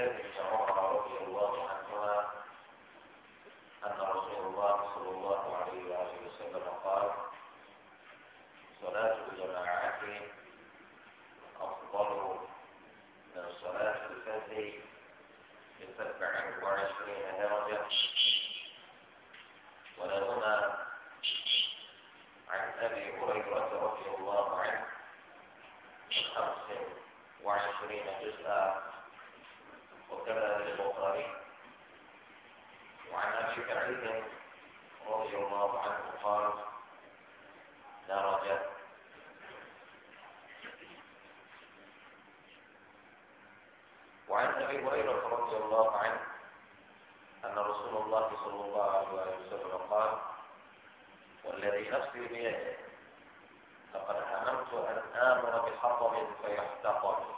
Amen. أبي هريرة رضي الله عنه أن رسول الله صلى الله عليه وسلم قال والذي نفسي بيده لقد هممت أن آمر بحطب فيحتقر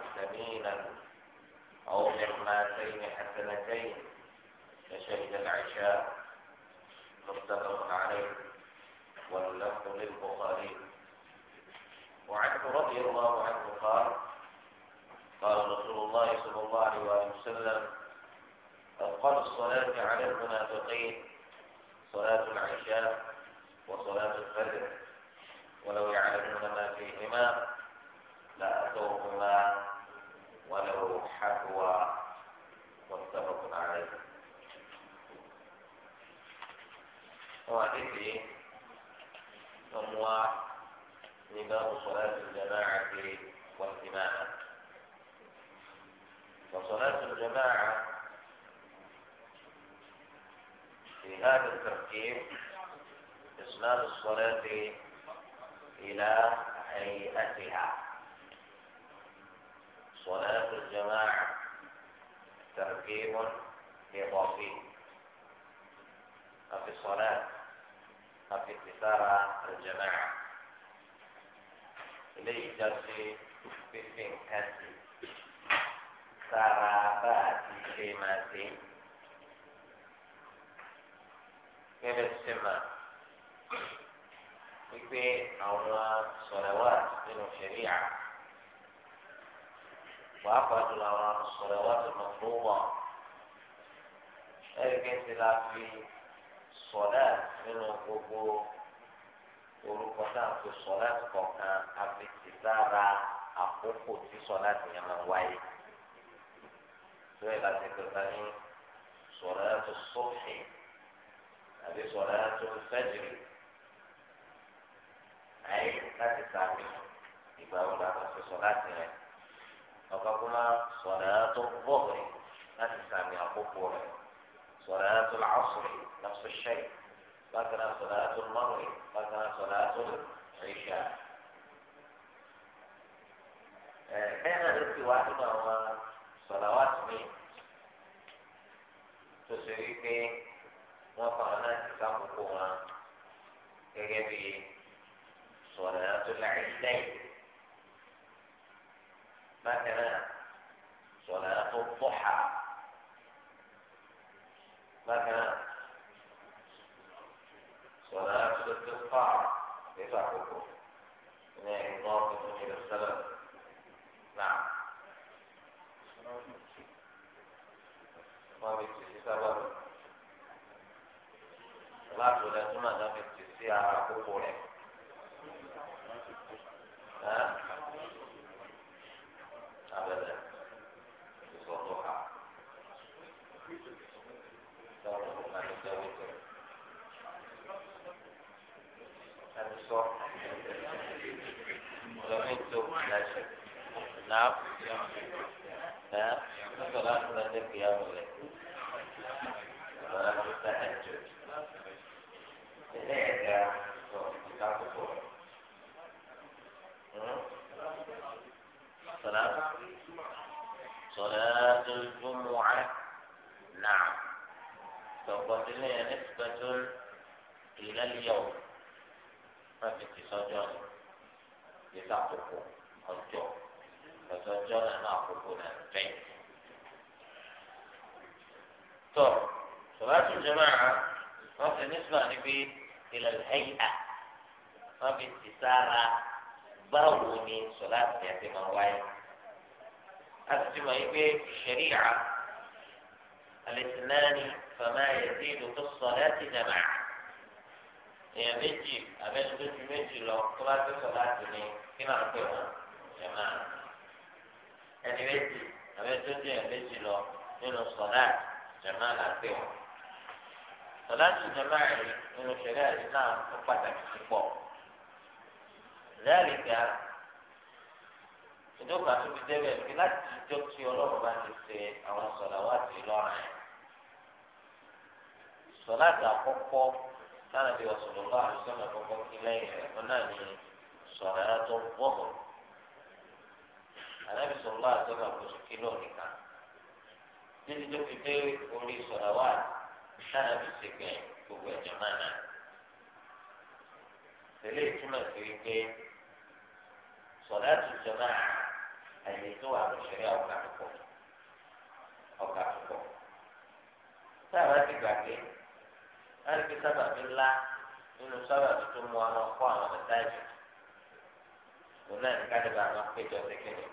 السميع صلاته wípé àwọn sọ̀rọ̀wá nínú ṣẹ̀ríà wàá pàdé àwọn sọ̀rọ̀wá tó mọ̀ fún wọn ẹ̀ríkẹ́ ti la fi sọ̀dá nínú gbogbo orúkọ náà fi sọ̀dá kọ̀ọ̀kan àfẹsí sára àkókò tí sọ̀dá ti yẹn máa wáyé tó yẹ láti pẹ̀lú ní sọ̀dá tó sọ̀fìn àbí sọ̀dá tó fẹ́jìrì. ayé láti sáré ìgbà wo làwọn ti sọ láti rẹ ọkọ kó máa sọ̀rọ̀ ẹ̀ tó bọ̀ rẹ̀ láti sáré àkókò rẹ̀ sọ̀rọ̀ ẹ̀ tó làásùrè lọ́sọ̀ ṣẹ́yì bákan náà sọ̀rọ̀ ẹ̀ tó mọ́rùn bákan náà sọ̀rọ̀ ẹ̀ tó ríṣà. bẹ́ẹ̀ náà ló ti wá nínú àwọn sọ̀rọ̀ wá sí mi tó ṣe wípé wọ́n fà wọn láti sákòókò wọn gẹ́gẹ́ bíi. صلاة العيدين مثلا صلاة الضحى مثلا صلاة الاستغفار تسع حكم هنا إضافة إلى السبب نعم ما بيتسي سبب صلاة ولا سنة ما بيتسي على abẹ́rẹ́ ìsọ̀tọ̀ ha sọ̀rọ̀ tó máa ń jẹ́ wípé ẹni sọ lọ́mí tó lẹ́sẹ̀ náà náà lọ́sọ̀ láti lọ́dẹ̀ kìí àmọ̀lẹ̀ lọ́dẹ̀ الصلاة صلاة الجمعة نعم فقلت لي نسبة إلى اليوم ما في اتصال لتعطفوا أرجو فسجلنا نعطفنا جيد طب صلاة الجماعة ما في نسبة إلى الهيئة ما في اتصالات báwo ni sọláàtì yẹn ti máa wáyé láti ti mọ̀ wípé ṣẹ̀ríà alẹ́sìnláàni fama ẹ̀dí ìlúkọ sọláàtì jàmà èèyàn méjì abẹ́ni tó ju méjì lọ tó bá tó sọláàtì ni kí náà pè wọ́n jàmà ẹni méjì abẹ́ni tó ju èèyàn méjì lọ nínú sọláàtì jàmà là pè wọ́n sọláàtì jàmà rẹ̀ nínú ṣẹ̀ríà yìí náà ó pàtàkì púpọ̀ lẹ́ẹ̀lìkà ìdókòwò àtúntò débẹ̀ fi láti ìjọ tí ọlọ́run bá ti ṣe àwọn sọ̀làwà àti ìlọ́ra ẹ̀ sọ̀lá àti àkọ́kọ́ lánàá bí ọ̀sọ̀lọ́ bá àlùsọ̀lọ́ àkọ́kọ́ kí lẹ́yìn rẹ̀ wọn náà ní sọ̀lá tó wọ̀họ̀ ànábì sọ̀lá àtọ́lá àkóso kílọ̀ nìkan títí tó fi dé orí sọ̀làwà lánàá bí ṣègbè gbogbo ẹ̀jọ̀ náà náà صلاة الجماعة أن يسوع بالشريعة وكافكم أو كافكم سبب كاكي ألك سبب الله إنه سبب ثم وأنا أخوان ومساجد هناك كذب عن مخفيت وسكنه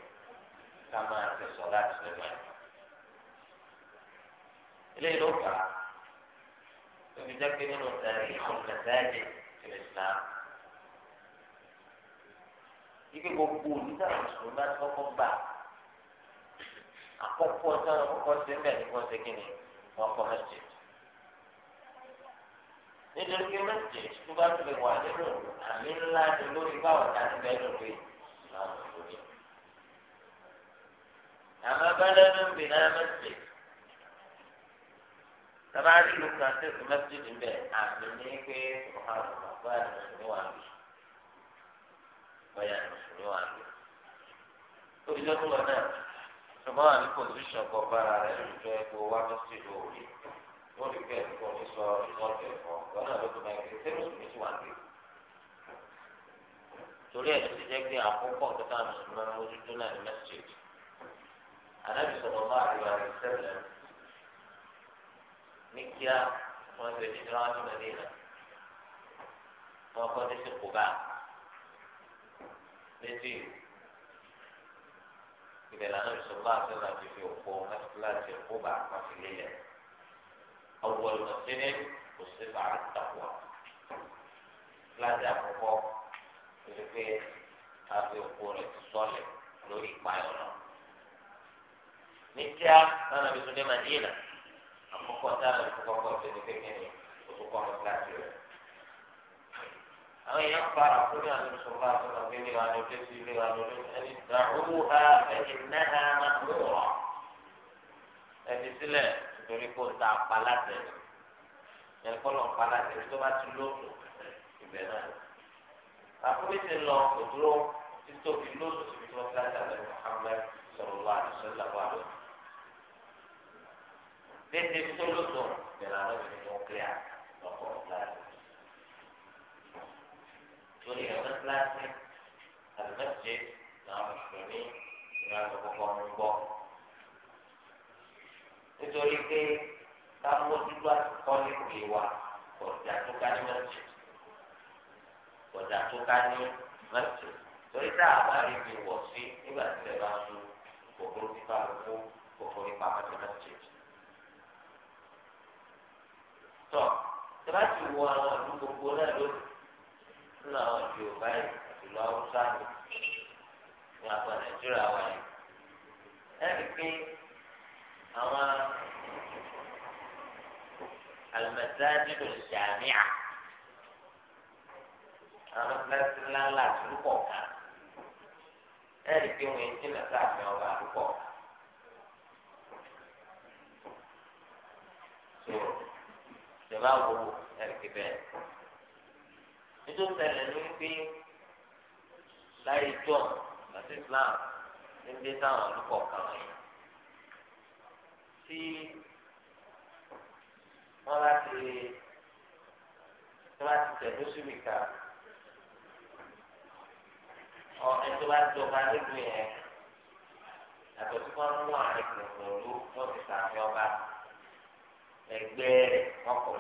كما في صلاة الجماعة إليه لوكا وفي ذلك منه تاريخ المساجد في الإسلام ike gbogbo onídàá mùsùlùmí bá ti kọ́kọ́ gbà àkọ́kọ́ táwọn kọ́kọ́ ṣe ń bẹ̀ ní kọ́ ṣe kíni wọn kọ́ mẹ́sẹ̀. nítorí pé mẹ́sẹ̀ tó bá ti lè wà nínú àmì ńlá ni lórí báwọn dání bẹ́ẹ̀ ló pé láwọn ìlú àmọ́ bẹ́ẹ̀ ló ń bì náà mẹ́sẹ̀ tàbá rí lu kan sí mẹ́sẹ̀ níbẹ̀ àmì ní pé ọ̀hánà ọ̀gbọ́n àti ìwà mi báyà mùsùlùmí wà lò òbí tó tún lọ náà ṣùgbọ́n wà ní pòsíṣàn kan bára rẹ̀ lójó ẹgbẹ́ wa tó sì lò rí wọ́n rí bẹ́ẹ̀ kọ́ ní sọ ìsọ̀tẹ̀ kan lọ́nà ló tó báyìí pé mùsùlùmí ti wà lò torí ẹ̀ tó ti jẹ́ pé àkókò kẹta mùsùlùmí máa ń mójútó náà ní mẹ́sítéèjì ànábì sọ̀rọ̀ bá àríwá rẹ̀ sẹ́lẹ̀ ní kíá wọ́n ti di ìdíra létí ìdẹ̀lẹ̀ náà sọ bá àti ọ̀nà àti fi òkú láti òkú bá àpá fi lélẹ̀ ọ̀wọ̀ ìmọ̀síní kò sí bá àtàkùn láti àkọ́kọ́ ìdí pé a fi òkú rẹ̀ sọ́lẹ̀ lórí ìpayọ̀ náà ní tíá lánàá bí túndé máa dé nà àkọ́kọ́ táwọn ìfowópamọ́ ìfẹ́ ní kékeré òtún kọ́ ọ́ láti rẹ̀ àwọn èèyàn fara kúrò àti sọ̀rọ̀ àti sọ̀rọ̀ bí wà ní ojú sí ilé wa ní ojú ẹni dàrú ha ẹni náà máa mú wà. ẹni sílẹ̀ nítorí kó ta paláṣẹ ẹni kọ́ lọ paláṣẹ tó bá ti lóṣù ibẹ̀ náà. àkúrẹ́ ti lọ òdúró títóbi lóṣù síbi tí wọ́n ti láti àlẹ́ Muhammad sọ̀rọ̀ wa àti sọ̀rọ̀ wa lọ. déédéé tó lóṣù ìlànà ìfowópamọ́ kíá lọ́kọ̀ọ́ láti torí ẹ̀ mẹ́tíláṣí àlùmẹ́tì làwọn mùsùlùmí ìrìn àjò kọ̀ọ̀kan ń gbọ́. nítorí pé ká mójútó àtúkọ́ nípò ìwà kọjá tó ká ní mẹ́tì kọjá tó ká ní mẹ́tì torí tá a bá rí ibi wọ̀ sí nígbà tí ẹ bá ń lu kòkòrò pípa lóko kòkòrò ipa mẹ́tì mẹ́tì. tọ́ tí wọ àwọn àdúgbò gbogbo náà lónìí nínú àwọn ìlú Yorùbá yìí ìlú Haúsá yìí ní àgbà Nàìjíríà wà yìí ẹnì pé àwọn alùmọ̀sáájì ló ń dàmí à àwọn kíláàsì ńláńlá àdúgbò kan ẹnì pé wọn ti nà sáàfin ọba àdúgbò tó ìjọba wo ẹnì pé bẹ́ẹ̀ nítorí ṣẹlẹ̀ ní pé láyé jọ àti Islam ní dé táwọn olùkọ́ kan yìí tí wọ́n bá ti tí wọ́n bá ti tẹ̀ lóṣùwì ká ọ ẹni tó bá jọba nílùú yẹn yàtọ̀ tí wọ́n mú àárín kòkòrò ló wọ́n ti sàfihàn ọba ẹgbẹ́ rẹ̀ wọ́n kọ̀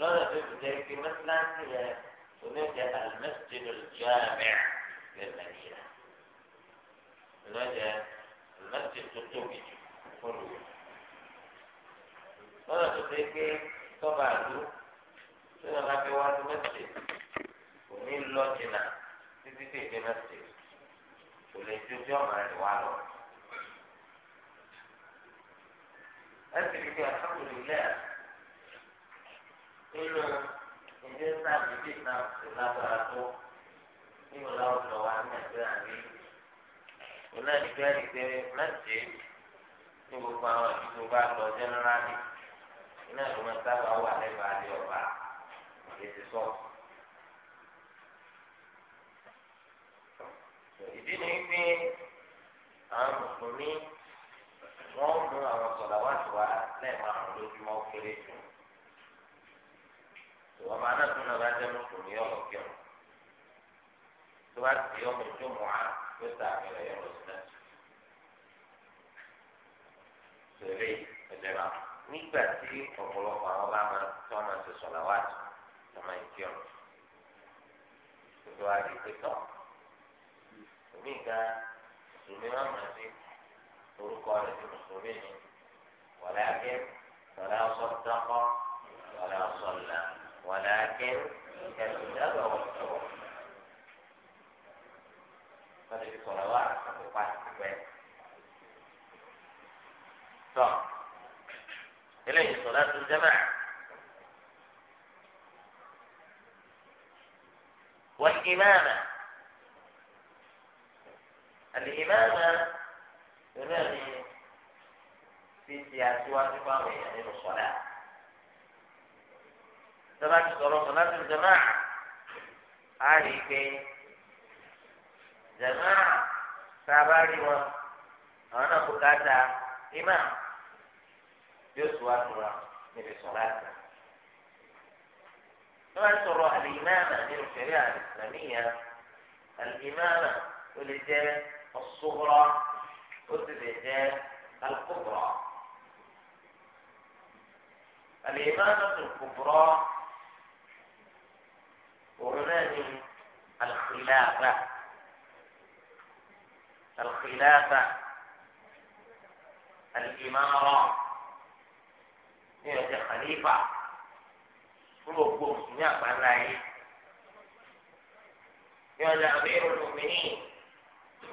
لو في مثلا هناك المسجد الجامع في المدينة هناك المسجد الطبي كله لو في طبعا سنة في واحد مسجد ومين لوجنا في في في مسجد وليس يوم على الوعد أنت الحمد لله nínú ìdí sáàbì bíi kan kò lágbára tó nínú láwùjọ wa ní nàìjíríà rí òun náà nígbà yìí pé mẹ́tì ní gbogbo àwọn ìdílé bá lọ jẹ́nẹ́rálì iná ìlú mẹ́ta bá wà lẹ́bàá lé ọba èsì sọ. ìdí ni pé àwọn mùsùlùmí wọ́n mú àwọn sọ̀dà wa lẹ́ẹ̀márùn-ún lójúmọ́ kéré jù ìwọ máa náà tún náà bá jẹ́ mùsùlùmí ọ̀rọ̀ kí ọ̀rọ̀ tó bá ti ọmọ ìjọ mọ́ a ló ta àmìlẹ̀ yọ̀rọ̀ sí náà. Sèré ìjọba nígbà tí ọ̀pọ̀lọpọ̀ àwọn bá máa tí wọ́n máa ṣe sọ̀lá wá jù wọ́n máa ń kí ọ̀rọ̀. Gbogbo wa di pé tán. Omi ìka mùsùlùmí wọn máa ṣe orúkọ rẹ̀ ní mùsùlùmí ni wàlá akẹ́ wàlá sọ̀tàkọ́ wàlá sọ̀lá. ولكن كذب وتولى فهذه صلوات صفات كويس صح إليه صلاة الجماعة والإمامة الإمامة ينادي في سياسة وفي يعني الصلاة sábà ti sọ̀rọ̀ sọ̀láṣí jàmáà á rí i pé jàmáà tá a bá rí wọn àwọn náà kò ká ta ìmá yóò kata ta ima yoo to wa tura níbi sọ̀láṣí. wọ́n sọ̀rọ̀ àlìmáàmà nínú ṣẹ̀rí àlìsàmíyà àlìmáàmà ó lè jẹ́ ọ̀ṣọ́gbọ́rọ́ ó sì lè jẹ́ alùpùpùrọ̀. àlìmáàmà tó kùpùrọ̀. وعباده الخلافة الخلافة الإمارة هي الخليفة ربكم يا فلاحي يا أمير المؤمنين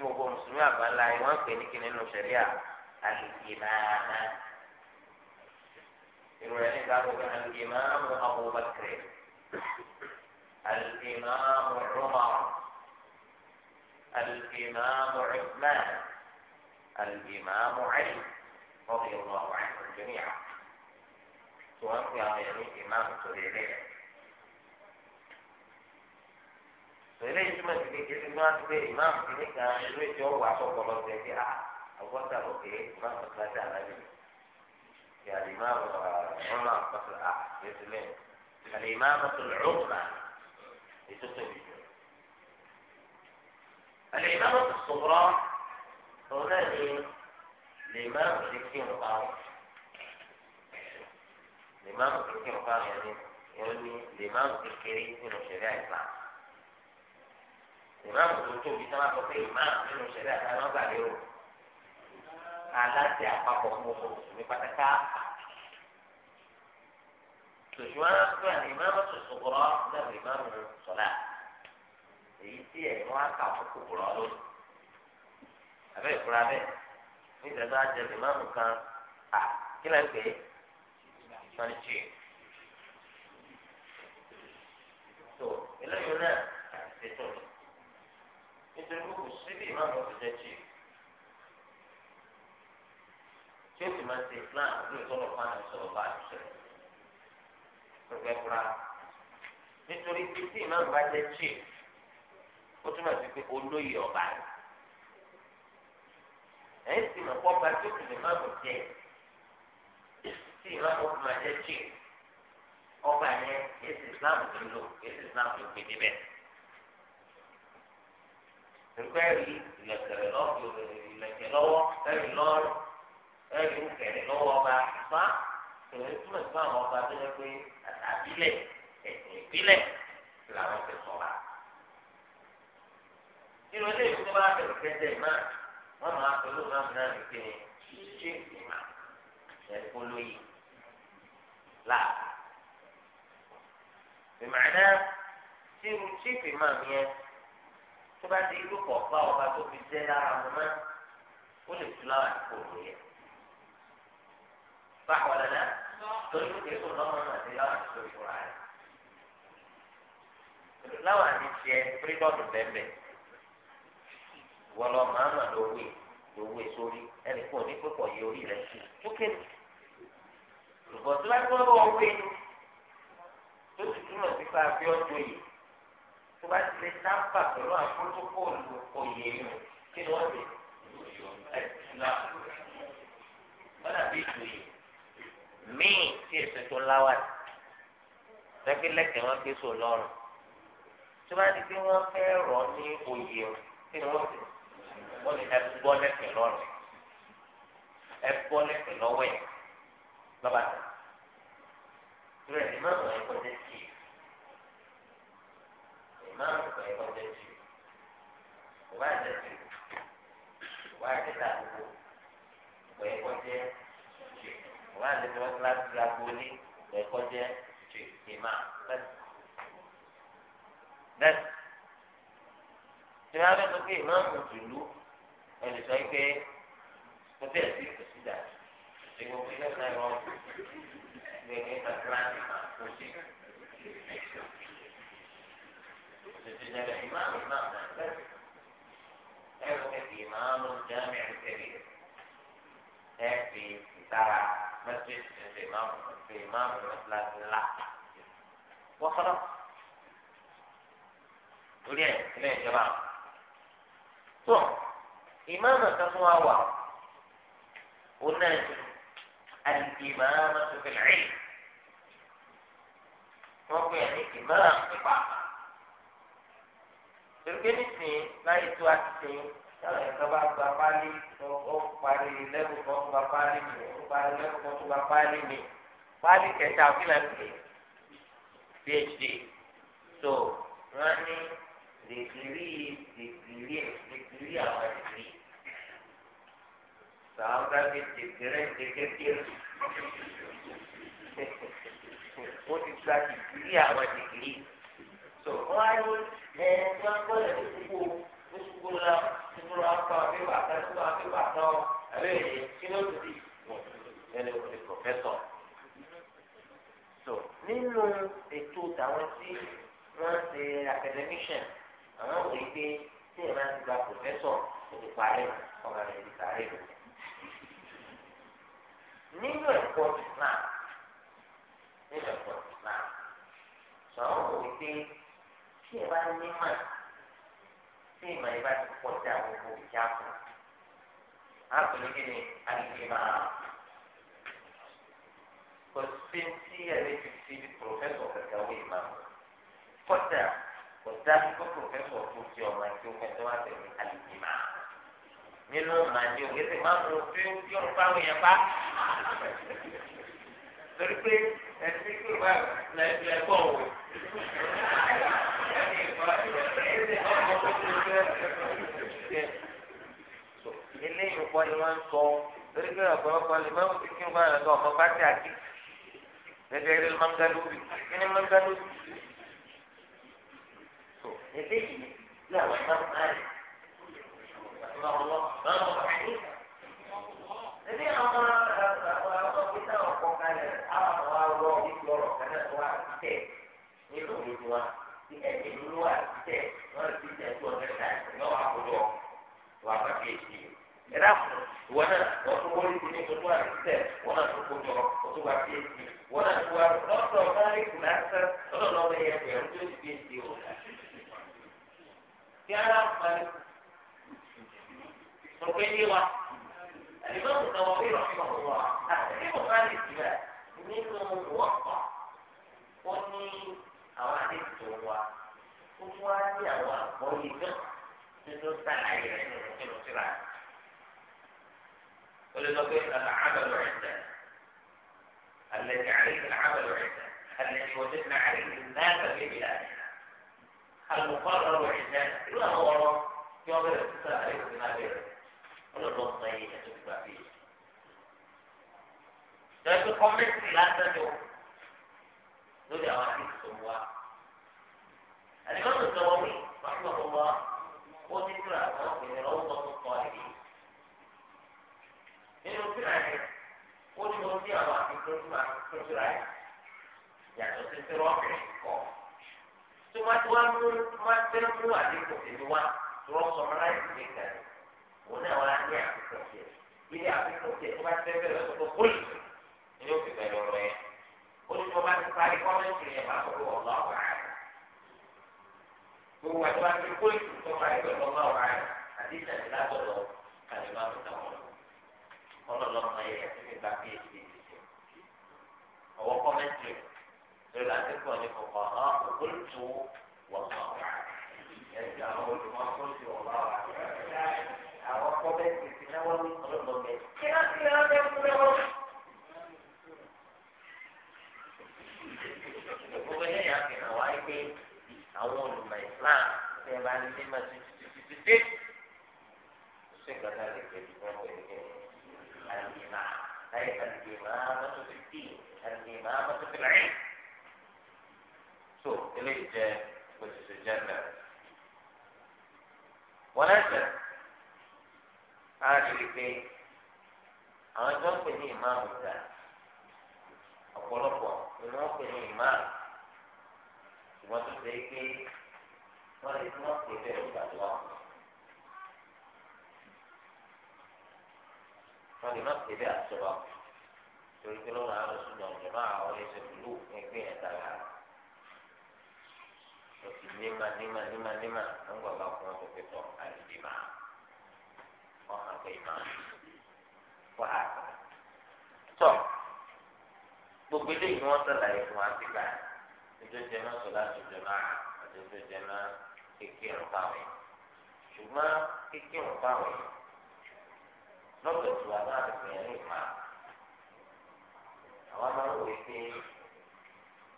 ربكم يا فلاحي وأنت كنكين الشريعة الإمامة يقول يعني الإمام أبو بكر الإمام عمر الإمام عثمان الإمام علي رضي الله عنهم جميعا توفي يعني إمام سوريا eléyìí túmọ̀ sí pé kéde máa ń gbé ìmáàmù kìíní kan ìlú èdè ọ̀rọ̀ àtọ̀kọ̀lọ̀ ọ̀sẹ̀ bí a ọgọ́ta òkè ìmáàmù kíláàsì àlábì yàrá ìmáàmù ọ̀rọ̀ àpapọ̀ àti ẹ̀sìn lẹ́yìn àlè ìmáàmù tó lọ́ọ̀mà ètò tóbi jù. àlè ìmáàmù tó sọ̀rọ̀ òun náà ni lè máàmù lè kí n pa ọ́ lè máàmù lè kí n pa ọ́ yẹn ni lè máàmù kékeré nínú ìṣẹ̀lẹ̀ àìsàn ìmáàmù tó tóbi tí wọn sọ pé ìmáàmù nínú ìṣẹ̀lẹ̀ àìsàn wọn gbà lérò aláṣẹ àpapọ̀ fún oṣù ní pátákà ṣùgbọ́n tí ẹ̀ wọ́n á kà fún kòkòrò lónìí àbẹ́ ìfura bẹ́ẹ̀ ní ìdájọ́ ti sọ̀rọ̀ ọ̀fẹ́ fura nítorí pé tí ìmáàmù bá jẹ́ chief ó túmọ̀ sí pé olóyè ọba rẹ̀ ẹ̀yìn tí mo kọ́ ọba tó kù lè má mọ̀ jẹ́ tí ìmáàmù fún ma jẹ́ chief ọba yẹn èsì Islam ló lò èsì Islam ló gbé níbẹ̀ rúgbẹ́rì ìlẹ̀kẹ̀rẹ̀ lọ́wọ́ ìlẹ̀kẹ̀ lọ́wọ́ ẹ̀rì lọ́rùn ẹ̀rì rúkẹ̀rẹ̀ lọ́wọ́ ọba fún ìyẹn túmọ̀ sí àwọn ọba tó yẹ pé àtàbílẹ̀ ẹ̀sìn ìbílẹ̀ làwọn ti sọ̀ra. nínú ilé ìwé bá bẹ̀rẹ̀ kẹ́tẹ̀ náà wọ́n máa pẹ̀lú náà náà ní pé ṣíṣe ìmọ̀ ẹ̀ polóyè láàbù. ìmọ̀ẹ́dá tí irú chíìpì máa mi ẹ tó bá di irú kọ̀ọ̀kan ọba tó fi jẹ́ lára wọn mọ́ ó lè tún láwọn àdúgbò yẹn. صح ولا لا؟ torí pé kò lọ́mọ náà ti láwọn ìṣòro ìfura rẹ̀. láwọn àmì tiẹ̀ fírídọ́ọ̀mù bẹ́ẹ̀ wọlọ màmá lówó lówó sórí ẹnì kan ní pípọ̀ yí orí rẹ̀ sí tókè ṣùgbọ́n tí wọ́n gbọ́ wọ́n wé tó sì túnmọ̀ sí pa abẹ́ ọjọ́ yìí tó bá ti lè sáńpà pẹ̀lú àpótókòòlù òye inú kí ni wọ́n lè ẹ̀sìn náà wọ́n dàbí ìtòyè míì tí èsì tó ńlá wà ní lẹ́gbẹ́ lẹ́kẹ̀ẹ́ wọn gbé so lọ́rùn tí wọ́n á di pé wọ́n fẹ́ rọ̀ ní oyè o tí wọ́n ti wọ́n lè ẹ bọ́ lẹ́kẹ̀ẹ́ lọ́rùn ẹ bọ́ lẹ́kẹ̀ẹ́ lọ́wọ́ ẹ̀ lọ́ba tó rẹ̀ ní márùn-ún ẹ̀kọ́ jẹ́ sí i márùn-ún ẹ̀kọ́ jẹ́ sí i kò bá sí i kò bá sí i kò bá sí i ìwà àti ìfẹ́ wọn láti ra gbolé ẹ̀kọ́ jẹ́ ju ìmá bẹ́ẹ̀. bẹ́ẹ̀ tí wọ́n á bẹ́ẹ̀ tó pé ìmá mú tùlú ẹnì sọ pé kó bẹ́ẹ̀ sí kò sí dàrú ìgbò pé lẹ́yìn náà wọ́n gbẹ̀gbẹ́ àtìláńtì máa kó sí. تجد إمام إمام بس أعرف إمام جامع كبير في ترى مسجد في إمام في إمام مثلا لا وخلاص وليه ليه يا جماعة tó ìmáàmù kan fún wa wà ó náà ní alìmáàmù tó fi lẹ́yìn wọ́n pè ní ìmáàmù pípa torí pé nísìnyí láyé tó a ti sìn táwọn ẹ̀ka bá gba páálí ó parí lẹ́kùn kan tó bá mi ó parí lẹ́kùn kan tó bá mi páálí kẹta fílẹ̀ pé phd so wọ́n ní dègírí dègírí dègírí àwọn dègírí sàwọn gbàgbé dègírí dègírí ó ti gba dègírí àwọn dègírí so wọ́n á ní ẹ̀ ẹ́ wọ́n gbọ́dọ̀ tó kú o tó ṣubú ńlá ṣubú ńlá pa àbí bàtà ṣubú àbí bàtà ọ àbí èyí kí ló ti di ẹni òní pòfẹ́sọ̀. so nínú ètò tàwọn tí wọ́n ṣe academician àwọn wòye pé tí ẹ̀ máa ti gba pòfẹ́sọ̀ kò ti parí ọ̀gá rẹ̀ ti parí rẹ̀. nínú ẹ̀kọ́ náà nínú ẹ̀kọ́ náà sọ àwọn wòye pé tí ẹ̀ bá ní mọ̀ tí ìmọ̀ yìí bá ti kọjá gbogbo ìjà fún a kò ní kí ni àgbè máa kò sí tí ẹni ti fi pòfẹ́sọ̀ kẹ̀kẹ́ wí máa kọjá kò dájú kó pòfẹ́sọ̀ tó ti ọmọ àti òfin tó wá tẹ̀lé àgbè máa nínú màdí òkè tí máa mú tí ó yọ ọ́ fáwọn bá torí pé ẹtí pé wà lẹ́gbẹ̀ẹ́ bọ̀ wò. eléyìí kọ́ ni wọ́n ń sọ torí pé ọ̀pọ̀lọpọ̀ lè máa ń fi kí n bá yàrá tó ọmọ pátí àti gẹ́gẹ́ eré mangalóbi kí ni mangalóbi. eléyìí làwọn máa ń bá yàrá lọ́wọ́ lọ́wọ́ àyè. ẹbí àwọn ọ̀pọ̀lọpọ̀ ọ̀pọ̀ kalẹ̀ àwọn ọ̀rọ̀ ìgbọ̀rọ̀ kalẹ̀ wà tẹ̀ nínú ìlú wa ìtẹ̀ ìlú wa tẹ̀ wọ́n ti tẹ̀ tó ọ̀rẹ́ ta ìyọ́wọ́ àkójọ wà pàkíyèsí ẹ̀dá fún náà wọ́n tó wọlé ní ojú àrùsẹ̀ wọ́n náà tó kójọ ojú wa fi èsì wọ́n náà tó wà lọ́sọ̀ báyìí kù lásán lọ́dọ̀ ọmọ yẹn pẹ̀lú tó ti fi èsì o. kí ara ń parí ọ̀pẹ́ ní wa àdìgbò nǹkan wọ́n bí rọ̀ṣọ̀ wọ̀ àtẹ̀lẹ́kọ̀ọ́ bá lè jì rẹ̀ nínú wọ́pọ̀ ó ní àwọn àdéhùn wa ó tún wá ní àwọn àgbọ̀yé náà ولذلك العمل عنده الذي عليه العمل عنده الذي وجدنا عليه الناس في بلادنا المقرر عندنا لا هو يقدر يتصل عليه بما غيره ولذلك طيب تتبع فيه لكن قمت لا تدعو لدى أواحيد السموات الإمام النووي رحمه الله وذكرى ربه روضة nínú síra yẹn ó ní mo ní àwọn àfikún tí màá tún síra yẹn yàtọ̀ sí sí rọ́ọ̀kì kọ́ tó má tó wá mú má fẹ́ mú àdínkù tèmi wá rọ́ọ̀sọ̀ mọ́lá yìí ní ìgbà yẹn òun náà wá ní àfikún tiẹ̀ ilé àfikún tiẹ̀ tó bá ti fẹ́ bẹ̀rẹ̀ lọ́sọ̀ tó kúlì ni ó fi bẹ̀rẹ̀ ọ̀rọ̀ yẹn ó ní mo bá ti parí kọ́mẹ́ntì yẹn máa sọ wọ́n lọ́wọ́ àárẹ̀ gbogbo àti wá ti kúlì tó parí pẹ̀lú ọlọ́wọ́ àárẹ̀ àdínkù ọlọ́lọ́mọ yẹ kí n gba kéèké ọwọ́ kọ́mẹ́tì lórí àdékò ní kọ̀kọ́ náà ògbólùtò wọ̀tọ̀ ẹ̀jẹ̀ àwọn olùmọ̀ tó ti ọ̀la wà. àwọn kọ́mẹ́tì ti náwó ní ọlọ́lọ́mọ yẹ. kí ló ti lọ́ọ́ dé fún ẹwọ́? gbogbo eléyà fi hàn wá pé àwọn olùmọ̀ ìsìláàmù ṣe máa ní mọ̀ títí títí títí. ó sì gbàdá lè الإمامة أي الإمامة في الدين الإمامة في العلم شوف إليه جاء وجه الجنة ولا شك هذه الكي àwọn ẹjọ́ ń pè ní ìmáàmù dà ọ̀pọ̀lọpọ̀ ni wọ́n pè ní ìmáàmù ṣùgbọ́n tó ṣe é pé wọ́n lè tún wọ́n pè bẹ́ẹ̀ nígbà tó wà. wọn lè má pè bẹ́ẹ̀ àtúbà torí pé lọ́wọ́ àwọn oṣù náà jọba àwọn ẹsẹ̀ ìlú ẹgbẹ́ yẹn dára o ti níma níma níma níma àwọn bàbá kan tó fi tọ̀ àlejò máa wọ́n hàn pé máa wọ́n á tọ̀ gbogbo eléyìí wọ́n sàlàyé fún wa síta nítorí jẹ́ máa sọ láti jọ àti nítorí jẹ́ máa kékeré fáwọn yìí ṣùgbọ́n kékeré fáwọn yìí lọ́dọ̀ tí wà náà lè ní ìmọ̀ àwọn máa ń wò pé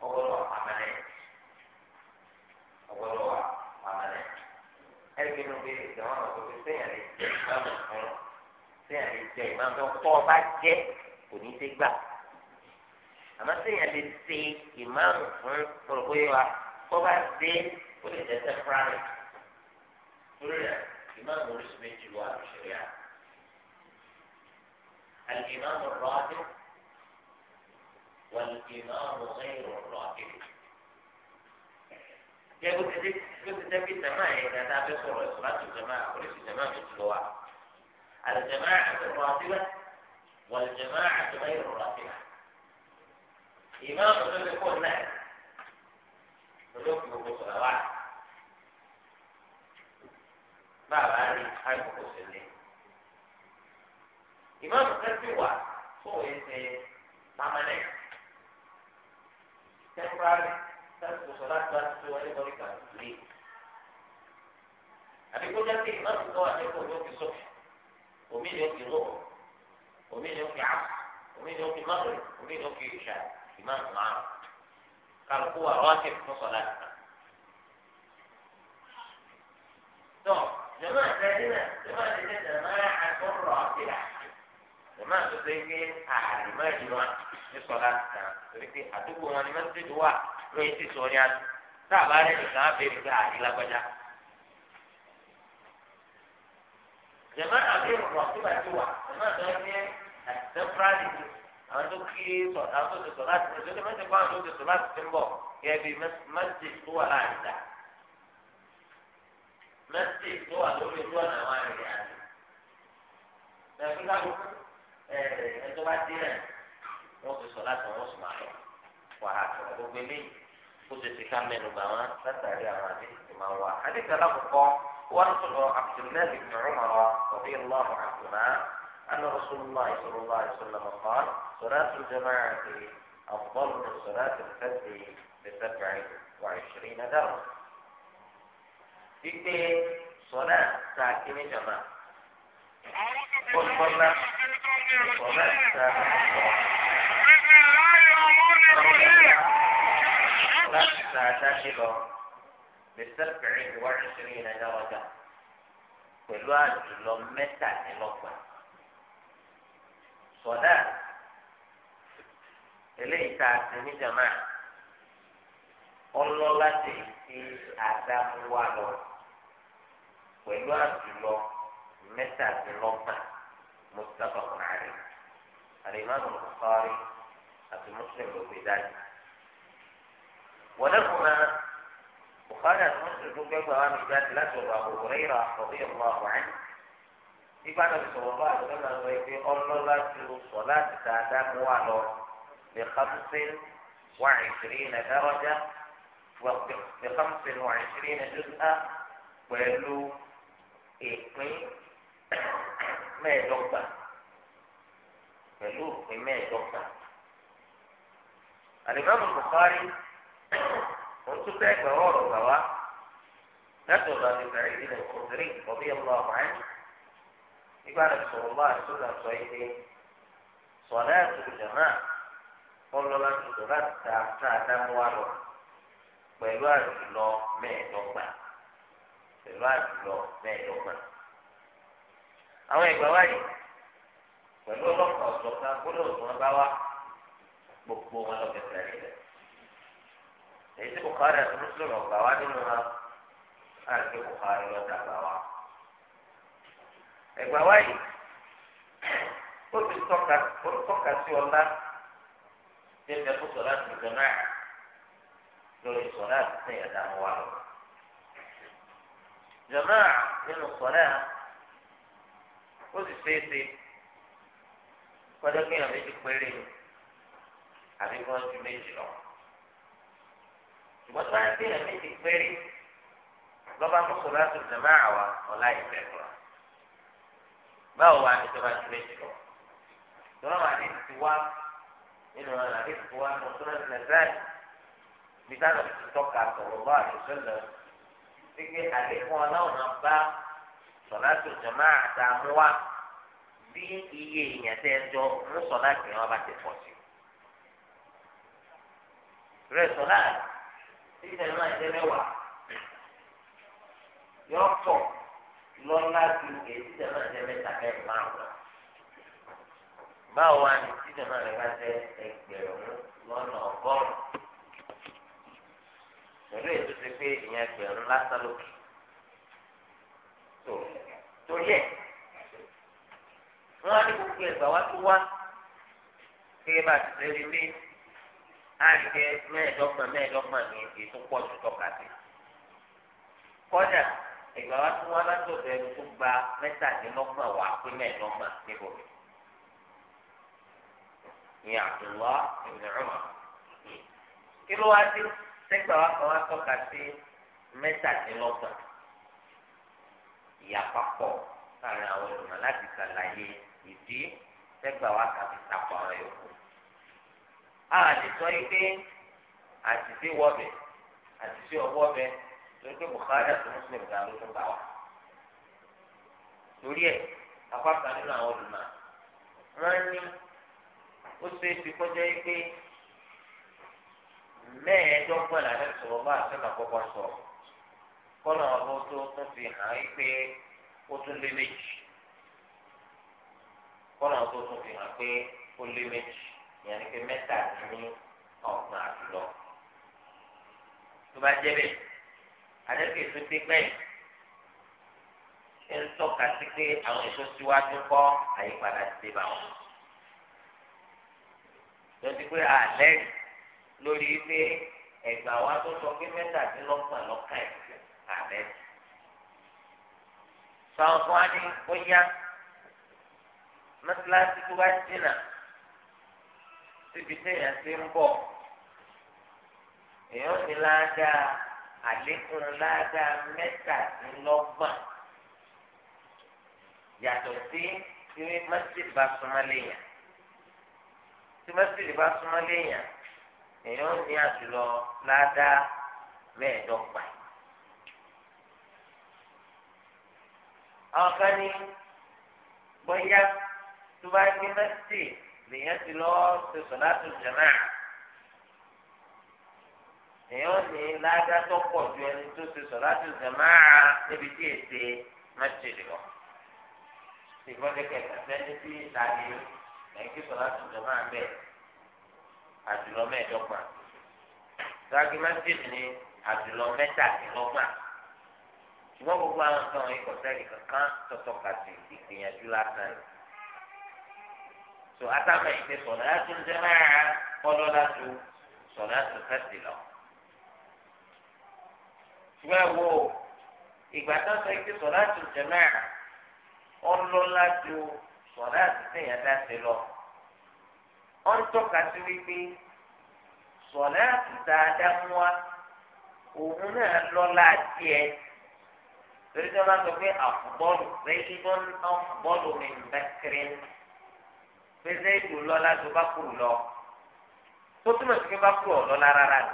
ọgbọ́dọ̀ wà pàmẹ́lẹ̀ ọgbọ́dọ̀ wà pàmẹ́lẹ̀ ẹgbẹ́ inú bí ìjọba náà tó fi sẹ́yìn lè jẹ́ ìmáàmù fún sẹ́yìn lè jẹ́ ìmáàmù fún tọ́ ọba jẹ́ kò ní í ṣe gbà àmọ́ sẹ́yìn lè ṣe ìmáàmù fún kọ̀ọ̀kọ́ yìí wa kọ́ bá ṣe ó lè jẹ́ sẹ́fúrárì lórí rẹ̀ ìmáàmù oríṣi wà lóṣèlú yàrá. الإمام الراتب والإمام غير الراتب يا قلت لك قلت لك الجماعة إذا تابع صورة صلاة الجماعة وليس الجماعة بالجواع الجماعة الراتبة والجماعة غير الراتبة إمام لم يكون نهي ولكن صلوات بعد هذه حرب قوس الليل ìmáàmù kan ti wà fún ẹsẹ̀ pàmẹ́lẹ́ tẹ́mpárì tẹ́mpù sọ láti bá tuntun wọlé kọ́rí kan lé. àbíkó jẹ́ pé ìmáàmù kan wà lẹ́kọ̀ọ́ ní òkè sọ́kì omi ni òkè lọ́wọ́ omi ni òkè àpò omi ni òkè mọ́tò omi ni òkè ìṣà ìmáàmù márùn kálukú wà rọ́ọ̀tì fún sọ láti kà. جماعة ثانية جماعة ثانية ما حصل رأسها ìmọ̀ àtúnṣe ní àlùmọ́ ìjùmọ̀ ní sọ̀lá kan torí pé àdúgbò wọn ni mẹ́sídẹ̀ẹ́dì wà lóyún sí sọ ní adùn sáàbà rẹ̀ nìkan á bèrè pé àdí lágbájá. jẹ̀mọ́ àbí ìrọ̀rùn àtúbà ti wà jẹ̀mọ́ àtúnṣe ní àtẹ̀fúrálì àwọn tó kí sọ̀tà tó ti sọ̀lá ti ń bọ̀ mẹ́sídẹ̀ẹ́dì wọn tó ti sọ̀lá ti ń bọ̀ gẹ́gẹ́ bí mẹ́sídẹ̀ẹ́dì tó wà láàrin dà mẹ́sídẹ̀ẹ́dì tó wà lórí ojú ọ̀nà àwọn àrẹ̀ àti Eh, ẹjọ́ bá dé rẹ̀ wọ́n ti sọ láti wọ́n sùn àlọ́ wàhálà tó gbogbo eléyìí kó tó ti ká mẹ́nu bà wọ́n látàrí àwọn àdéhùn tó máa wà. àdéhùn alákòókò wọ́n sọ̀rọ̀ abdullahi bin umar rabi allah anhuma anna rasulillah sallallahu alayhi wa sallam qaal صلاة الجماعة أفضل من صلاة الفجر بسبع وعشرين درجة. في صلاة ساكنة جماعة. قل بسم الله الرحمن الرحيم ولست تشبه بسبع وعشرين درجة pẹ̀lú àjùlọ mẹ́tàdínlọ́gbọ̀n. sọ̀dá eléyìí tá a ti níjàmá ọlọ́lá ti fi àdámúwá lọ pẹ̀lú àjùlọ mẹ́tàdínlọ́gbọ̀n. متفق عليه الإمام البخاري أبي مسلم في ذلك ولهما وقال مسلم كيف أن ذات الأسود أبو هريرة رضي الله عنه إذا النبي صلى الله عليه وسلم يقول الله الصلاة تعدام ولو بخمس وعشرين درجة بخمس وعشرين جزءا ويلو إيقين mẹ́ẹ̀ẹ́dọ́gba pẹ̀lú òfin mẹ́ẹ̀ẹ́dọ́gba. àlìmọ́mù Bukhari ó tún bẹ́ẹ̀ gbọ́rọ̀ ọ̀rọ̀ gbà wá látọ̀ lọ ní bẹ̀rẹ̀ ìdílé kòtìrì ọ̀bí ọ̀lọ́ ọ̀hán nígbà tó sọ̀rọ̀ bá àtúnṣe sọ ilé sọ̀rọ̀ àtúnṣe jàmá ọlọ́lá tuntun láti ta tá a dá lọ pẹ̀lú àtúnlọ mẹ́ẹ̀ẹ́dọ́gba pẹ̀lú àtúnlọ mẹ́ẹ̀ẹ́dọ́gba àwọn ìgbà wáyé pẹ̀lú ọlọ́pàá ọ̀sọ̀kan gbọ́dọ̀ tó wọn bá wá gbogbo wọn lọ́kẹ̀kẹ̀ rẹ̀ èyí tí bùkárí àti mùsùlùmí ọ̀gbà wá nínú wọn àti bùkárí lọ́dà gbà wá. ẹ̀gbà wáyé ó ti tọ́ka sí ọlá tí ẹ̀mí ẹ̀kú sọ̀rọ̀ àti ìjọba lórí sọ̀rọ̀ àti sẹ́yìn àdáhùn wa lọ. jọ̀mọ́ nínú sọ̀rọ̀ àti ó sì ṣeé ṣe kọjá pé èèyàn méjì péré ni àbí wọn ju méjì lọ ṣùgbọ́n tó bá ń pè èèyàn méjì péré lọ́ba mọ́kò láti jẹ̀mọ́ àwa ọ̀la ìfẹ́kọ̀ọ́ báwo wá ní tó bá ju méjì lọ lọ́wọ́ àti ti wá nínú ọ̀la àti ti wá mọ́ tó lọ́sìn ẹ̀sẹ̀ bí táwọn ti tọ́ka sọ̀rọ̀ bá àti sọ́lọ̀ gbígbé àlékún ọlọ́run bá sọláàtì jọmọ àtàmúwá bí iye èèyàn tẹ ń jọ mú sọláàtì wọn bá ti pọ̀ sí. rẹ sọláàtì tí ìfẹ́ náà jẹ́ mẹ́wàá yọ pọ̀ lọ́la ju èyí tí ìfẹ́ náà jẹ́ mẹ́ta mẹ́rin márùn-ún báwo wá ní títẹ̀ náà lè bá jẹ́ ẹgbẹ̀rún lọ́nà ọgọ́rùn-ún ètò ti pé ìyẹn ẹgbẹ̀rún lásán lókè tó torí ẹ̀ wọ́n á ní gbogbo ẹ̀gbà wá tó wá kí ẹ bá ti fẹ́ rí pé á rí pé mẹ́ẹ̀ẹ́dọ́gbọ̀n mẹ́ẹ̀ẹ́dọ́gbọ̀n ní ètò pọ̀ ju tọ́ka sí kọ́dà ẹ̀gbà wá tó wá látọ̀dọ̀ ẹni tó gba mẹ́tàdínlọ́gbọ̀n wà pé mẹ́ẹ̀ẹ́dọ́gbọ̀n níbo ni Abdullah ibn Umar kí ló wá dé sẹ́gbà wá kan wá tọ́ka sí mẹ́tàdínlọ́gbọ̀n ìyapa pọ̀ láàrin àwọn olùmọ̀ láti ṣàlàyé ìdí tẹ́gbà wa kàfi tapọ̀ ọ̀rọ̀ yòókù. a lè sọ yìí pé àtìsí wọ́bẹ̀ àtìsí ọwọ́bẹ̀ lórí pé Bukhari àti Muslim ga ló tún bá wa. torí ẹ̀ apá kan nínú àwọn olùmọ̀ wọ́n ní ó ṣeé ṣe kọjá yìí pé mẹ́ẹ̀ẹ́dọ́gbọ̀n làdá sọ̀rọ̀ bá àtẹnà kọ́kọ́ sọ̀rọ̀ kọ́nà ọ̀rọ̀ tó tún fi hàn yí pé ó tún lé méjì kọ́nà tó tún fi hàn pé ó lé méjì ìyẹn ni pé mẹ́ta ní ọ̀gbọ̀n àjùlọ. tó bá jẹ́ bẹ́ẹ̀ àdẹ́kẹ́ tó dé gbẹ̀yìn ń tọ́ka sí pé àwọn èso síwájú kọ́ àyípadà ti bá wọn. lọ́sí pé àlẹ́ lórí pé ẹ̀gbà wa tó sọ pé mẹ́tàdínlọ́gbọ̀n lọ́ka ẹ̀sìn ànẹ́bí. sọ̀rọ̀ fún wa ní ó yá mọ́tíláṣí tó bá jìnnà síbi téèyàn ti ń bọ̀ èèyàn ní ládàá àlékún ládàá mẹ́tàdínlọ́gbọ̀n yàtọ̀ sí tí mọ́tíláṣí bá súnmọ́ léèyàn tí mọ́tíláṣí bá súnmọ́ léèyàn èèyàn ní àjùlọ ládàá mẹ́ẹ̀ẹ́dọ́gbọ̀n. àwọn kan ní bóyá tó bá gbé mẹ́sì lèyàn ti lọ ṣe sọ̀láàtù jàmáà èèyàn ní ládàtọ̀ pọ̀ ju ẹni tó ṣe sọ̀láàtù jàmáà níbi tí èsè mẹ́sì lọ. ṣùgbọ́n kẹ̀kẹ́ kẹ̀kẹ́ tí ìtàgé ẹ̀kí sọ̀láàtù jàmáà bẹ́ẹ̀ àjùlọ mẹ́ẹ̀ẹ́dọ́gbọ̀n. ṣáàgì ní àjùlọ mẹ́tàdínlọ́gbọ̀n ṣùgbọ́n gbogbo àwọn nǹkan wọ̀nyí kò sẹ́ni kankan tọ́tọ́ ka sí ìgbìyànjú lásán ni. tó atámẹ́ ìpè sọ̀rọ̀ láti ń jẹ́ máa kọ́lọ́ láti sọ̀rọ̀ láti fẹ́sì lọ. ṣùgbọ́n wo ìgbà tó sọ ìpè sọ̀rọ̀ láti jẹ́ máa ọlọ́ láti sọ̀rọ̀ láti sẹ́yìn dáṣe lọ. ó ń tọ́ka sí wípé sọ̀rọ̀ láti dáadáa mú wa òun náà lọ́la torí sọ ma sọ pé àfọlù zayidun àfọlù mi bẹkẹrẹ pé zayidu lọlá tó bá kúrò lọ tó túmọ̀ sí pé bá kúrò lọ́lá rárá ni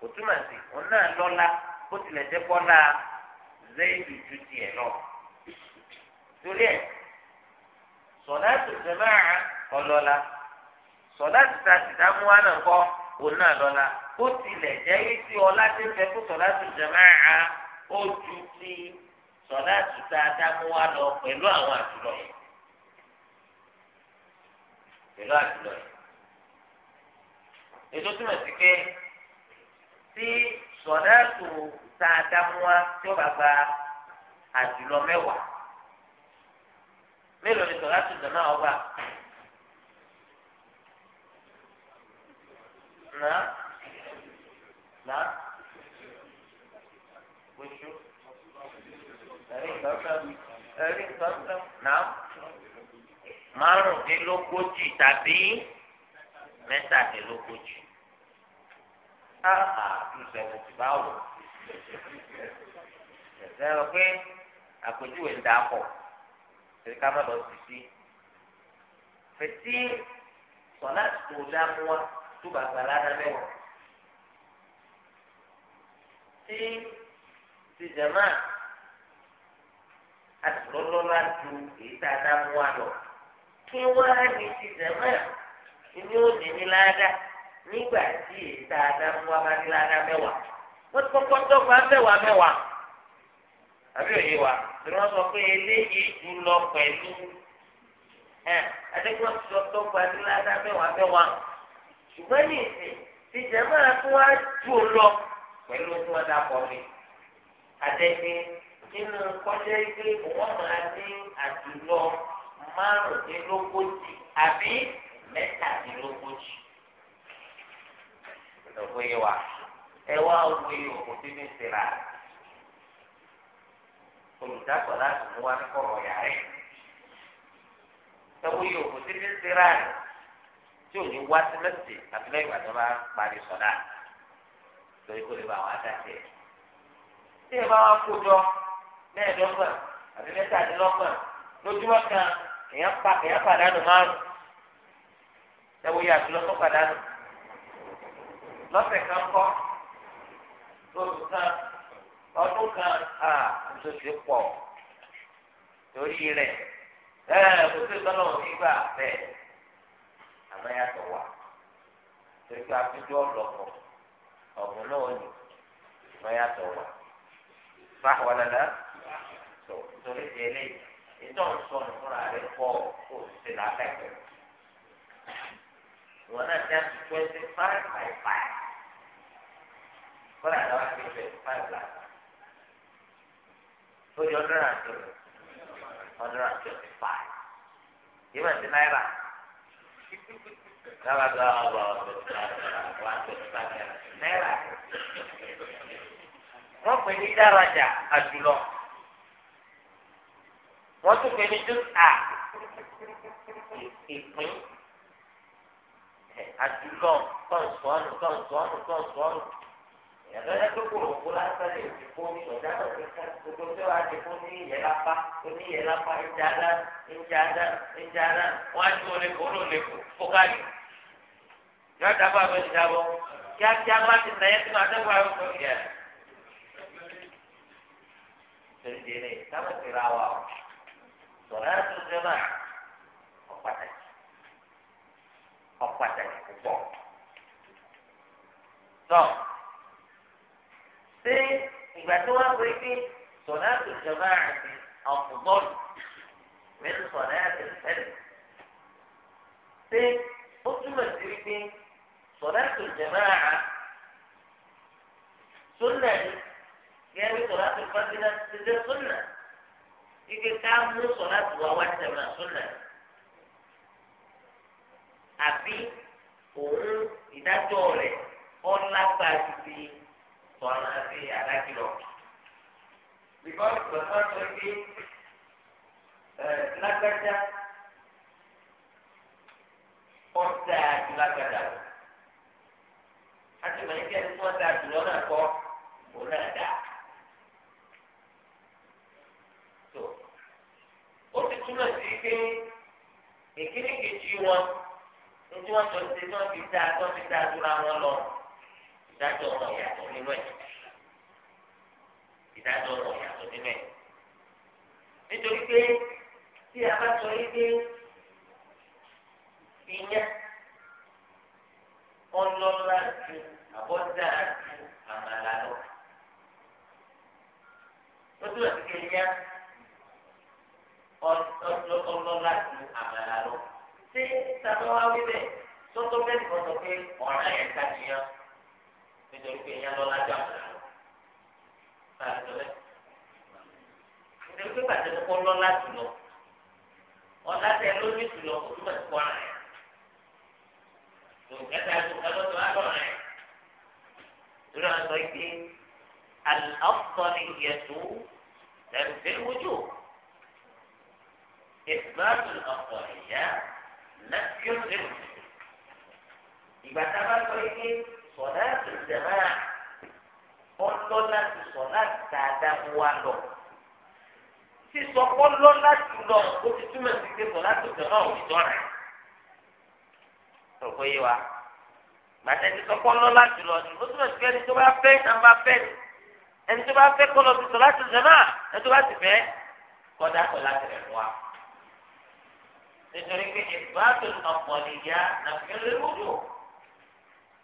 kò túmọ̀ sí òun náà lọ́lá bó tilẹ̀ jẹ́ bọ́lá zayidu ju tiẹ̀ lọ. torí ẹ sọláàtù jẹmáà ọlọ́lá sọláàtù ta ti dámú wa náà kọ́ òun náà lọ́lá bó tilẹ̀ jẹ́ wípé ọlá ti ń bẹ fún sọláàtù jẹmáà ó ju ti sọ̀lá àtúntà dámúwá lọ pẹ̀lú àwọn àtúlọ̀ yẹn pẹ̀lú àtúlọ̀ yẹn. ètò túmọ̀ sí pé tí sọ̀lá àtúntà dámúwá tí ó bá gba àtúlọ̀ mẹ́wàá mélòó ni sọ̀lá àtúntà náà ọba. Nah, nah oṣù ẹ̀rí kankan ẹ̀rí kankan náà márùndínlógójì tàbí mẹ́tàdínlógójì áhà ìṣẹ̀ kò ti bá wò ẹ̀sẹ̀ rẹ pé àpèjúwe ń dàpọ̀ ṣe ká má lọ sí sí fẹ̀tí sọ̀lá tó dáhùn wa tó bàtà ládàá mẹ́wàá tí. ti jẹ̀má ju èyí tá a dá mú wa lọ. kí wọ́n ní ti jẹ̀má ni ó ní nígbà tí èyí tá a dá mú wa bá ní ládàá mẹwa wọ́n ti kọ́kọ́ pé eléyìí jù lọ sọ ní mẹwa ṣùgbọ́n ní ìsìn ti tó wá àtẹ̀gbẹ́ nínú kọjá ìgbé wọ́n máa ní àdúlọ márùndínlógójì àbí mẹ́tàdínlógójì. Ìdọ̀gbọ́ yẹ wa ẹ wá owó yìí òkú tí mi ti rà olùdásọ̀ láti mú wa ní kọ̀rọ̀ yà rẹ̀. Ẹ wo yìí òkú tí mi ti rà tí ò ní wá sí mẹ́sì àti lẹ́yìn àti parí sọ̀dá lórí kó lè bá àwọn adá tiẹ̀ tí ẹ bá wá kó jọ mẹ́ẹ̀ẹ́dọ́gbọ̀n àbí mẹ́tàdínlọ́gbọ̀n lójúmọ́ kan èèyàn pa èèyàn pàdánù márùn ẹ̀wọ̀ yà àti lọ́sọ̀ pàdánù lọ́sẹ̀ kan kọ́ lóṣù kan ọdún kan à oṣooṣù pọ̀ torí rẹ̀ ẹ̀ kò sí ìtọ́nà onígbà bẹ́ẹ̀ àmọ́ yàtọ̀ wà torí pé àfijọ́ ọ̀lọ́kọ̀ ọ̀gbìn náà ní àmọ́ yàtọ̀ wà. صح ولا لا؟ تريد إليه إنه صنع فراغ فوق في العلاقة وانا كان 25 by 5 فلا لو أحد 25 لا So you're not 125 Even the Naira Naira Naira wọ́n pè ní dáradà àjùlọ wọ́n tún pè ní jùlọ ìpín àjùlọ tọ̀nsọ̀nù tọ̀nsọ̀nù tọ̀nsọ̀nù ìyàgbẹ́rẹ́ tó kúrò kó lásán lè fi kó ní ọ̀dà gbogbo tó wà ní kó ní ìyẹn lápá kó ní ìyẹn lápá ìjà dá ìjà dá ìjà dá wọ́n á tún olè kó ló lè kó kó káyọ̀ yọ̀ọ́ dábàá bẹ́ẹ̀ dábọ̀ kíákíá má ti nà ẹ́ sínú àtẹ́wọ́ nítorí délé káwọn ti ra wa o sọlá tó jẹ máa ọpàtàkì ọpàtàkì púpọ̀ tọ ṣé ìgbà tí wọn wé pé sọlá tó jẹ máa àti ọkùnbọọlù mẹ́rin sọlá tó tẹ́lẹ̀ ṣé ó túmọ̀ sí wípé sọlá tó jẹ máa sọlá yìí gẹ́gẹ́ bí sọ̀rọ̀ àti fásitì ti dé súnà ike ká mú sọ̀rọ̀ àti wà wá tẹ̀mà súnà àbí òun ìdájọ́ rẹ̀ ọ̀làgbà ti sọ̀rọ̀ àti àdájọ́. because bàbá sọ pé lágbájá ọ̀dà lágbájá lọ. a ti mọ̀ ní kí ẹni tí wọ́n da jùlọ náà kọ́ òun náà dáa. túmọ̀ sí pé ìkíni kejì wọn ní tí wọ́n jọ ṣe tí wọ́n fi dáa tí wọ́n fi dáa dúra wọn lọ ìdájọ́ wọn yàtọ̀ nínú ẹ̀ ìdájọ́ wọn yàtọ̀ nínú ẹ̀ nítorí pé tí a bá sọ yìí pé ìyẹn ọlọ́lá ju àbọ̀dá ju àmàlà lọ. ó túbọ̀ sí pé ìyẹn ọjọ́ ọlọ́ láti àmàlà lọ. ṣé sábà wá wí bẹ́ẹ̀ sọ́tọ́ bẹ́ẹ̀ kan sọ pé ọ̀ràn yẹn ká nìyẹn nítorí pé ìyá lọ́la jà àmàlà lọ. báyìí lọ bẹ́ẹ̀. nítorí pé bàtẹ́ tó kọ́ lọ́la jù lọ ọ̀la tẹ lórí jù lọ kò túbọ̀ kọ́ ara yẹn. lòun kẹta ẹ̀sùn kan lọ́tọ̀ á lọ́ra yẹn. torí àwọn sọ pé àlọ́ إثبات الأفضلية نفي الغلو إذا تبقى إيه صلاة الجماعة قل لك صلاة تعدم ولو sísọ kọlọ láti lọ o ti túmọ̀ sí pé sọ láti ọ̀dọ̀ náà ò ní tọ́ra ẹ̀. Sọ̀kọ́ yé wa. Gbàtẹ́ sísọ kọlọ láti lọ ni o túmọ̀ sí pé ẹni tó bá fẹ́ ẹni ni. Ẹni tó bá fẹ́ kọlọ ti sọ láti náà ẹni tó ti fẹ́ kọ́dá sọ láti wa. nítorí pé ìbáàtò ọ̀pọ̀lìyá nàfẹ́rẹ́ wúlò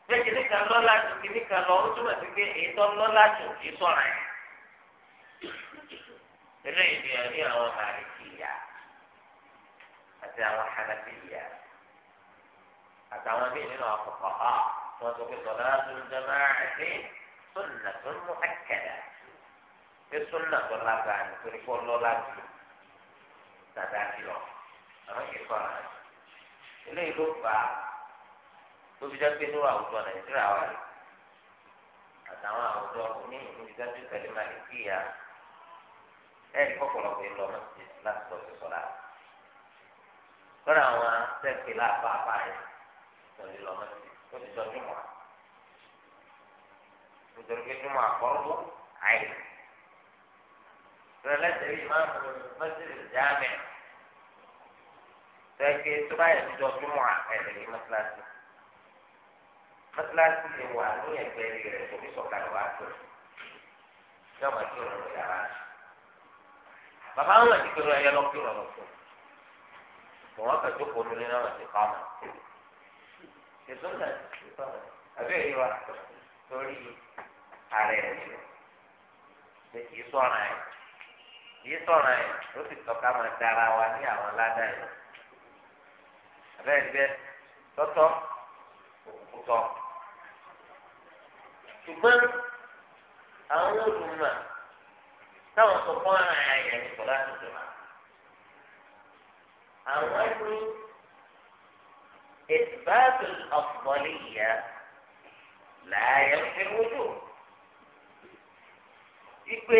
pé kìíní kan lọ láti kìíní kan lọ ó túmọ̀ sí pé èyí tó lọ láti òkè sọ̀rọ̀ ẹ̀. eléyìí ni ẹ̀rí àwọn màlìkìyà àti àwọn hànàfìyà àtàwọn míì nínú àkọ́kọ́ ọ̀ wọ́n sọ pé sọ̀rọ̀ láti ń jẹ́ máa ṣe sunna tó mú akẹ́dà pé sunna tó lágbàá nítorí pé ó lọ láti tàbí àti lọ́wọ́. àwọn kì í kọ́ ara rẹ̀ eléyìí ló fà á tó fi jáde nínú àwùjọ nàìjíríà wà rẹ̀ àtàwọn àwùjọ òní ìlú jáde pẹ̀lú màlìkíyà ẹ̀ ní kọ́kọ́lọ́pọ̀ ìlú ọmọ ti láti lọ sí sọ́la lọ́dọ̀ àwọn sẹ́ẹ̀kì láàbà àbáyé lọ́dọ̀ ìlú ọmọ ti ó ti jọ nítorí pé jùmọ̀ àkọ́rọ́ àyè lọ́dọ̀ lẹ́sẹ̀ yìí máa ń mú mọ́sílẹ̀ jáàmẹ́ fẹ́ẹ́kẹ́ tó bá yẹ jíjọ júmọ̀ ẹ̀rẹ̀ ní mọ́tíláṣí mọ́tíláṣí lè wà ní ẹ̀gbẹ́ rẹ̀ tóbi sọ̀kalẹ̀ wá tó ṣé ọmọ tí òun rẹ̀ yàrá bàbá wọn ti kéwọn ẹyẹ lọ́kì rẹ̀ lọ́kì wọn kà jókòó lórí náà ti kọ́ ọmọ èso náà ti kọ́ ọmọ àbí èyí wa lórí ààrẹ rẹ̀ ṣe kì sọ̀ràn ẹ̀ kì í sọ̀ràn ẹ̀ ó sì tọ́ka máa dára wa ní àwọn ládàá yìí bẹ́ẹ̀ bẹ́ẹ̀ tọ́tọ́ òkútọ́. ṣùgbọ́n àwọn olùmọ̀ táwọn sọ fún ara ẹ̀yà ní sọ̀rọ̀ àtúntò wa. àwọn ẹni ìsìbáàbù ọ̀pọ̀lì ìyá làáyà ń fi wúlò. wípé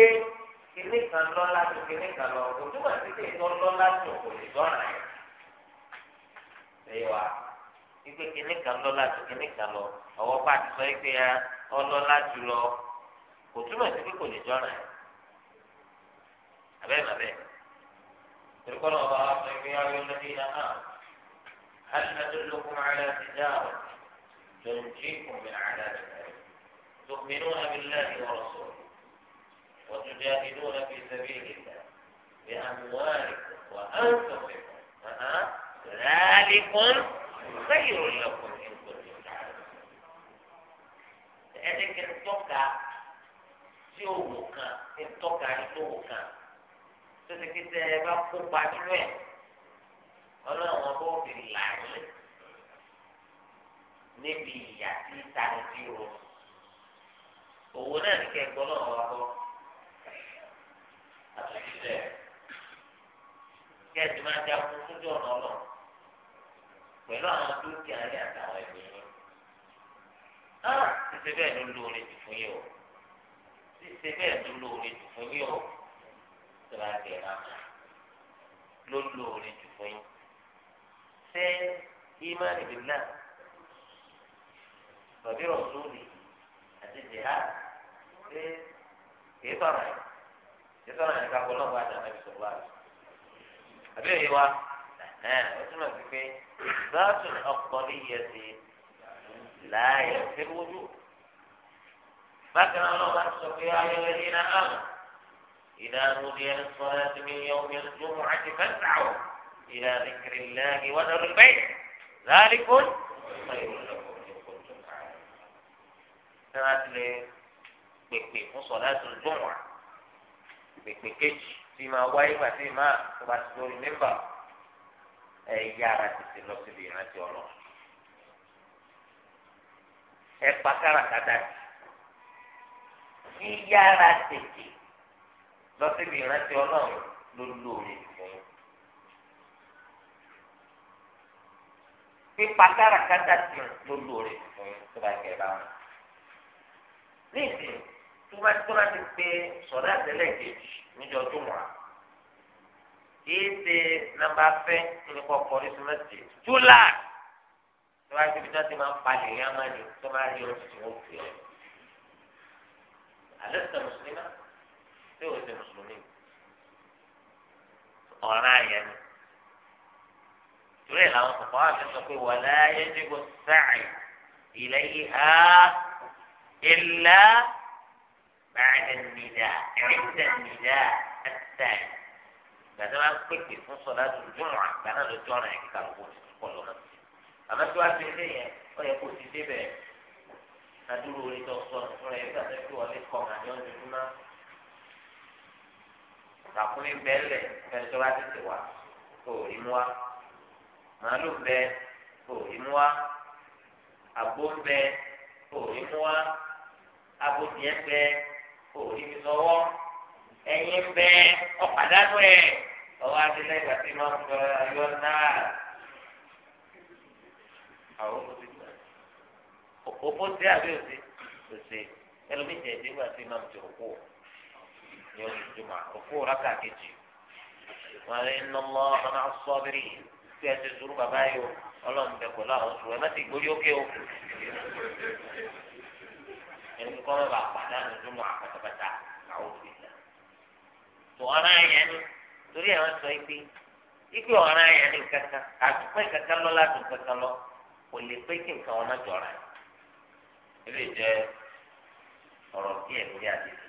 kìnnìkan lọ́la tó kìnnìkan lọ́wọ́ kò túbọ̀ sí pé lọ́la tó kò lè dọ́ra yẹn ẹ̀yẹ wa ìgbé kìnnì kan lọ́la ju kìnnì kan lọ ọwọ́ bá ti sọ ìgbé ya ọlọ́la jù lọ kò túmọ̀ sí pé kò lè jọ́ra ẹ̀ abẹ́ màbẹ́ ìrìkọ́nà ọba wa sọ ìgbé ya yọ lọ́dún yìí náà hali adúlókun ala ti dá ọ lọ́njì kùnmí ala ti dá تؤمنون بالله ورسوله وتجاهدون في سبيل الله بأموالكم وأنفسكم ذلكم خير لكم إن كنتم تعلمون ẹni kí n tọ́ka tí òwò kan kí n tọ́ka tí òwò kan tó ti kí tẹ ẹ bá kópa nínú ẹ ọlọ́run ọba òbí làálẹ̀ níbi ìyà tí tani ti rọ òwò náà ní kẹ́kọ̀ọ́ náà wà bọ́ àtúntì rẹ̀ kí ẹ ti máa dá fún sójú ọ̀nà ọlọ́run pẹ̀lú àwọn dúkìá ní àtàwọn ẹ̀mí yín. náà ṣíṣe bẹ́ẹ̀ ló lóore jù fún yín o ṣíṣe bẹ́ẹ̀ ló lóore jù fún yín o tẹ̀lá gẹ̀ẹ́rà ló lóore jù fún yín. ṣé ìmánì bìlá tàbí rọ̀súlì àti jìhá ṣé kìí sọ̀rọ̀ ẹ̀ kìí sọ̀rọ̀ ẹ̀ ká kọ́ lọ́wọ́ àdàmẹ́bí sọ̀rọ̀ àbí òye wa ẹ̀ ọ́ túnmọ̀ sí pé. إثبات الأفضلية لا ينفي الوجود فكما الله أحسن يا الذين آمنوا إذا نودي للصلاة من يوم الجمعة فاسعوا إلى ذكر الله وذر البيع ذلك خير لكم إن كنتم تعلمون pèpè fún sọláàtù jùmọ̀ pèpè kejì tí máa wáyé فيما máa tó bá ti maa waye gba ẹ yára tètè lọ síbi ìrántí ọlọ ẹ pa káràkátà sí yíyára tètè lọ síbi ìrántí ọlọ ló lóore fún un pípa káràkátà sí ló lóore fún un tó bá kẹ bá wọn nísìnyí tó bá tó bá ti pé sọdá tẹ́lẹ̀ kejì kìí ṣe nàmbà fẹ́ nípa ọkọ̀ ní sùmẹ́tì túlà tó bá ti fi náà ti máa ń palẹ̀ yá máa ní tó bá rí oṣù tó ń fi ọ́. àlẹ́ sọ mùsùlùmí ṣé o ṣe mùsùlùmí ọ̀ràn àyẹ̀ ni ìrẹ́ làwọn kọ̀ọ̀kan wà fẹ́ sọ pé wà láyé dígbò sáàì ilẹ̀ ìhà ìlà bàdàn nìdá ẹ̀rìndàn nìdá ẹ̀sẹ̀. gbàtà máa ń pèpè fún sọlá tó dùnmọ̀ àgbàna ló jọ ọ̀ràn ẹ̀ka owó kọlọ̀ náà àmọ́ tí wàá fi ilé yẹn ó yẹ kó ti débẹ̀ adúrú orí tó sọ fún rẹ̀ nígbà tó fi wọlé kọ́ àní ọdún náà ràkúnmí bẹ́ẹ̀lẹ̀ fẹ́ẹ́ tó bá tètè wá kó o rí mú wa màálù bẹ́ẹ̀ kó o rí mú wa àgbo bẹ́ẹ̀ kó o rí mú wa abodìyẹ bẹ́ẹ̀ kó o rí mi sọ́wọ́. ẹ̀yin bẹ ọ̀pàdánù ẹ̀ ọwọ́ adílẹ̀ ìgbà tí wọ́n fọ ayọ́ náà. àwọn òbí gbà òpó sí àbí òsì òsì ẹlòmíì ìdí ìgbà tí wọ́n ti òkú jùmọ̀ òkú rákà kejì ọmọ tí ẹ ti bàbá yìí o ọlọ́run àwọn ẹ má ti ọ̀ràn yẹn ni torí ẹ̀ wọ́n sọ ipe ipe ọ̀ràn yẹn ni kankan àtúpẹ́ kankan lọ láti kankan lọ kò lè pé kí nǹkan wọn náà jọra ẹ̀ ebi jẹ ọ̀rọ̀ díẹ̀ lórí àdìsí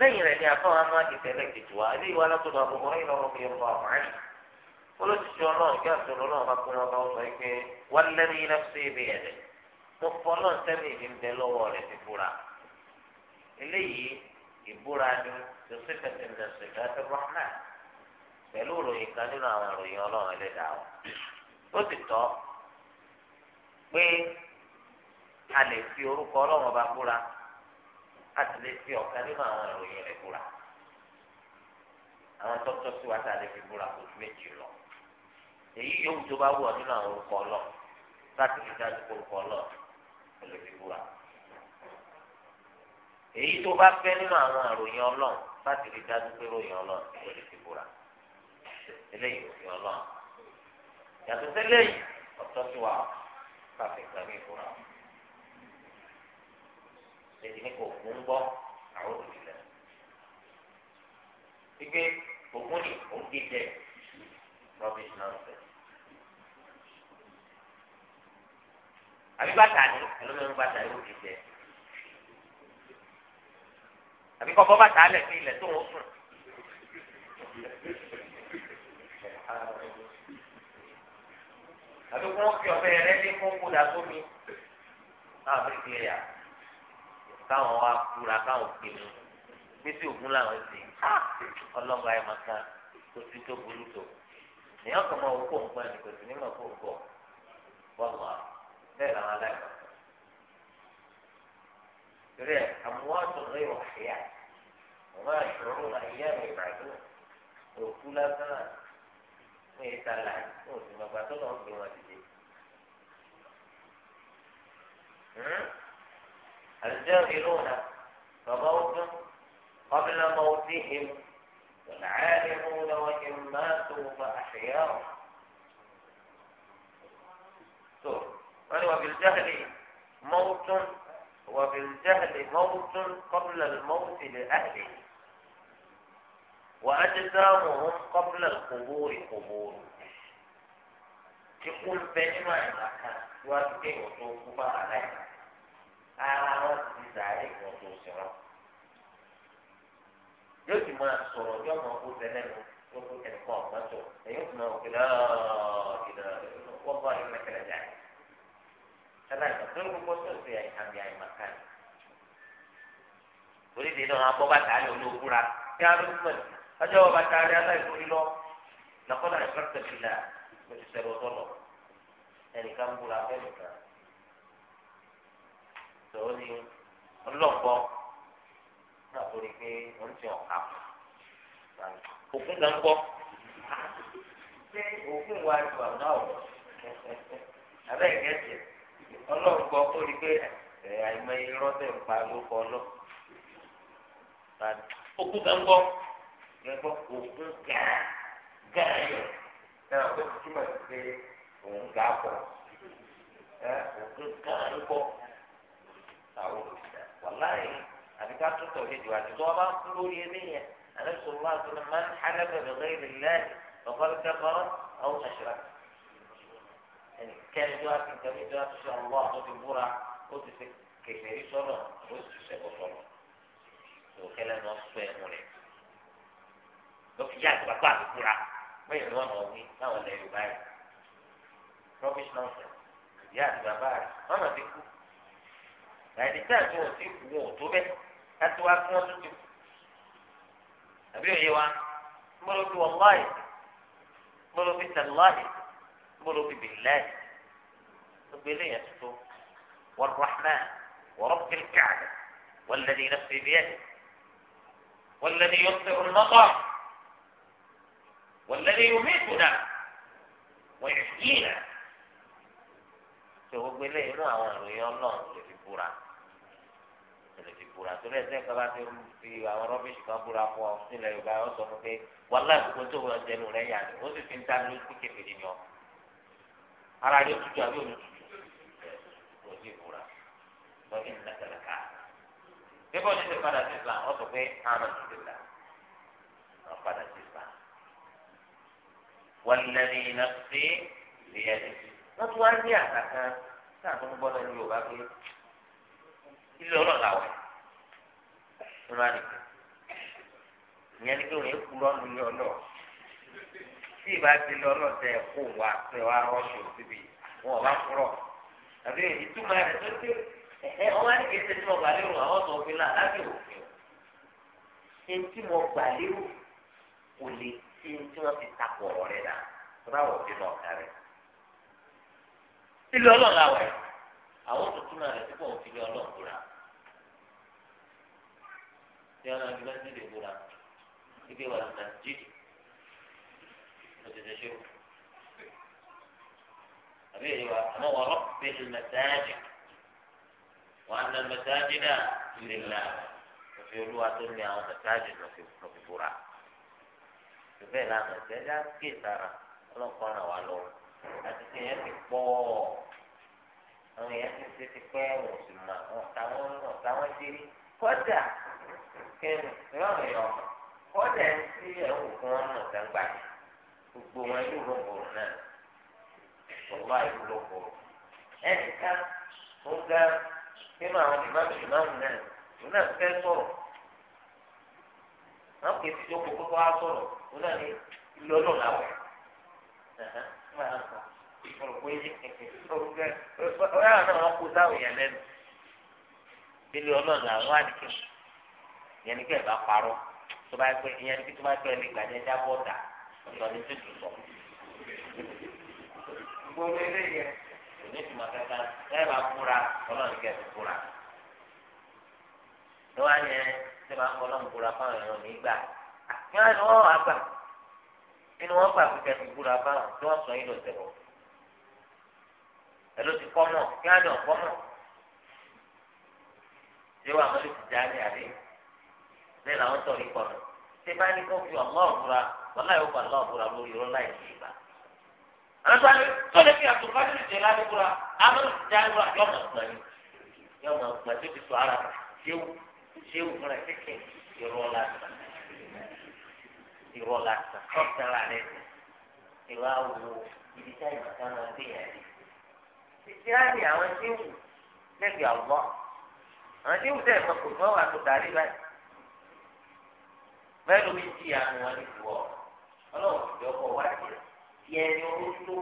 lẹ́yìn rẹ̀ ni àfọwọ́n á máa di tẹ̀lé kejì wa eléyìí wà látọ̀dọ̀ àbúkọ ẹ̀yìn lọ́rọ̀ fi ọ̀rọ̀ àwọn àyè olóṣìṣẹ́ ọlọ́run kí àtúntò ọlọ́run bá kún ọba ọ̀sán yìí pé wọ́n lẹ́nu yìí lọ́sí ibi ẹ̀dẹ̀ mo fọ́ ọlọ́run sẹ́mi ìdí ń bẹ lọ́wọ́ rẹ̀ ti fura eléyìí ìbúra ni joseph ndẹ̀sẹ̀ láti rahman pẹ̀lú ìròyìn kan nínú àwọn ìròyìn ọlọ́run ẹlẹ́dàá wọn. ó sì tọ́ pé a lè fi orúkọ ọlọ́run ọba búra a sì lè fi ọ̀kan nínú àwọn ìròyìn rẹ̀ búra. àwọn tọ́tọ́ sí wa tá a lè fi búra kò ju méjì lọ. èyí yòówù tó bá wù ọ́ nínú àwọn orúkọ ọlọ́run láti fi dájú orúkọ ọlọ́run kò lè fi búra èyí tó bá fẹ́ nínú àwọn àròyìn ọlọ́run láti rí dájú pé ròyìn ọlọ́run kò lè fi búra eléyìí òfin ọlọ́run yàtọ̀ sẹ́lẹ̀yìn ọ̀tọ̀ sí wa káfíń kan ní ìbúra èyí ni kò fún gbọ́ àwọn òbílẹ̀ wípé ògùn ni òǹkè jẹ rubbish nonsense. àbí bàtà ni ẹlòmíràn bàtà yóò fi jẹ àbí kọ́ bọ́ bàtà alẹ̀ sí ilẹ̀ tó ń sùn. àbí wọ́n fi ọ̀bẹ rẹ ní kókó dà sómi náà fi ti rẹ̀ káwọn wá kúra káwọn pè mí gbèsè ògùn làwọn sì ọlọ́mọ ayé máa kan kó sí tó burú tó èèyàn kàn máa wọ́pọ̀ nǹkan ẹnì kò sí ní mọ̀ fún ọ̀gbọ́n wọ́n wà bẹ́ẹ̀ làwọn aláìmọ̀. كذلك أموات غير أحياء وما يشعرون أيام يبعثون وكل سنة ويتلعن وما بعثتهم بما تجي الجاهلون فموت قبل موتهم والعالمون وإن ماتوا فأحياهم أيوة، وبالجهل موت وبالجهل موت قبل الموت لأهله وأجسامهم قبل القبور قبور يقول بينما كان يوافقين وتوقف عليها أعرض آه، بذلك وتوسرا يوتي ما أصر يوم أقول بينما أقول إنقاط ما تقول يوتي ما أقول لا إله إلا الله والله إنك لجعل aláìsàn tó ń gbogbo tó ń ṣe àmì àìmọ̀kan oríṣi náà abọ́ bàtà rẹ̀ olóògùnra kí á ló túmọ̀ ọjọ́ bàtà rẹ̀ aláìsórí lọ lọ́kọ́lá ìfọ́tò ìlà mo ti sẹ́rù ọ̀tọ̀ lọ ẹnìkan ń búra fẹ́ nìkan tòun ni ọlọ́gbọ́ náà torí pé wọ́n ti ọ̀ka òkun kan gbọ́ ṣé òkun wa ju àgbà ọ̀ abẹ́ ìgẹ́sẹ̀ ọlọ́gbọ́ ó rí pé ẹ̀ àìmọye irọ́ tẹ̀ ń pa ló kọ́ lọ. okùn kan gbọ́ gbẹ́gbọ́ òkun gàá gàá yọ náà ó ti túmọ̀ sí pé òun gàá pọ̀ òkun gàá ń bọ̀ àwọn wàláyé àti ká tó tọ̀lé jù àti tó wọn bá ń lórí ẹbí yẹn àlẹ́ sọ̀rọ̀ wá sí ni máa ń bẹ̀rẹ̀ lẹ́yìn lẹ́yìn lọ́kọ́ ẹnikẹ́ni tó wá sí nǹkan mi tó wá sí ọlọ́ àwọn ti búra ó ti ṣe kẹfẹ́rí sọ̀rọ̀ ó sì ṣe kọ̀ sọ̀rọ̀ tó kẹlẹ́ náà sọ ẹ̀mú rẹ̀ lọ́kì yá àti bàbá àti búra bẹ́ẹ̀ ni wọ́n mọ̀ wí láwọn ilẹ̀ Yorùbá yìí rubbish nonsense ìyá àti bàbá rẹ̀ wọ́n mọ̀ kú láìdí táà tí wọ́n ti kú wọn ò tó bẹ́ẹ̀ ká wá fún wọn ti kú àbí òye wa mọ́lódé wọ́n láì mọ́lódé tẹ̀ láì. يقول بالله بليته والرحمن ورب الكعبة والذي نفسي بيده والذي يطفئ المطر والذي يميتنا ويحيينا فهو بليه ما هو يا الله اللي في بورا اللي في بورا تقول ازاي كبات يوم في عربي شكا بورا فوا وصل لي وقاعد وصل إيه؟ والله كنت هو الزنون يعني وزي في انتان لوسكي في دنيا ara rẹ̀ tutù àbí omi tutù kò sí ìbúra lọ́kì ní nàkàlàkà. Bíbọ̀ ní ti padà sí Islam, wọ́n sọ pé àmà ti ti là. Wọ́n padà sí Islam. Wọ́n lẹ́ni iná sí ìyẹ́dẹ̀. Wọ́n tún wá ní àgbà kan sáà tó ń gbọ́ lẹ́nu Yorùbá pé ilé ọlọ́ọ̀lá wẹ̀. Ìmọ̀ àdìgbò. Ìyẹn ni pé òun yẹ kú lọ́nu ilé ọlọ́ọ̀. tí ìbá ti lọ lọ́sẹ̀ kó wa pé wa rọ́ṣù síbi wọn ò bá kúrọ̀ àbí ìtumọ̀ rẹ̀ tó dé ẹ ọmọ ní kí ṣe tí mo gbà lérò àwọn tó fi là lábẹ́ òfin ṣe tí mo gbà lérò kò lè ṣe tí wọ́n takò ọ̀rọ̀ rẹ̀ ọ̀gá rẹ̀ ilé àwọn tó rẹ̀ tí kò tí wọ́n òṣìṣẹ́ ṣe o àbí èyí wa àmọ́ wọ́n rọ́ pé mẹsáàjì wọ́n á lọ mẹsáàjì náà lè la òfin olúwa tó ní àwọn mẹsáàjì lọ fi fura bẹ́ẹ̀ lánàá ẹ̀jẹ̀ ẹ̀jẹ̀ ké sára ọlọ́kọ̀ ràn wá lọ àti tí èèyàn ti pọ̀ àwọn èèyàn ti ṣe ti pẹ́ wọ̀n sì mà wọ́n táwọn wọ̀n táwọn ṣe rí kọ́dà kẹ́nu ìrọ̀rùn yọ̀ kọ́dà ẹ̀ ń sí ẹ̀wù fún ọ̀nà ìdàgbà yìí. gbogbo wọn ìlú lóko náà ọba ìlú lóko ẹnìkan ó ga nínú àwọn ìmáàmù ìmáàmù náà òun náà fẹ́ sọ̀rọ̀ wọn kò sí ìjókòó kókó wá sọ̀rọ̀ òun náà ní ìlú ọlọ́run ìlú ẹ̀ bá parọ́ tó bá pẹ́ ẹ̀ lè gbàdé ẹja ọ̀sán ní títù sọ. gbogbo eléyẹ kò ní ìtumọ̀ kankan ẹ bá fúnra ọlọ́run kẹ́ ẹ fúnra. lọ́wọ́ yẹn ṣé máa kọ́ ọlọ́run fúnra fáwọn èèyàn nígbà kí wọ́n ní wọ́n wá gbà kí ni wọ́n gbà fi kẹ́ ẹ fúnra fáwọn tí wọ́n sọ yín lọ sẹ́wọ̀n. ẹ ló ti kọ́ mọ̀ kí wọ́n ní ọ̀kọ́ mọ̀ ṣé wàá mọ́ ló ti já ní àlè bẹ́ẹ̀ làwọn tọ̀ ní kọ́nà ṣé bá ní kó fi ọ̀gbọ́n ọ̀fura wọn láyé wọn lọ búra lórí irọ́ láì sí ìgbà. àlọ́tọ́ ni tó lè fi àtúntò kájú ìjẹ́ láti búra amúlù ti dá búra yọ ọmọ ọgbọ́n ni yọ ọmọ ọgbọ́n tó ti sọ ara ṣéwù ṣéwù fúnra kékeré irọ́ lásán irọ́ lásán ọ̀sán rà rẹ̀ ìwà wo ibi táyì bàtà máa gbé yẹn rí. títí á àwọn ṣéwù lẹ́gbẹ̀ẹ́ àwọ̀ àwọn ṣéwù tẹ̀ ẹ̀fọ́ kò fọ́ wà ọlọ́run ti jọ kọ wájú tí ẹni oró tó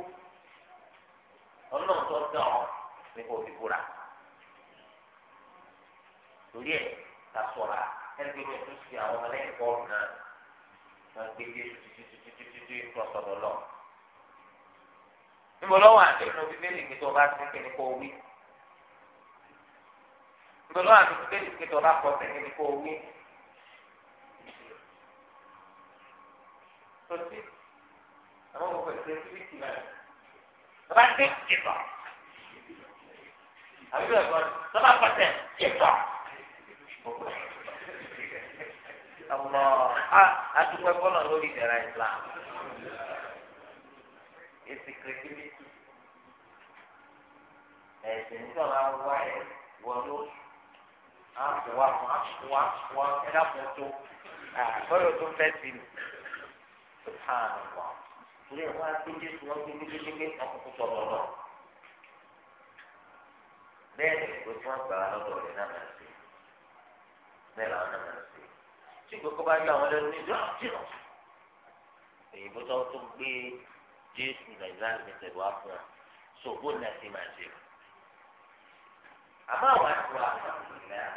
ọlọ́run dán ọ ní kò fi búra torí ẹ̀ ká sọ̀ra ẹgbẹ́ tó ṣe àwọn ọmọlẹ́yìn náà wọ́n gbé dé títí lọ́sọ̀rọ̀ lọ. níbo lọ́wọ́ àti inú bíbélì kí tó bá sí kí ni kò wí. níbo lọ́wọ́ àti bíbélì kí tó bá kọ́ sí kí ni kò wí. kò sí àwọn ọmọ pẹ̀lú sẹ́ńtírìtì náà bàbá dé ìtọ̀ àbí bẹ́ẹ̀ bọ́ sọ́ba pàṣẹ ìtọ̀ ọmọ adúpẹ́ bọ́lá lórí ìdára Islam èsì kìrìkìrìtì ẹ̀sìn nígbà máa ń wá ẹ̀ wọnú àpòwà àpòwà àpòwà ẹ̀dá pọ̀ tó àgbọ̀dọ̀ tó fẹ́ sí mi subhanallah ilé ìwà akéde tí wọ́n gbé nílé léke ọkùnkùn sọ̀rọ̀ lọ. bẹ́ẹ̀ ni ìwé tí wọ́n gbà á lọ́dọ̀ rẹ̀ náà máa ṣe bẹ́ẹ̀ làwọn náà máa ṣe tí ìgbókò bá yọ àwọn lẹ́nu ní ìjọ àjọ èyíbó tó tó gbé jésù nàìjíríà nìkẹsẹ̀ wá fún wa ṣògbó náà ti máa ṣe. àmọ́ àwọn àti wà fún mi náà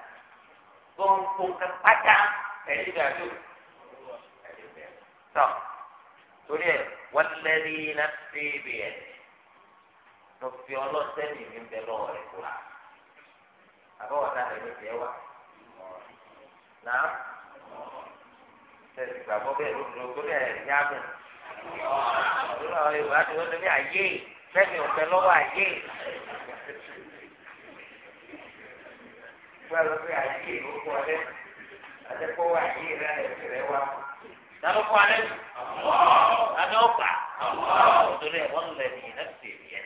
gbọ́n kó kápátá ẹ̀yìn torí ẹ wàlẹ́rì nàfẹ́ bìẹ́ mo fi ọlọ́sẹ̀mì mi bẹ lọ́wọ́ rẹ̀ kúrò àbọ̀wọ̀tá rẹ̀ mi tẹ́ wà náà tẹ̀sí gbàgbọ́ bẹ́ẹ̀ lóko torí ẹ̀ yáàbù lórí àwọn yorùbá tí wọ́n lórí àyè fẹ́mi ò lọ́wọ́ àyè gbàgbọ́ bẹ́ẹ̀ àyè lóko ọ̀rẹ́ àtẹ́kọ̀wọ́ àyè rẹ̀ rẹ̀ wà sáré fún أنا mi àmì ọ̀pá nítorí ẹ̀ wọ́n الله ní ẹ̀sìn ìyẹn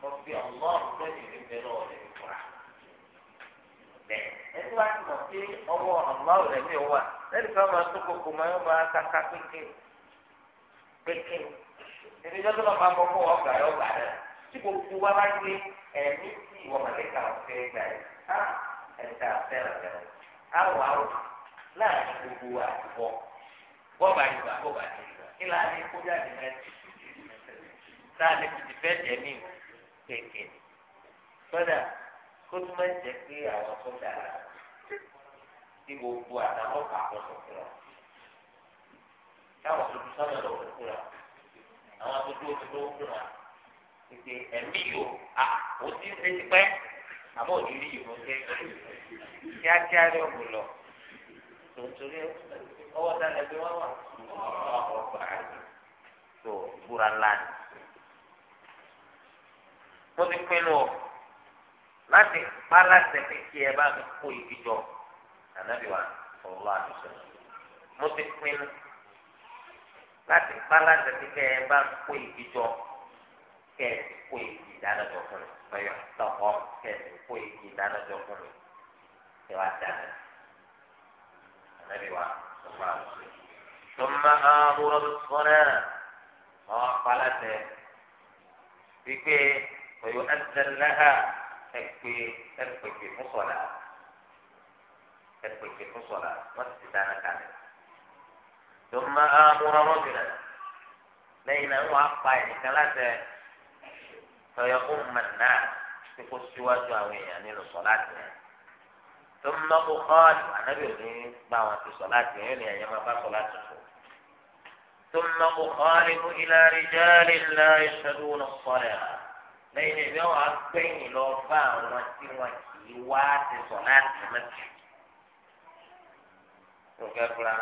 mo fi ọlọ́run lẹ́yìn mi bẹ̀rẹ̀ ọ̀rẹ́ mi fura bẹ́ẹ̀ ẹni wá ti mọ̀ pé ọwọ́ ọlọ́run lẹ́mí wà lẹ́yìn kan máa tó koko máa yọ máa kaka pékin pékin èmi jọ́dún máa kọ́kọ́ ọgbà yọ ọgbà rẹ̀ tí gbogbo wa bá gbé ẹ̀mí tí ìwọ màlẹ́kà ọ̀fẹ́ gbà yìí ká fẹ́ràn fẹ́ràn á wà á wà gbogbo àtúbọ̀ bọ́ọ̀bà ìgbà bọ́ọ̀bà ìgbà kí la ní kó jáde mẹ́tì tá a lè ti fẹ́ jẹ́ mí kéèké sọ́dà kó tún máa ń jẹ́ pé àwọn sọ́dà tí gbogbo àtàwọn pàpọ̀ sọ̀rọ̀ táwọn tuntun sọ́dà lọ́wọ́ kúra àwọn tó dúró tó dúró kúra tètè ẹ̀mí yò á ó ti ń ti pẹ́ àmọ́ òní rí ìwọ̀n jẹ́ kíákíá lọ́wọ́ lọ tòun torí ẹ̀ ọwọ́ ta lẹ́bi wọn wà ọkọ̀ gbàrà tó búra láàyè. mo ti pinnu o láti pa láti fi kí ẹ bá mi kó igi jọ ànábì wa sọlá àdùsọ mo ti pinnu láti pa láti fi kí ẹ bá mi kó igi jọ kẹ ẹ kó igi dáná fún mi pẹ̀lú àtọkọ kẹ ẹ kó igi dáná fún mi kẹ wá dáná ànábì wa. ثم آمر بالصلاة وقالت بك ويؤذن لها تكفي تكفي في صلاة تكفي في صلاة واستدانة كاملة ثم آمر رجلا لين وعقى يعني ثلاثة فيقوم الناس في قصة وجهه يعني لصلاتنا tó ń nọ́kú kọ́ọ̀lù ànábì òní bá wọn ti sọ láti ẹ̀yìn ní ẹ̀yẹ máa bá sọ láti sọ. tó ń nọ́kú kọ́ọ̀lù mú ilá rí jáde ńlá ìṣẹ́lú wọn sọ̀rọ̀ lẹ́yìn ìwé wọn gbẹ̀yìn lọ bá àwọn tí wọn kì í wá ti sọ láti mẹ́tì. òkè fúra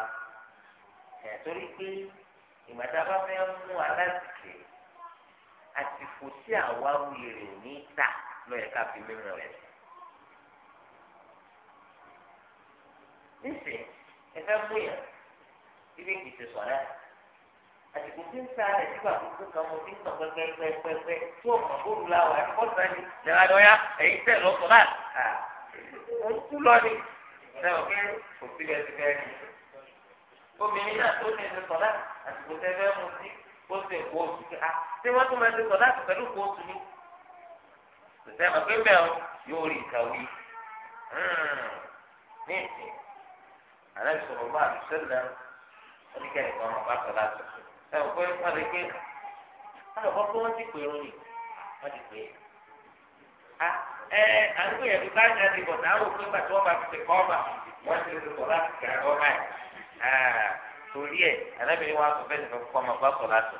ẹ̀ torí pé ìgbàdá fẹ́ mú aláṣẹ àti kò sí àwáwí ní ìta lọ́yẹ̀ká fi mímú rẹ̀ sí. nísìnyí ẹ fẹ́ mú yàn ibi kì í ti sọ̀ náà àtìkù tí ń sa rẹ̀ nígbà gbogbo kan mo ti ń sọ pẹ́pẹ́pẹ́pẹ́ tí ó mọ̀ bóru la wà ní bọ́sà ni ìjọba ni ọ̀ya èyí tẹ̀ lọ sọ náà ó ń tú lọ ni ṣe ò kí kò sí bẹ́ẹ̀ ti bẹ́ẹ̀ ni. obìnrin náà tó ní ẹni sọ̀dá àtìkù tẹ́ fẹ́ mu sí ó sì kó oṣù kí a ṣé wọ́n tún máa ti sọ̀dá pẹ̀lú kó oṣù ni. ṣùgbọ́n ẹgbẹ́ bẹ́ẹ̀ yóò rí ìkàwé hmm, ní àlẹ́ sọ̀rọ̀ bá àdùsẹ́lẹ̀ oníkẹ́ni kan ọba sọ̀rọ̀ àti ẹ̀ ò pé wọ́n ti pé wọ́n lọ kọ́kọ́ wọ́n ti pè é lónìí wọ́n ti pè é. ẹ ẹ àdúgbò yẹn ti bá ń jáde bọ̀ náà rò pé bàtí wọ́n bá fi ṣe kọ́ ọ̀bà wọ́n ti lè sọ̀rọ̀ láti kà ọ́ náà torí ẹ̀ àlẹ́bìnrin wa sọ fẹ́ẹ́ nìkan kọ́ ọmọ bá sọ̀rọ̀ àti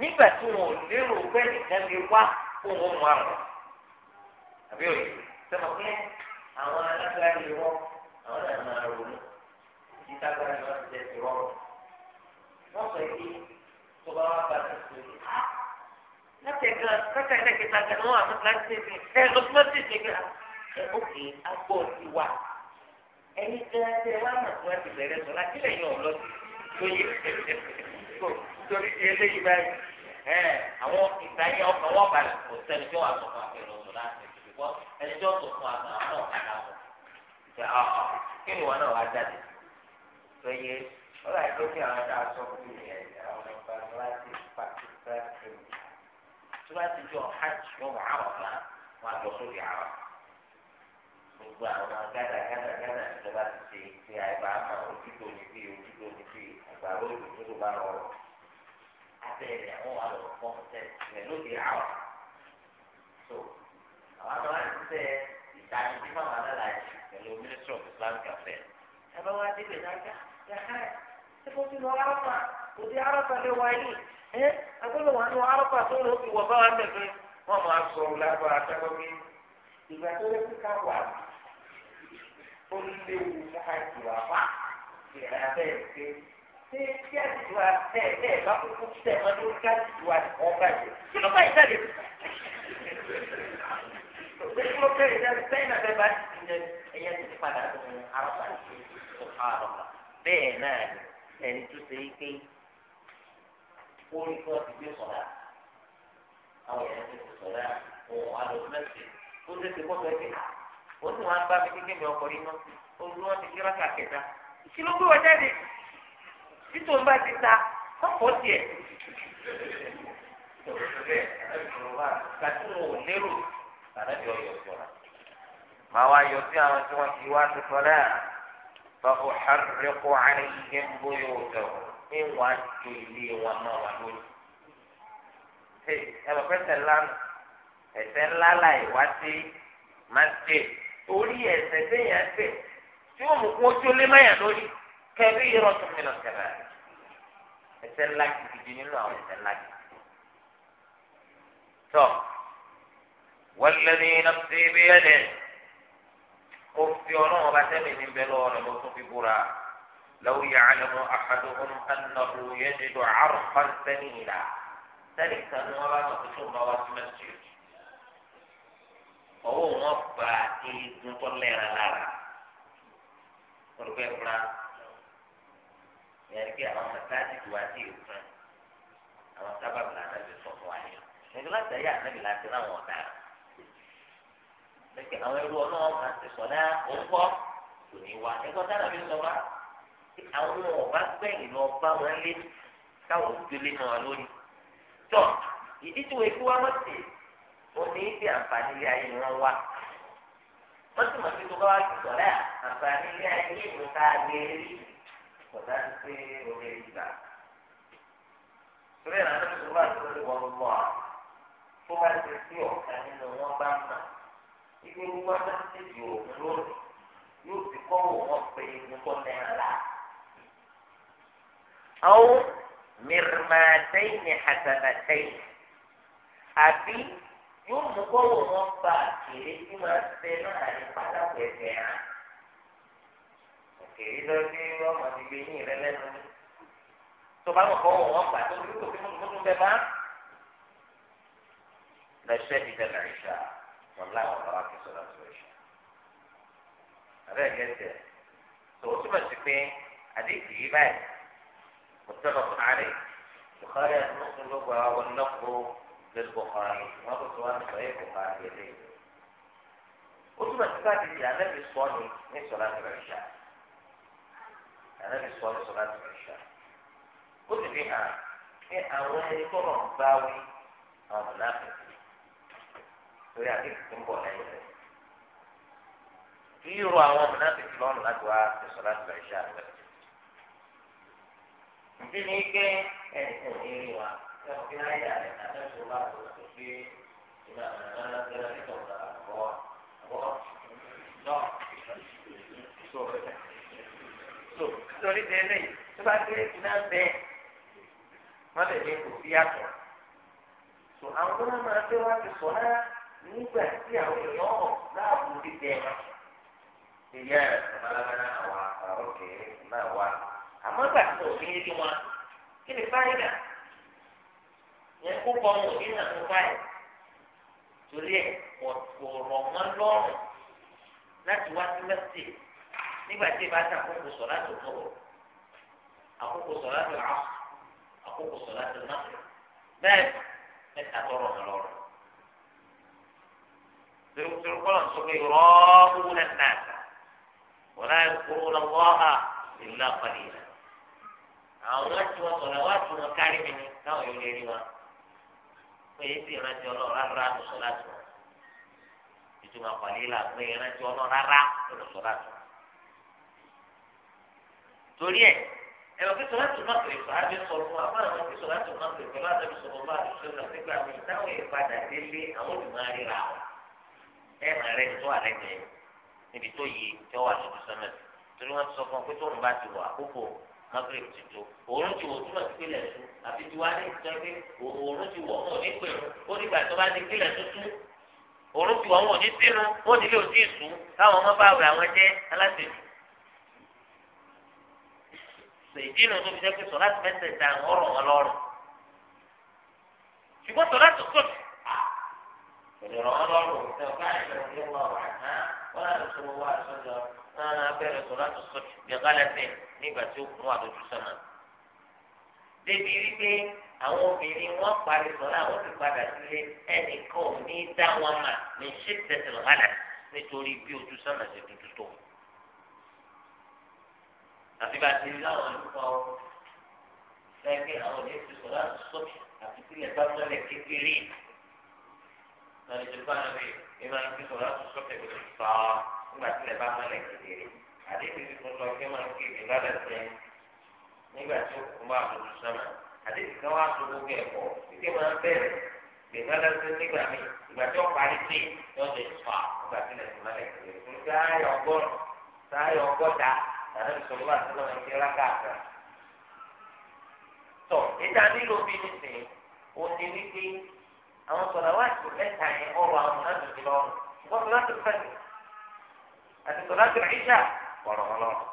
nígbà tí wọn ò lérò pé nìkan lè wá òun mọ àwọn àbí òye sọ àwọn náà máa ronú títa gbára ni wọ́n ti jẹ́ ti wọ́n sọ èyí tó bá wá bá ti sùn yìí. látẹ̀gà látẹ̀gà kìtà gẹ̀ wọ́n àmì láti ṣe ẹ̀ lọ́sọ́sì ṣe gbà. ẹ òkè agbó ti wà. ẹni tẹ́lẹ̀ wá mà fún ẹ̀sìn bẹ̀rẹ̀ sọ láti lè yàn lọ lóye tí wọ́n ṣe ọ̀hún ah, ah, kí ni wọn náà wá jáde tó yẹ ó láì tó kí àwọn ẹ̀dá sọ fún mi ẹ̀ àwọn ọ̀gá láti pàṣípà tó mi tó bá ti jọ hajj yóò wà áwọ̀ fún wa lọ sórí àwọ̀ gbogbo àwọn gádà gádà gádà tó ti ṣe ṣe àìbá àmà ojúdó ní bí ojúdó ní bí àgbàrá òdòdó tó bá rọrọ abẹ́rẹ́ àwọn wà lọ fún ọ̀sẹ̀ pẹ̀lú ti àwọ̀ tó àwọn àgbà wà ní sẹ́ ìtàn ìdí fáwọn alálàájì pẹ̀lú ministry of islamic affairs ẹ̀bá wa dé bẹ̀rẹ̀ ajá yàrá ẹ̀ fún mi lọ arọ́pà òde arọ́pà lè wáyé ẹ̀ agbọ́dọ̀ wà nù arọ́pà tó lọ fi wọ̀ bá wa mẹ́fẹ́ wọ́n máa sọ lábọ́ àtàkọ́ mi ìgbà tó lè kíkà wà ó léwu láì tù wá wá ìrìn abẹ́ ẹ̀ pé ṣé kí àtìtù wa tẹ̀ ẹ̀ bá kúkú tẹ̀ wọ́n ló ká àtìtù wa ọ̀ bàjẹ́ kí ló bá yìí jáde kí ló bá yìí jáde sẹ́yìn àbẹ́ bá ti ẹ̀yẹ́ ti padà sínú arọ́pà tó fà rọ̀mà bẹ́ẹ̀ náà ni ẹni tó ṣe é pé orí kí wọ́n ti gbé sọ̀dá àwọn èèyàn ti fi sọ̀dá òun wà lọ mẹ́sì ó ṣe ti kọ́sọ̀ ẹ̀kẹ́ ó sì wọ́n á bá mi kékeré mi ọkọ̀ rí mọ́ olú wọn ti kí rákà kẹta kí ló gbé wọn jáde títò ń bá ti ta ọkọ̀ tiẹ̀ kàtúnú lérò tàbí ọyọ̀ sọ̀rọ̀ màá wá yọ sí àwọn tí wọ́n ti wá ti sọ́lá fọ́fọ́ àrẹ́kọ̀ àrẹ́ yìí ń bóyá òtọ̀ ní wàá ju ilé wọn náà wà lónìí. ẹ lọ fẹsẹ̀ ńlá ẹsẹ̀ ńlá láì wá sí máṣe torí ẹsẹ̀ téèyàn ṣe tí ó mú kó tó lé mẹ́yà lórí kẹrí irọ́ tó mi lọ kẹrẹ́ ẹsẹ̀ ńlá gidigidi nínú àwọn ẹsẹ̀ ńlá gidigidi. والذي نفسي بيده ó fi ọlọ́run ọba tẹ́lẹ̀ ní bẹ́ẹ̀ lọ́wọ́ rẹ̀ ló tún fi búra law ya'lamu ahaduhum annahu yajidu 'arqan sanila sẹ́lẹ̀ kan ní wọ́n bá wọn fi tún bá wá sí mẹ́sìlẹ̀ ọwọ́ wọn gba eegun tó lẹ́ran lára olùkọ́ yẹn kí àwọn mẹ́tàdì tó wá sí ìfún àwọn sábàbí làánà ti sọ fún wa nígbà láti ẹ̀yà ànábì láti pẹ̀kẹ́ àwọn ẹrú ọlọ́wọ́ máa ti sọ náà òǹkọ́ kò ní wá ẹ̀kọ́ sára mi sọ wá tí àwọn ọmọ ọba gbẹ̀yìn lọ bá wọn lé táwọn òjòlé náà lónìí. tọ́ ìdí tí wọ́n fi wá wọ́n sì wọ́n ní ibi àǹfààní ilé ayé wọn wá. wọ́n sì mọ̀ sí tó bá wá ti sọ̀ náà àǹfààní ilé ayé mi ká lè rí kọ̀dá ti pé orí ìgbà. torí ìrànlọ́wọ́ tó bá tó lè wọ́n lọ́ ibi gbogbo ọjà ti di òun lónìí yóò fi kọ́ wọn pé nǹkan náírà la. àwọn mìrìmàdẹ́yìn ni àtàlàtẹ́yìn àbí yóò mú kọ́ wọn pa àkèrè tí máa fẹ́ náà ní padà pẹ̀lẹ́ hàn. òkèrè lọ sí ọmọ ìgbé yín rẹ lẹ́nu mi. tó bá wọn kọ́ wọn pa tó ní kò sí mọ́tò mọ́tò bẹ́ẹ̀ máa. lọ sẹ́ni bẹ́ẹ̀ máa ń ṣá. والله وبركاته صلاة العشاء هذا جدا سوسم الشفين حديث إيمان متفق عليه البخاري المسلم واللفظ للبخاري وهذا سؤال صحيح البخاري وثم الصفات اللي النبي من صلاة العشاء النبي صلى صلاة العشاء قلت فيها في إيه أولا يكون باوي أو منافق torí àdéhùn tó ń bọ̀ lẹ́yìn rẹ̀. Yíyọ àwọn mùnáfíkì lọ́rùn láti wá ẹ̀sọ́ láti bá iṣẹ́ àgbẹ̀. Ìdí ni pé ẹ̀sìn ìrìn wa ṣe fi láyà rẹ̀ àtẹ̀sọ́ bá kò tó pé ìgbà mọ̀nà láti rẹ̀ ní ọ̀gá àbọ̀ àbọ̀ náà. So so nítorí tẹ́lẹ̀ tó bá dé iná bẹ́ẹ̀ wọ́n lè ní kò sí àtọ̀. So àwọn tó máa ń gbé wá ti sọ̀rọ̀ nígbà tí àwọn èèyàn hàn láàbù dídẹ wọn. ìyá ẹ̀ babalabala àwọn àròkè náà wà àmọ́ ìgbà tí mo fi rí wọn kí ni fáyidà yẹn kó kọ́ mo ní nà fáyì torí ẹ̀ ọ̀rọ̀ wọn lọ́rùn láti wá sí mẹ́sì nígbà tí ìbá tà kókò sọ̀ láti ọ̀tọ̀ àkókò sọ̀ láti ọ̀ àkókò sọ̀ láti ọ̀ náà bẹ́ẹ̀ mẹ́ta tọrọ ọ̀rọ̀ torí kọ́lọ̀ sọ pé rọ́ọ̀bù náà náà wọ́n láì kúrò lọ́wọ́ ha ìlú àpàdé yìí àwọn láti wọn sọ̀rọ̀ wá tí wọn kárí mi ni táwọn yóò lè rí wọn pé èyí sì rántí ọlọ́run rárá ló sọ láti wọn ìtumọ̀ pàdé là pé èyí rántí ọlọ́run rárá ló sọ láti wọn. torí ẹ ẹ bá fẹsọ̀ láti má pè fún abẹ́ sọ̀rọ̀ fún abá àwọn fẹsọ̀ ẹ̀ràn rẹ̀ tó wà níbi tó yẹ tí wà lójú sọ́nà torí wọ́n sọ fún ọ pé tó ń bá ti wà àkókò magreb ti tó òórùn ti wò túmọ̀ sí pílẹ̀ tó àfi ti wá ní ìtọ́ pé òórùn ti wọ̀ wọn ní pèrò ó nígbà tó bá ní pílẹ̀ tuntun òórùn ti wọ̀ wọn ní sínú wọn nílé òsì ìsú káwọn ọmọ bá wẹ̀ àwọn jẹ́ aláṣẹjù. ìdínà tó fi jẹ́ pé sọ̀rọ̀ àti mẹ́tẹ̀ẹ̀ta ọ̀rọ̀ wọn ṣùgbọ́n sọ̀rọ̀ àti ìdọ̀rọ̀ ọlọ́run ní ọ̀gá ìgbà tí wọ́n wà ná wọ́n á lọ́sọ̀ wọ́n wá sọ́jọ́ náà náà bẹ̀rẹ̀ sọ láti sọ gbẹ̀gálẹ́sẹ̀ nígbà tí ó kún àdójú sọ́nà. débi wípé àwọn obìnrin wọn parí sọ náà wọ́n ti padà sílé ẹnìkan ò ní dá wọn mà ní ṣètẹ̀tẹ̀ lọ́hàlà nítorí bí ojú sọ́nà ṣe dúdú tó. àfi bá ti rí láwọn olùkọ́ lẹ́gbẹ̀ẹ́ àwọn òní ti sọ àti sílẹ̀ bá mọ́lẹ̀ kékeré lọ́dún tó bá nàbí ìmọ̀ ní kíkọ́ láti sọ́kè kò sí fà á nígbà tí ilẹ̀ bá mọ̀lẹ̀ kékeré àdéhùn ìfún sọ pé máa ń kí ìgbà lẹ́sẹ̀ nígbà tí òkú bá tuntun sọ́mà àdéhùn kan wá so gbogbo ẹ̀kọ́ títí máa ń bẹ̀rẹ̀ ìgbà lẹ́sẹ̀ nígbà mi ìgbà tí ó parí sí lọ́dún fà á nígbà tí ilẹ̀ mọ̀lẹ̀ kékeré fún sáyọ̀ ọgọ́rùn sáyọ̀ ọgọ́ta àdéhùn sọ̀rọ̀ àti sọ̀rọ̀ ìkẹ́lá káàkiri tọ níta nílò bí nísìnyí ó ti ní pé àwọn sọ̀làwáàtì mẹ́ta yẹn ọ̀rọ̀ àwọn náà lòdì lọ́rùn wọ́n sọ̀lá tó fẹ́ àti sọ̀lá tó ìṣà kọ̀rọ̀ wọn lọ́rùn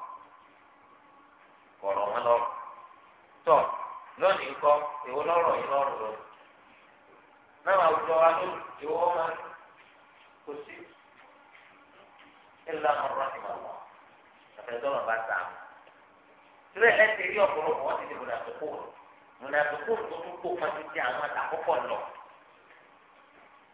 kọ̀rọ̀ wọn lọ́rùn tọ̀ lónìí kọ́ èwo lọ́rọ̀ yìí lọ́rùn lọ náà àwùjọ wa ló ìwọ́ máa kò sí ìlànà ọ̀rọ̀ ìmọ̀lá àfẹ́sọ́nà bá ta àwọn. Sílẹ̀ lẹ́sẹ̀ rí ọ̀pọ̀lọpọ̀ wọ́n ti di mùnàfẹ́kù. Mùnàfẹ́kù tó tún kó pọ́n títí àwọn àtàkọ́kọ́ lọ.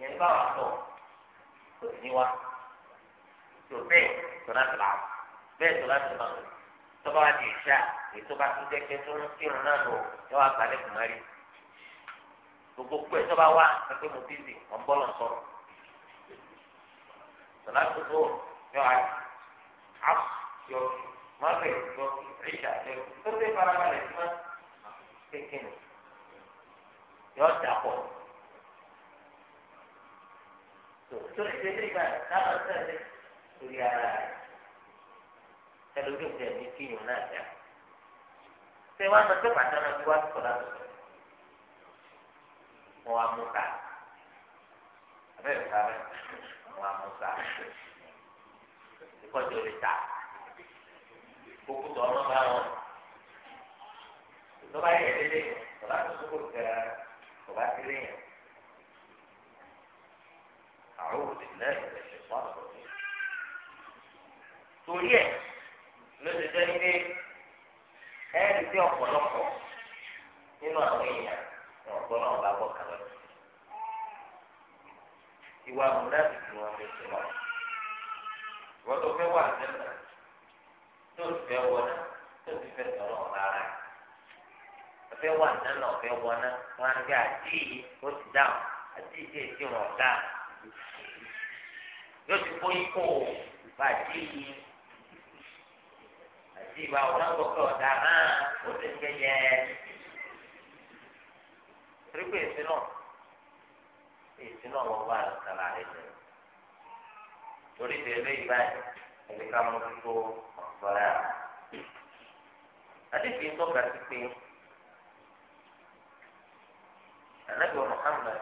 yẹn bá wà pọ̀ kò ní wa tó bẹ́ẹ̀ tó láti là bẹ́ẹ̀ tó láti mà tọ́ba wa di ìṣá ètò bá tún jẹ́kẹ́ tó ń kírun náà lò yẹ wá gbalẹ̀ kùn gbogbo pẹ̀ tọ́ba wa pé mo bí wọ́n bọ́ lọ sọ̀rọ̀ tó láti tó yọ àyè àpò yọ mọ́tò yọ ìṣá yọ tó dé farabalẹ̀ sí mọ́ kékeré yọ dàpọ̀ torí ìdílé ìgbà táwọn sẹ́lẹ̀ lórí ara rẹ̀ ẹlòmíì ń tẹ̀lé kí ìyọ̀n náà dá. ṣé wàá sọ pé bàtà náà ti wá sọ̀rọ̀ láti sọ̀rọ̀? mo wá mú ká abẹ́rẹ́ ká bẹ́ẹ̀ mo wá mú ká ìkọ́jú orí ta kókó tó ọmọ bá wọn lọ́ba yẹ̀ lélẹ̀ ọ̀la tó sókò tẹ̀ ọ̀ba tẹ̀lé yẹn. أعوذ بالله من الشيطان الرجيم torí ẹ̀ ló ti jẹ́ pé ẹ̀rí tí ọ̀pọ̀lọpọ̀ nínú àwọn èèyàn ọ̀pọ̀ náà bá bọ̀ kàwé ìwà múnáfi tí wọ́n fi ti wọ́n tó fẹ́ wà sẹ́nà tó fẹ́ wọná tó ti fẹ́ sọ̀rọ̀ rárá ọ̀fẹ́ wà sẹ́nà ọ̀fẹ́ wọná wọn á gbé àdí ó ti dáhùn àdí ìdí èsì wọn dáhùn yóò ti kó ikú bàtí yìí àti ìwà ọ̀nàkọ̀kọ̀ ọ̀dà hàn ó ti ṣe yẹ torípé èsì náà èsì náà wọ́n wà lọ́sàrà rẹ̀ jẹ́ torí ti eléyìí báyìí ẹ̀mí ká mú tó ọ̀sọ́ra àdéhùn tó ga sí pé ànágbé Muhammad.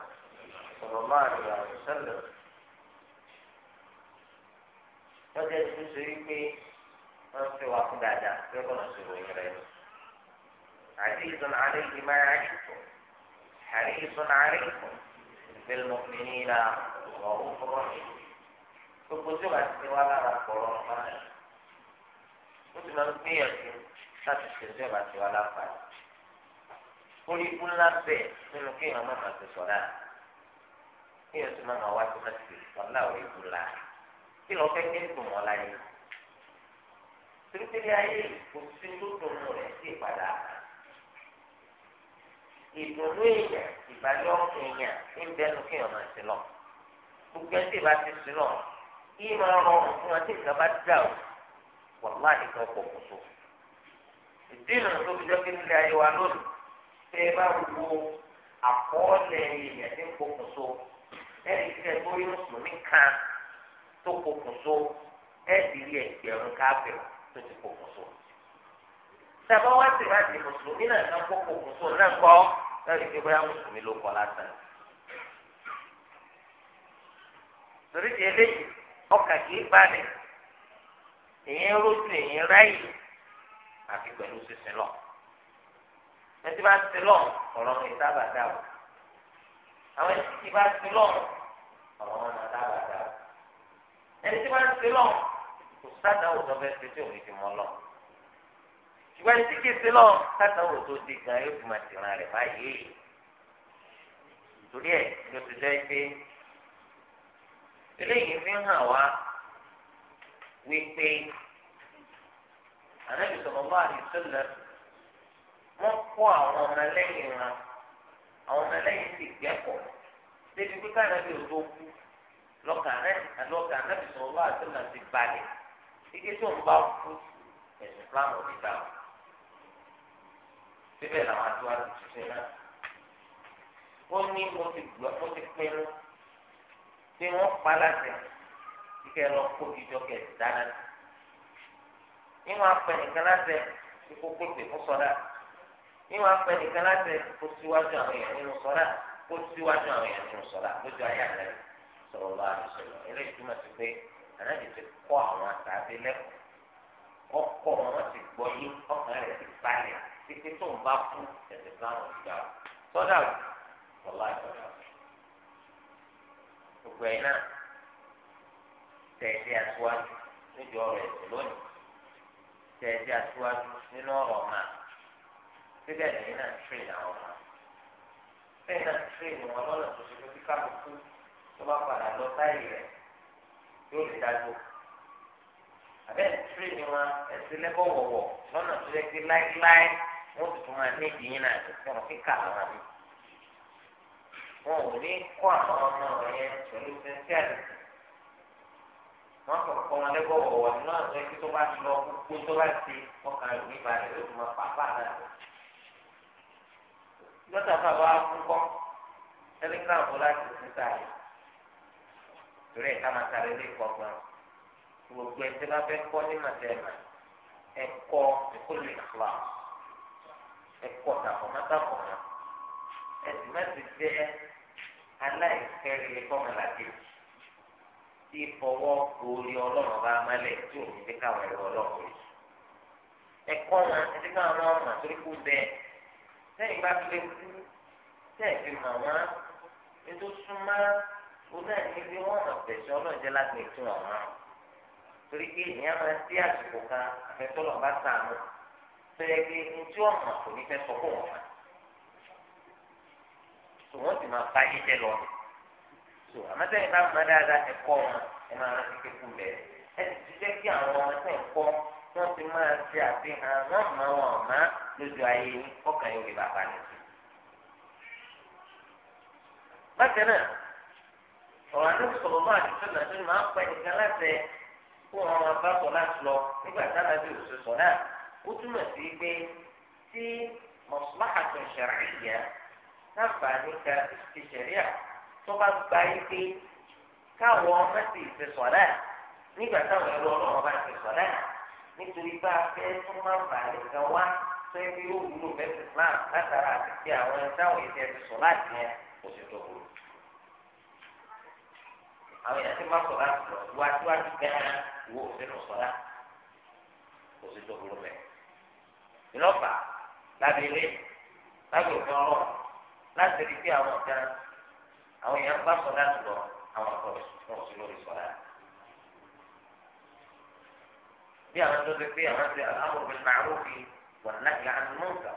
صلى الله عليه وسلم lọ́jọ́ tí ń sọ yìí pé wọ́n fi wà fún dáadáa lọ́kọ̀ọ́nà sọ̀rọ̀ yìí rẹ̀ ni. عزيز عليه ما عشتم حريص عليكم بالمؤمنين رؤوف رحيم gbogbo tí wàá ti wá lára kọ̀ọ̀rọ̀ ọ̀pá rẹ̀ ó ti máa ń gbìyànjú láti ṣe tí wàá ti wá láǹfààní. orí ikú ńlá bẹ́ẹ̀ nínú kéèyàn má máa ti sọ̀rọ̀ àná kí ẹ̀sùn náà máa wá sí mẹ́sì wàhálà òye kù la kí lọ fẹ́ kí ń dùn wọn láyé tìrìtìrì ayé kò sí tó dùnú rẹ̀ sí ìpadà ìdùnnú èèyàn ìbàlẹ̀ ọ̀kùn èèyàn ń bẹnu kí ọ̀nà sílọ̀ gbogbo ẹ̀ sì bá ti sílọ̀ kí máa rọrùn fún wọn nǹkan bá dà ó wàhálà nìkan pọ̀ kò tó ìdí ìrìn tó fi jẹ́ kí nílé ayé wa lónìí tẹ́ bá wo àkọọ́lẹ̀ èèyàn tí ń pokùnso ẹ̀rí tẹ bóyá mùsùlùmí kan tó kókùn so ẹ̀rí rí ẹgbẹ̀rún káfẹ́ tó ti kókùn so. sábà wá sí ìwádìí mùsùlùmí náà náà kó kókùn so náà kọ́ ẹ̀rí tẹ bóyá mùsùlùmí ló kọ́ lásán. torí ti eléyìí ọkà kìí balẹ̀ èyí ń rójú èyí ń ráyè àfi pẹ̀lú sísin lọ. ẹ bá ń lọ ọ̀rọ̀ mi sábà dáwọ̀ àwọn ẹni tí bá ti lọ́rùn àwọn ọmọ náà dábàá dáa ẹni tí bá ń ti lọ́rùn kò sáta òótọ́ fẹ́ẹ́ fi tí òun fi mọ́ lọ ṣùgbọ́n ẹni tí kì í ti lọ́rùn sáta òótọ́ ti gan yóò fi máa tìran rẹ̀ báyìí torí ẹ̀ ló ti jẹ́ pé eléyìí fi ń hàn wá wípé ànábìsọ̀rọ̀ bá àdìsọ́lẹ̀ wọ́n kó àwọn ọmọ lẹ́yìn wọn àwọn ọmọ ẹlẹ́yìn sì gbẹ́kọ̀ débi pé káyọ̀ bí o tó kú lọ́kàn rẹ̀ lọ́kàn rẹ̀ sọ wá àtúnà ti balẹ̀ ike tó ń bá kú ẹ̀sìn fúlàmù níta o síbẹ̀ làwọn àtúwà ti ṣiṣẹ́ náà ó ní mo ti gbọ́ mo ti pinnu tí wọ́n pa láti kíkẹ́ lọ kó ìjọ kẹ̀ dáná níwọ̀n apẹnìkan láti kíkó pépè fún sọ́dá níwọ̀n apẹ nìkan láti kó síwájú àwọn èèyàn nínú sọ́lá kó síwájú àwọn èèyàn nínú sọ́lá lójú ayé àlẹ́ sọ̀rọ̀ lọ́wọ́ àdìsọ̀rọ̀ eléyìí túmọ̀ sí pé ànájì ti kọ́ àwọn àtàbí lẹ́kọ̀ọ́ ọkọ̀ wọn ti gbọ́ yé ọkàn rẹ̀ ti balẹ̀ títí tó ń bá kú ẹ̀sìn báwọn ti gbà sọ́dà lọ́wọ́ àdìsọ̀rọ̀ gbogbo ẹ̀ náà tẹ̀sí aṣíwájú níjọ ọ̀rọ̀ ẹ̀sìn lónìí tẹ̀sí aṣíwájú nínú ọ̀rọ̀ máa bíbẹ̀ ẹ̀yin náà tírìn àwọn ọmọ bẹ́ẹ̀ náà tírìn wọn lọ́nà tó ṣe pé kíkà ló kú tó bá padà lọ táyì rẹ̀ yóò lè dágbò àbẹ́ ni wọn ẹ̀sìn lẹ́kọ̀ wọ̀wọ̀ lọ́nà tó yẹ pé láíláí wọ́n tuntun máa ní ìdíyìn náà ẹ̀sìn ọ̀rọ̀ kíkà àwọn àbí wọn ò ní kọ́ àwọn ọmọ rẹ̀ yẹn pẹ̀lú sẹ́ńtíàlì wọn kọ kọ wọn lẹgbọ wọwọ nínú àwọn ẹgbẹ́ tó bá lọ gbogbo tó bá ti wọn kà lù nípa rẹ̀ ló fi máa pàápàá náà lọ́tà bàbá akúkọ́ telegram bọ́ láti sísá yìí torí ẹ̀ka máa sáré lé kọ́gbọ́n gbogbo ẹ̀ tí wọ́n fẹ́ kọ́ ní màtẹ́ẹ̀mà ẹ̀kọ́ ìkólé ìkọlá ẹ̀kọ́ tàkọ̀mọ́tàkọ̀mọ́ ẹ̀sìn mẹ́sì jẹ́ aláìkẹ́rin lè kọ́mọ làkejì tí fọwọ́ gborí ọlọ́run bá mọ́lẹ̀ tí òun ti káwọn ẹ̀rọ ọlọ́run yìí ẹ̀kọ́ wọn ẹ̀dí sẹ́yìn bá tilẹ̀ kú sẹ́yìn fi mọ̀ wọ́n ètò súnmọ́ oná ní bí wọ́n mọ̀ tẹ̀sán ọlọ́ọ̀jẹ́ láti tún wọn mọ́ torí pé ìyẹn máa ń sí àsìkò kan àfẹ́tọ́lọ̀ bá sàánú tó yẹ pé ní tí wọ́n mọ̀ kò ní fẹ́ sọ fún wọn tò wọ́n sì máa bá yíjẹ lọ tò àmọ́ sẹ́yìn bá mọ̀ dáadáa ẹ̀kọ́ wọn ẹ máa rántí pé kú bẹ́ẹ̀ ẹ sì ti jẹ́ kí àwọn ọmọ sẹ́yìn kọ́ wọ́n ti máa ṣe àfihàn wọ́n mọ wọn ọ̀má lójú ayé yín ọkàn yóò lè bàbá rẹ̀ sí. bákan náà ọ̀rọ̀ àti sọ̀rọ̀ máa ti sọ̀rọ̀ tó máa ń pẹ́ nìkan láti kó wọn máa bá sọ láti lọ nígbà táwọn àti òṣèṣọ náà ó túmọ̀ sí pé tí mọ̀sùmáhàtún ṣàríyà láǹfààní ka ti tó bá gba yí pé káwọn ọmọ sì ṣe sọ̀rọ̀ nígbà táwọn ẹrú ọlọ́wọ́ bá ṣe sọ̀rọ̀ nítorí bá a fẹ́ tún máa bà lè gan wá tó ẹbí yóò wúlò bẹ́ẹ̀ Islam látara àti ti àwọn ẹni táwọn èdè ẹbí sọ láti yẹn kò sì tó burú. àwọn èèyàn ti máa sọ láti lọ wá síwájú gánà wo òfin sọ kò sì tó burú bẹ́ẹ̀. ìlọ́pàá lábẹ́lẹ́ lábẹ́ òfin ọlọ́run láti rí pé àwọn ọ̀gá àwọn èèyàn bá sọ láti lọ àwọn ọ̀gá òsì lórí sọ فيها الجزء فيها مثل الامر بالمعروف والنهي عن المنكر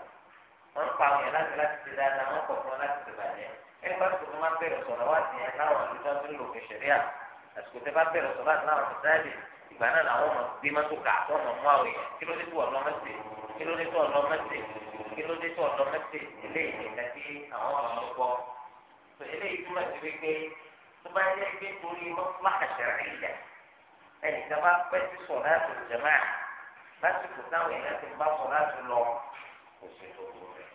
ونقع في لا تلتفت لا تنقص ولا تتبادل الفرق بما في الصلوات هي نوع تضل في الشريعه بس كنت في الصلوات نوع تتبادل يبقى انا العوام دي ما تقع صوم الماوي كيلو دي تقول لهم مسجد كيلو دي تقول لهم مسجد كيلو دي تقول لهم مسجد ليه لكن عوام الله فإليه ثم تبكي ثم يجب أن تكون مصلحة شرعية ẹnìkan bá pẹ́ sí sọ̀rọ̀ àti jẹ̀má lásìkò táwọn èèyàn ti bá sọ̀rọ̀ àti lọ kò sí gbogbo rẹ̀.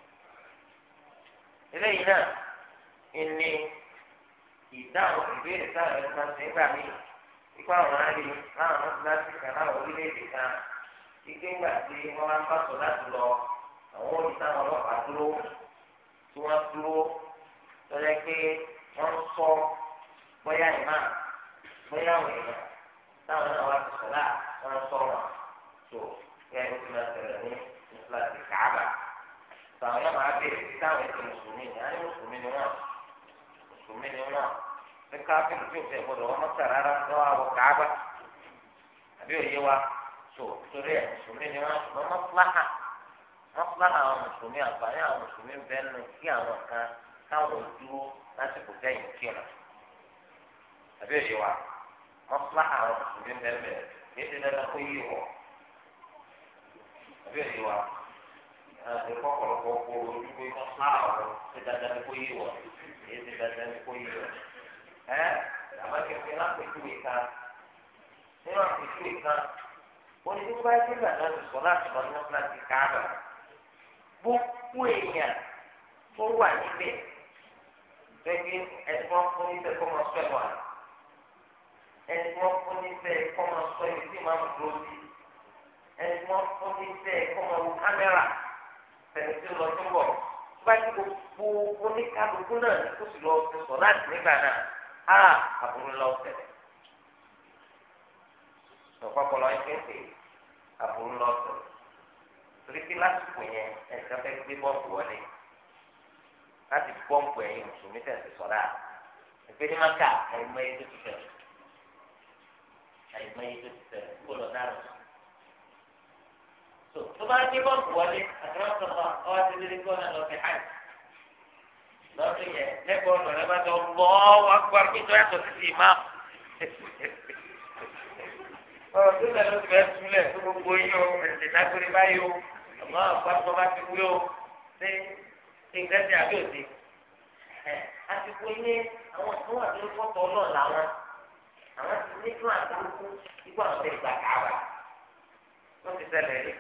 eléyìí náà ìní ìdáhùn ìbéèrè táwọn ẹni kan ń gbà mí ipa àwọn àrí láwọn mọ́tíláṣí kan láwọn orílẹ̀-èdè kan ike ńgbà tí wọ́n bá ń bá sọ̀rọ̀ àti lọ àwọn olùtàwọn ọlọ́pàá dúró tí wọ́n dúró lọ́jọ́ pé wọ́n sọ bóyá ìmáà bóyá àwọn táwọn náà wá ti sọ̀rọ̀ wọn sọ̀rọ̀ tó kẹ́ ẹ ti máa tẹ̀lé ní ìfúláṣí káàbà táwọn náà máa bèèrè táwọn ètò mùsùlùmí ni á mùsùlùmí ni wọn mùsùlùmí ni wọn ní káfíńtì tí òfin gbọdọ̀ wọn mọ́tà rárá lọ́wọ́ àwọ̀ káàbà àbí òye wa tó torí ẹ̀ mùsùlùmí ni wọn mọ́ mọ́fúláhà mọ́fúláhà àwọn mùsùlùmí àǹfààní àwọn mùsùlùmí bẹ́ẹ̀ nù kí àwọn kan káwọn dúró lásìkò tẹ̀yìn kíra àbí òye wa ọ̀pá àwọn mùsùlùmí mẹ́mẹ́ yìí ti dáná kó yí wọ̀ àbí òye wa àti kọ́kọ́rọ́kọ́ kó ojú pé ọ̀pá àwọn ti dáná kó yí wọ̀ yìí ti dáná kó yí wọ̀ ẹ́ àmọ́ kẹ̀kẹ́ lápẹ̀jú ìka nínú àpẹ̀jú ìka wọ́n ti bá ẹgbẹ́ gbàgbọ́ ní sọ láti lọ nínú kíláàsì káàdà gbogbo èèyàn tó wà níbẹ̀ gbẹ́gbẹ́ ẹ̀fọn fún ìtẹ̀kọ́ mọ́ ẹni tí wọ́n fún nífẹ̀ẹ́ kọ́ máa sọ ibi tí màá mú dúró sí ẹni tí wọ́n fún nífẹ̀ẹ́ kọ́ máa wo kámẹ́rà fẹ̀mí tí ó lọ tó ń bọ̀ tó bá ti gbogbo oníkálukú náà ní kó sì lọ fi sọ láti nígbà náà á àbúrò lọ ṣẹlẹ̀ ọ̀pọ̀pọ̀lọ ẹ̀ kéde àbúrò lọ ṣẹlẹ̀ torí pé lásìkò yẹn ẹ̀ka fẹ́ gbé bọ́ọ̀bù wọlé láti bọ́ọ̀bù ẹ̀yìn mùsùlùmí tẹ̀sí sọ̀rọ̀ à ìpè ní maka ẹ̀mọ ẹ̀yìn tó ti fẹ̀rẹ̀ àìmọye tó ti ṣẹlẹ̀ kó lọ dára tó tó bá dé bọ́ọ̀lù wọlé àtúrọ̀sọ̀ náà ọwọ́ ti lé kó náà lọ sí hajj lọ́sẹ̀ yẹn lẹ́kọ̀ọ́ ọ̀nà rẹ bá tọ́ lọ́wọ́ agbára pé tó yàtọ̀ sí ti máa ọ̀rọ̀ tó lẹ̀ ló ti bẹ́ẹ̀ túlẹ̀ tó gbogbo yín o ẹ̀sìn lágbèrè báyìí o àmọ́ àpapọ̀ bá ti wí o ṣé nǹkan ti àbí òde àti kò yé àwọn tó wà ní ọlọ́ọ̀ làwọn àwọn ti ní fún àtàkù ikú àwọn tẹ ìgbà kàwà wọn ti ṣẹlẹ̀ rí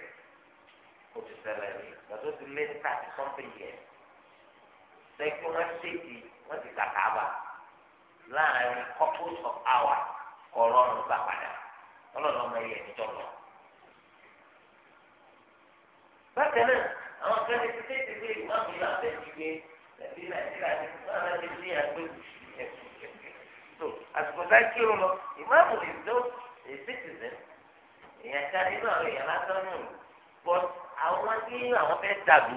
kò ti ṣẹlẹ̀ rí gbàtó ti lé tàbí something yẹn lẹ́yìn wọn ṣèkì wọn ti kà kàwà láàrin couples of hours kọ̀ọ̀rọ̀ ọ̀run gbà padà ọlọ́run ọmọ ẹ̀yẹ ìjọ lọ. bákan náà àwọn kan ti ṣe é ìwádìí àbẹ̀yìí ẹ̀bí nàìjíríà ti fún àwọn ẹ̀jẹ̀ ní àgbẹ̀yìí so àsìkò tá a kírun lọ ìmáàmù lè tó èsì tì sí èèyàn ká nínú àwọn èèyàn lásán nù but àwọn tí àwọn fẹ́ dàbí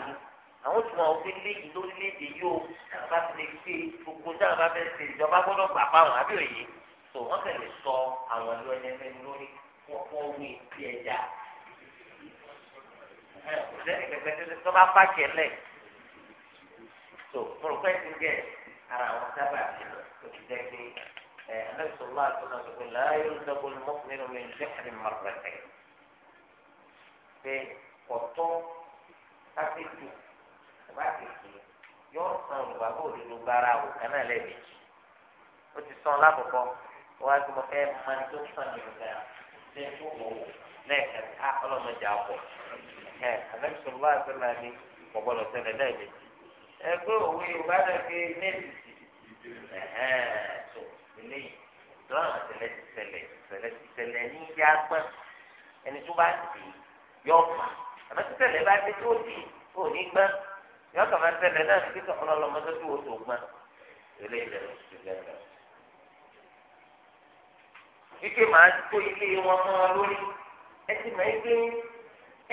àwọn tí wọn ò fi léyìí lórílẹ̀-èdè yóò àbá ti lè gbé gbogbo tí àwọn bá fẹ́ ṣe ìjọba gbọ́dọ̀ gbà fáwọn àbí òye so wọ́n fẹ́ lè sọ àwọn ìlú ẹni ẹni lórí wọ́n fọ́ wí ti ẹja lẹ́yìn kẹ̀kẹ́ tó tó bá bàjẹ́ lẹ̀ so mo rò pé ti gẹ̀ ara àwọn sábà ti lọ tó ti jẹ́ pé. النبي صلى الله عليه وسلم يقول لا يلدغ المؤمن من سحر مرتين pé ọ̀tọ́ kápẹ́tì ìbátẹ̀kì yóò san olùgbàgbọ́ òdodo gbára òkan náà lẹ́ẹ̀mejì ó ti san lákòókò wọ́n á gbé mọ́ fẹ́ máa tó san yorùbá ṣe ń fò wò lẹ́ẹ̀kan á ọlọ́mọdé àpọ̀ ẹ̀ àlẹ́sọ̀ lọ́wọ́ àtọ́lá ni kò gbọ́dọ̀ ṣẹlẹ̀ lẹ́ẹ̀mejì ẹ pé òwe yorùbá náà fi méjì sí ẹ̀hẹ́n tó eléyìí lọ́wọ́ àwọn ṣẹlẹ̀ ti ṣẹlẹ̀ ṣẹlẹ̀ ti ṣẹlẹ̀ ní ìdí agbọ́n ẹni tó bá dì í yọ fà àmọ́ tí ṣẹlẹ̀ bá dé tó dì í ó ní gbọ́n yọ kàn máa ṣẹlẹ̀ náà ní kíkọ́ ọlọ́mọdé tó tó gbọ́n eléyìí lẹ́nu ti lẹ́nu. ike màá tó ilé wọn mọ́ wọn lórí ẹ ti máa ń gbé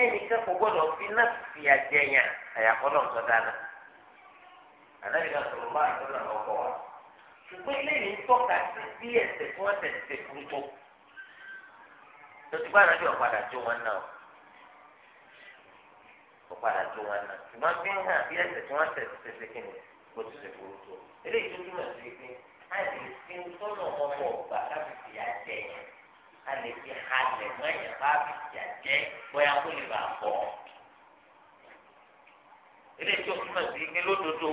ẹnìkan kò gbọ́dọ̀ fi náà fi àjẹyàn àyàkọ́ náà sọ dáadáa àná ṣùgbọ́n eléyìí ń tọ́ka sí bí ẹsẹ̀ tí wọ́n tẹ̀sí kúrúkú lọ́sibá náà bí ọ̀padà jó wọn náà ọ̀padà jó wọn náà ṣùgbọ́n bí ń hàn bí ẹsẹ̀ tí wọ́n tẹ̀sí ṣe kékeré kó tó ṣe kúrúkú eléyìí tó túmọ̀ sí pé a lè fi tọ́nà ọmọ ọ̀gbà káfíńtì àjẹ yẹn a lè fi halẹ̀ mọ́yàn káfíńtì àjẹ bóyá kó lè bàa pọ̀ eléyìí tó túmọ̀ sí pé lódodo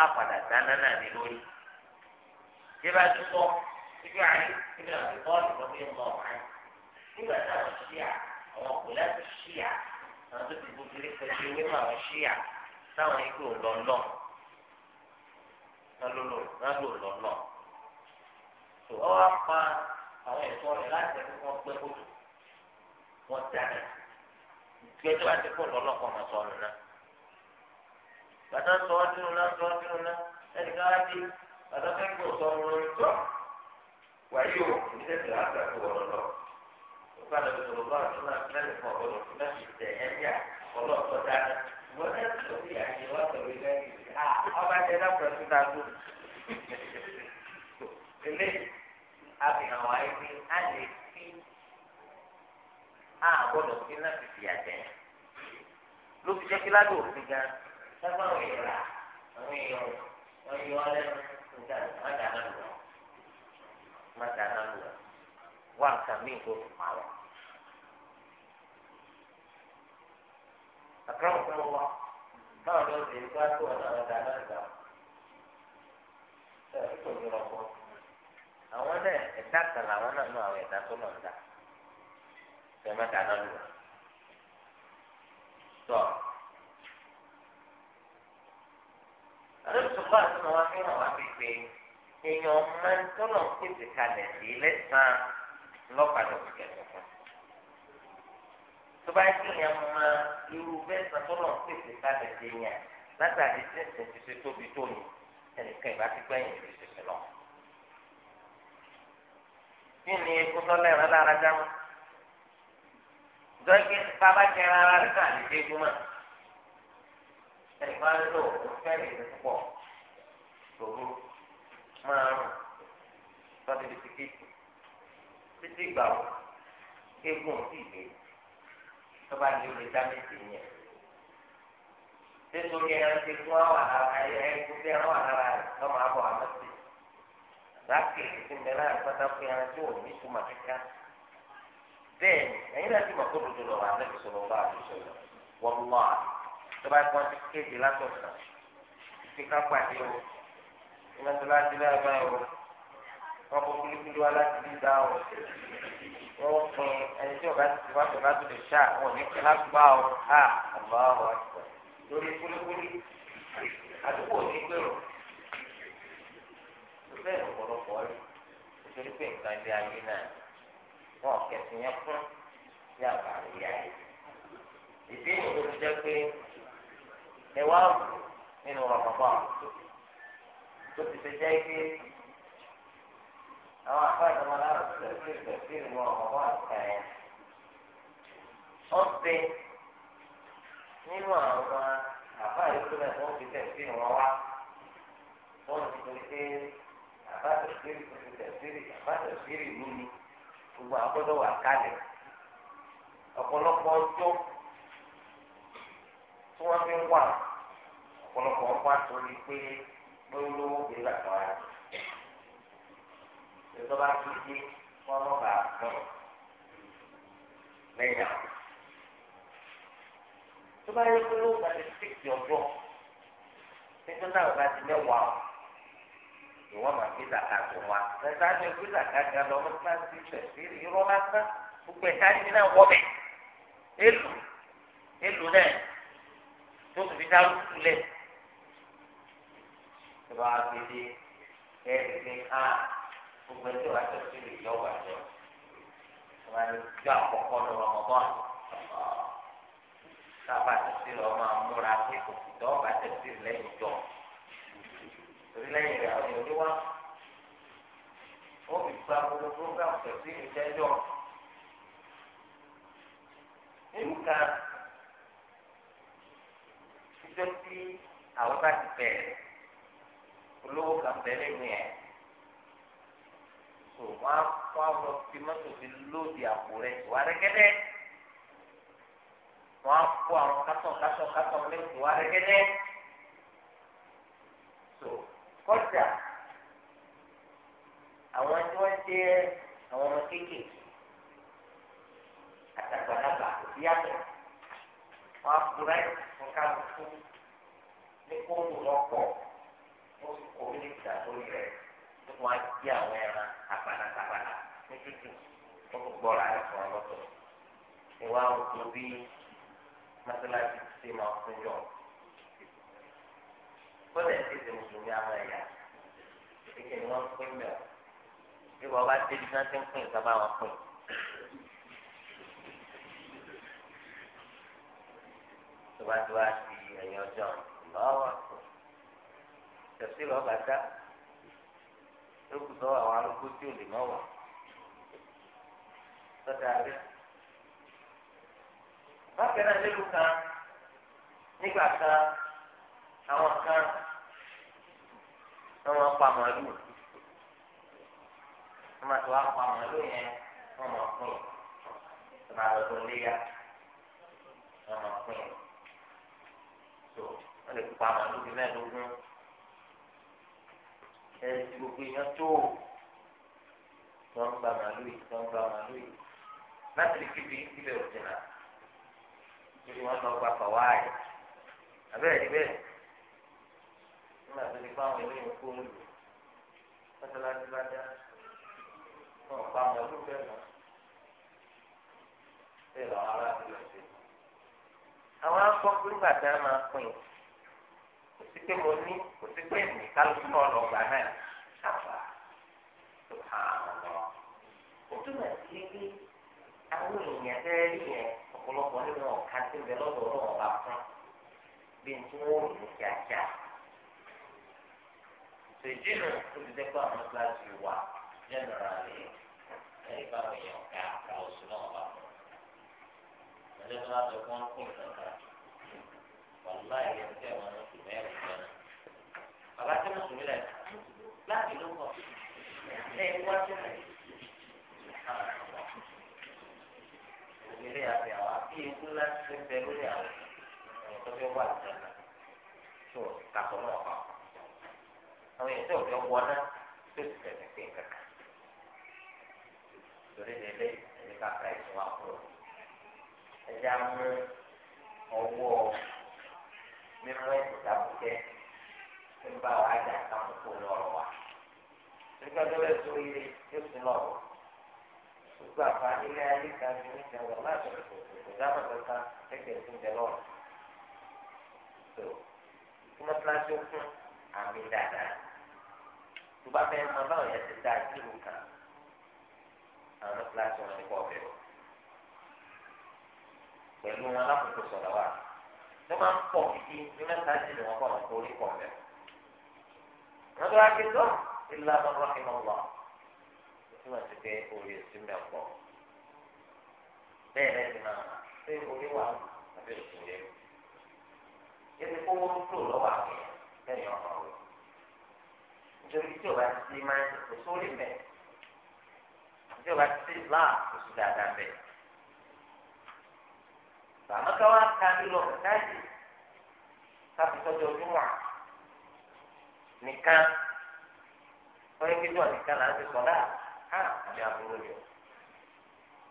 á padà dáná náà ní lórí ìjọba tó sọ ìjọba àyè ìjọba àti bọ́ọ̀lù lọ́wọ́ yẹn lọ́wọ́ àyè nígbà táwọn ṣíà àwọn kò láti ṣíà àwọn tó ti gbogbo ilé pẹ̀lú ìwé mọ àwọn ṣíà táwọn igbó lọ́lọ́ lọ́lọ́ lọ́lọ́ tó ọ wá pa àwọn ẹ̀tọ́ rẹ̀ láti ẹ̀kọ́ kan pẹ́ kótó wọ́n dáná ìgbẹ́jọ́ bá ti kó lọ́lọ́kọ̀ mọ̀ sọ̀rọ̀ náà bàtà sọ ọ́ dínú náà sọ ọ́ dínú náà ẹnìkan àtàkùn sọ̀rọ̀ rẹ̀ tọ́ wàyí o ìṣe ti láti àti wọ̀rọ̀ lọ. Nípa lọ sí ọ̀rọ̀ báwọn fún náà lẹ́nu fún ọ̀gbọ́dọ̀ fún náà sì tẹ̀ ẹ́ ní à ọlọ́ọ̀tọ́ dáná. Ìwọ́n náà ti lọ sí àyè wá sọ̀rọ̀ ilé ẹ̀ à ọba jẹ́ lápẹ̀ tó dáa Ilé àfihàn wáyé ni a lè fi àgbọ̀dọ̀ sí náà ti fi àjẹ́. Ló fi jẹ́ kí ládùn òfin gan Sábà àwọn má àwọn náà ẹ̀dá kan làwọn náà nù àwọn ẹ̀dá tó lọ̀ ń dà dáná lù wá. àdókòtò àti wọn fi hàn wá pípé èèyàn máa ń tọ́lọ̀ pèsè kalẹ̀ sí lẹ́sàn-án lọ́kadà òkè tuntun. tó bá yẹ kí èèyàn máa irú bẹ́ẹ̀ sàn tọ́lọ̀ pèsè kalẹ̀ sí yẹn látàrí tí ẹ̀sìn ti ṣe tóbi tó ní ẹnìkan ìbá ti gbẹ̀yìn ìlú ìṣẹ̀ṣẹ̀ lọ. kí ni kótólẹ̀ rẹ̀ lára jámọ́? dọ́gí bàbá jẹ́ ara rẹ̀ kàn lè ẹnì máa ń lò fẹ́ẹ̀lì ní púpọ̀ lòrú máa ń tọ́jú ní tíkẹ́ẹ̀tì títí ìgbà wò eégún sí ìgbé tó bá ní orí dámẹ́sì yẹn nítorí ẹran ti fún àwọn àlára ẹ̀ẹ́dùn bí àwọn àlára rẹ̀ lọ́mọ àbọ̀ àmọ́sí láti ìsìn mẹ́lá àgbàdá fún ẹran tí òun ní túmọ̀ kíkà bẹ́ẹ̀ ẹ̀yin náà mọ̀ kó dodo lọ́wọ́ àlẹ́ ìṣòro bá àdúgbò lọ wọ́n mú àná tó bá gbọ́n ti kéde látọ̀sà ti ká pàdé o ìgbà tó láti lé àgbà o wọ́n kó kúlíkúlí wá láti bí dá o wọ́n fún ẹni tí ọ̀gá ti wá sọ̀rọ̀ láti lè ṣá wọn ní kíláàgbá o ha àgbà o lórí kúlíkúlí àdúgbò ní gbèrò bẹ́ẹ̀ ọ̀pọ̀lọpọ̀ rí nítorí pé nǹkan ilé ayé náà wọn kẹsì yẹn fún ní àbàrí ayé ìdí ìwòsàn jẹ́ pé ẹ̀wá nínú Ramadan tó ti ṣe jẹ́ pé àwọn àpáàdé wọn lára tẹ̀sí tẹ̀sí ìlú Ramadan kẹ̀yẹ. ọ̀sẹ̀ nínú àwọn àpáàdé tó lẹ̀ wọ́n ti tẹ̀sí wọn wá wọ́n ti torí pé àpáàdé sírì tó ti tẹ̀sí àpáàdé sírì lónìí gbogbo àgbọ̀dọ̀ wà kálẹ̀ ọ̀pọ̀lọpọ̀ ọjọ́ tí wọ́n fi ń wà ọ̀pọ̀lọpọ̀ wá torí pé pé olówó gbé làwọn ará ìjọba bá ti dé wọn lọ bá tán lẹ́yìn àwọn tó bá yẹ kó lówó bá ti fíìsì ọjọ́ nígbà náà bá ti mẹ́wàá ìwọ́n máa fi zàkàtò wa ẹ̀ka ní ìwé zàkàtò lọ wọ́n máa ti fẹ̀ sí irọ́ lásán gbogbo ẹ̀ka ní náà wọ́ èlò èlò náà tó fi dárúkú lẹ̀ tó bá gbélé ẹ̀rí pé á gbogbo ẹjọ́ wa tó ti lè yọ wà jọ wọn ni ju àkọ́kọ́ lọ rọmọbọ́n sábà tẹ̀sí lọ máa múra pé kò sì tọ́ bá tẹ̀sí lẹ́yìn jọ torí lẹ́yìn rẹ̀ àwọn èèyàn wá ó fi gba gbogbo program tẹ̀sí ìjẹ́jọ́ nínú kan níjọ́ tí àwọn bá ti bẹ̀rẹ̀ olówó kan bẹ̀rẹ̀ mi ẹ̀ tó wọn á kó àwọn fi mọ́tò fi lóde àpò rẹ̀ tó wá rẹ́gẹ́dẹ́ wọn á kó àwọn kátàn kátàn kátàn lẹ́yìn tó wá rẹ́gẹ́dẹ́ tó kọjá àwọn tí wọ́n jẹ́ àwọn ọmọ kéékèèké àtàgbàlagbà òbí àtọ̀ wọn á kó ráìtì fún kálukú. ní kóńdù lọ́pọ̀ ó sì kó ní ìdàgbòrí rẹ̀ tó wọ́n á jí àwọn ẹran àbànàtàbànà ní moto. E o gbọ́ra rẹ̀ fún ọlọ́tọ̀ ìwà òtún bí mọ́sálásí ti máa fún yọ̀ kọ́lẹ̀ ti di mùsùlùmí àwọn ẹ̀yà èké ni wọ́n pín mẹ́ o bí wọ́n bá débi náà ti ń pín nǹkan bá wọn pín. tó bá tó wá sí ẹ̀yìn ọjọ́ ọ̀hún. lọ́wọ́ tẹ̀sí lọ́ọ́ bá dá lókùn sọ́wọ́ àwọn arúgbó tí ò lè mọ́ wà sọ́dà rẹ̀. bákan náà nílùú kan nígbà kan àwọn kan wọ́n pa màálù wọ́n máa tó wá pa màálù yẹn wọ́n máa pín wọ́n máa lọ́dún léyà wọ́n máa pín so wọ́n lè pa àwọn àdúgbò mẹ́ẹ̀ẹ́dógún ẹni tí gbogbo èèyàn tó wọ́n gba màálù yìí wọ́n gba màálù yìí láti lè kébi ìbílẹ̀ òjìnà níbi wọ́n lọ gba fàwáì abẹ́rẹ́ níbẹ̀ nígbà tó lè bá àwọn eléyìí kó lù mọ́tàlájú bá dá wọ́n pa màálù bẹ́ẹ̀ lọ bẹ́ẹ̀ lọ ara àti àwọn akọ́kùnrin bàtà máa pín in sí pé mo ní kò sí pé ní kálukú náà lọ gbà náà ṣàfà tó hà ọ́. ó túmọ̀ sí pé àwọn èèyàn fẹ́ rí yẹn ọ̀pọ̀lọpọ̀ nínú ọ̀ka tí ń bẹ lọ́dọ̀ ọ̀rọ̀ ọ̀ba fún bí n tí wọ́n rí ní kíákíá. sèjìnà tó ti dẹ́kọ̀ àwọn kíláàsì wa jẹ́nẹ̀rálì ẹ̀rí báwọn èèyàn ká àwọn òṣèlú ọ̀ba fún. ọ̀lẹ́dọ̀lá tó kọ́ ń kó ìtàn kan ọ̀la mú ọwọ́ nínú ẹ̀sìn tábùtẹ́ tó ń bá wa ájà káwọn kó lọ́rọ̀ wa. nígbà tó lẹ́sọ ilé yóò sí lọ́rọ̀ gbogbo àǹfààní ilé ayé kan ní ìjọba láti ọ̀dọ̀ dáhùn kankan lẹ́gbẹ̀ẹ́ tó ń bẹ lọ́rọ̀. tó kí wọ́n tún aṣọ fún àmì dáadáa. tó bá fẹ́ mọ báwọn yẹn ti dáa sí ìlú kan àwọn kíláàsì wọn ní kọ́ ọ̀bẹ̀rẹ̀ pẹ̀lú wọn lákòókò sọ̀rọ̀ wa tó máa ń pọ̀ kí ní mẹ́ta jì ní wọn kọ́ wọn torí pọ̀ bẹ́ẹ̀. wọ́n tó wá ké tó ilé abọ́dọ́ ìmọ̀ wà ó túmọ̀ sí pé orí èsì mẹ́ pọ̀ bẹ́ẹ̀ lẹ́sìn náà ṣé orí wà àbí òsì yẹ ebi kówó ń tó lọ́wọ́ àwọn lẹ́yìn ọmọ rẹ̀ nítorí tí o bá ti máa ń kò sórí mẹ́ tí o bá ti ti láà kò dáadáa bẹ́ẹ̀ àmọ́ ká wá ka lílọ káàdì káfí tọ́jú ojúmọ́ nìkan wọ́n yẹ kéjọ́ nìkan là ń ti sọ̀dá á àbí àbúrò yọ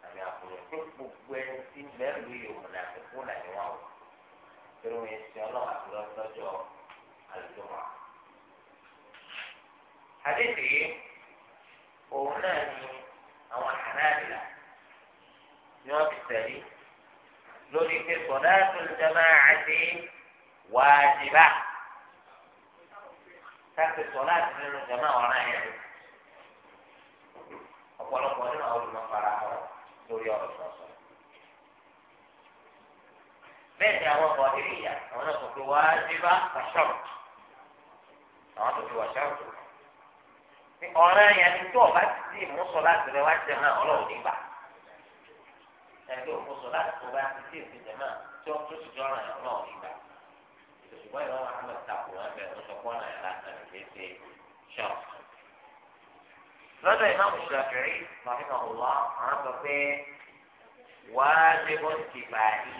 àbí àbúrò pé gbogbo ẹni tí bẹ́ẹ̀ lu yòó mọ̀nà àtẹ̀kù náà ni wọ́n wọ̀ pẹ̀lú ẹni tí ọlọ́run àti lọ́jọ́ àlùjọ́mọ́. àdéhùn yìí òun náà ni àwọn àhánà àdìlà ni wọ́n fi tẹ̀lé lórí pé sọ̀dáàtò ìjọba àti wàjìbá káfí sọ̀lá àti nínú ìjọba ọ̀ràn yẹn ọ̀pọ̀lọpọ̀ nínú àwọn olùmọ̀fara wọn lórí ọ̀rọ̀ sọ̀sọ̀. bẹ́ẹ̀ ni àwọn ọkọ̀ ìrìyà àwọn náà sọ pé wàjìbá pàṣọ́rù àwọn tó fi wàṣọ́rù tó ọ̀ràn yẹn tó ọ̀bá ti mú sọ̀lá àti rẹ̀ wá jẹun náà ọlọ́run nígbà ẹgbẹ́ òkúso láti tó bá ti tíì fìdí náà tí ó tún ṣùjọ́ ọ̀ràn yẹn náà nígbà. ṣùgbọ́n ìwọ́n ahmed takò wọn bẹ̀rẹ̀ ló sọ pé ọ̀ràn yẹn láti tẹ̀lé ṣe ṣọ́ọ̀. lọ́dọ̀ ìmáàmù Ṣafi'i rahimahullah àwọn sọ pé wàá lé bó ti bá yí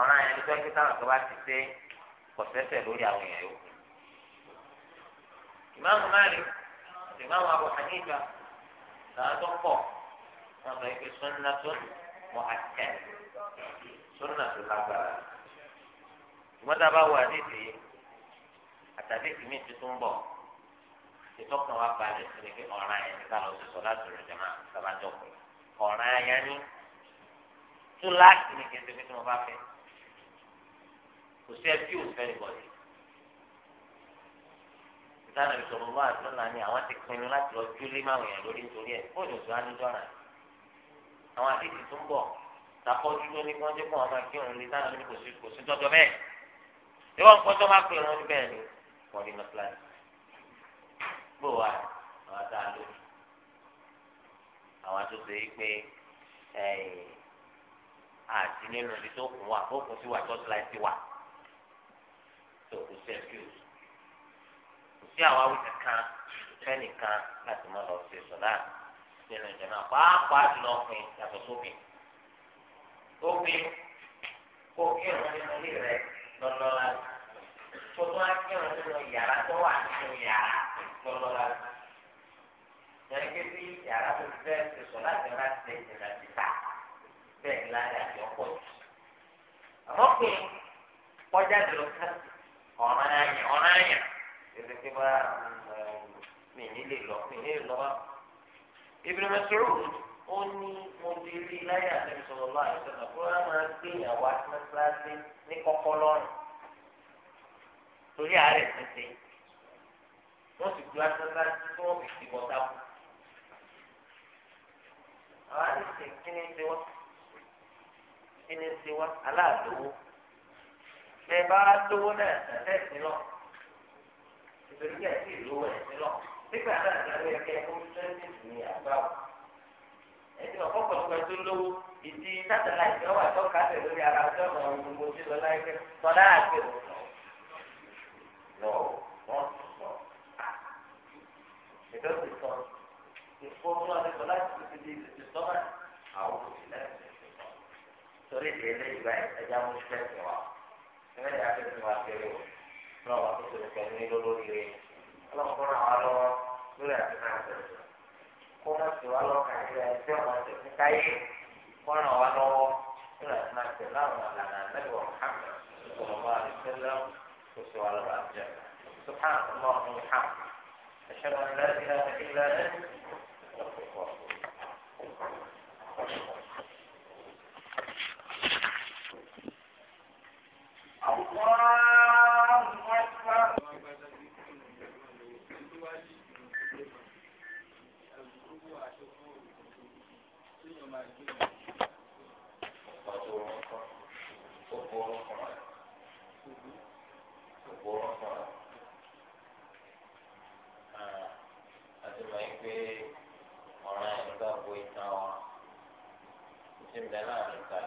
ọ̀ràn yẹn ló pé táwọn tó bá ti ṣe kò mu'akkad sunna tó lágbára ìmọ̀tà bá wà nídìí àtàdé ìmí tuntun bọ̀ ìtọ́kùn wa balẹ̀ sí ni pé ọ̀ràn yẹn ká lọ sí sọ́lá tòrò jẹ̀má sábàjọ́ pé ọ̀ràn yẹn ni tún láti ní kí n ṣe tí mo bá fẹ́ kò sí ẹbí ò fẹ́ nìbọ̀dì ìdáná ìṣòro wà lọ́la ni àwọn ti pinnu láti lọ júlé máwùn yẹn lórí nítorí ẹ̀ fóònù tó á àwọn àdéhùn tó ń bọ̀ takọ́jú ló ní kọ́ńdé fún àwọn akí òun lè dáná ní kòsí kòsí tọ́jọ́ bẹ́ẹ̀ ìwọ nǹkan tó máa pè wọn ní ni wọ́n di mọ́tíláì gbò wá àwọn tá a lóyún àwọn tó ṣe é pé àti nínú ibi tó kún wà fókun sí wà tọ́tíláì sí wà tó kù sí ẹ̀kúùsì kò sí àwọn awùjẹ kan fẹ́nìkan láti mọ́ lọ sí sọ̀dáàtì nínú ìjọba pàápàá jùlọ òfin yàtọ̀ sófin òfin kó kírun nínú ilé rẹ lọ́lọ́lá kó tó wá kírun nínú yàrá tó wà nínú yàrá lọ́lọ́lá yẹn ké sí yàrá tó fẹ́ ti sọ láti rà sí ìjìnlẹ̀ títà bẹ́ẹ̀ ni láti àjọ pọ̀ jù àmọ́ pé kọjá jùlọ ká ọ̀ràn ayàn ọ̀ràn ayàn ètò ìpínlẹ̀ mi nílé lọ mi nílé lọ. Ibrahim Mas'ud ó ní mo ti rí láyé àtẹ̀mí sọ̀rọ̀ lọ́wọ́ àìsàn àkúrẹ́ máa ń gbé ìyàwó àtúnṣe ní kọ́kọ́ lọ́rùn torí àárẹ̀ tètè wọ́n sì gbé àtúnṣe tí wọ́n fi ti bọ̀ dáko. àwọn àdìsí kí ni ti wọ́n kí ni aláàdówó bẹ́ẹ̀ bá lówó náà ẹ̀sìn lọ nítorí kí ẹ̀sìn lówó ẹ̀sìn lọ nígbà náà ni àwọn ẹ̀kẹ́ ẹ̀kọ́ sẹ́ńtẹ̀sì ní àbáwò ẹ̀sìn ọ̀pọ̀pọ̀ nípa tó lówó ìdí sátáláìtì ọwọ́ àtọ́ka tẹ̀ lórí ara ọjọ́ ọ̀nà ọ̀hún mo ti lọ láìpẹ́ tọ́lá àgbẹ̀ lọ wọ́n sọ ìdọ́ ti sọ ìfọ́ fún ọdẹ́kọ̀ láti fi di ìdìtì sọ́mà àwọn òṣìlẹ̀ torí ìdí eléyìí báyìí ẹja mú sẹ́ńtẹ̀ wa ẹgbẹ́ ìyá ลองรอรอเลื่อนมาเถอะคงจะว่าเราหายใจเที่ยวมาถึงใกล้พอรอรอเลื่อนมาเสร็จแล้วหลังนั้นไม่หวงครับผมว่าเป็นเรื่องสุขวัระบาดเยอะสุขภาพมองดูครับเช่นนั้นเลยเช่นนั้นเลย Oh, wow. ti ń bẹ láàrin ìta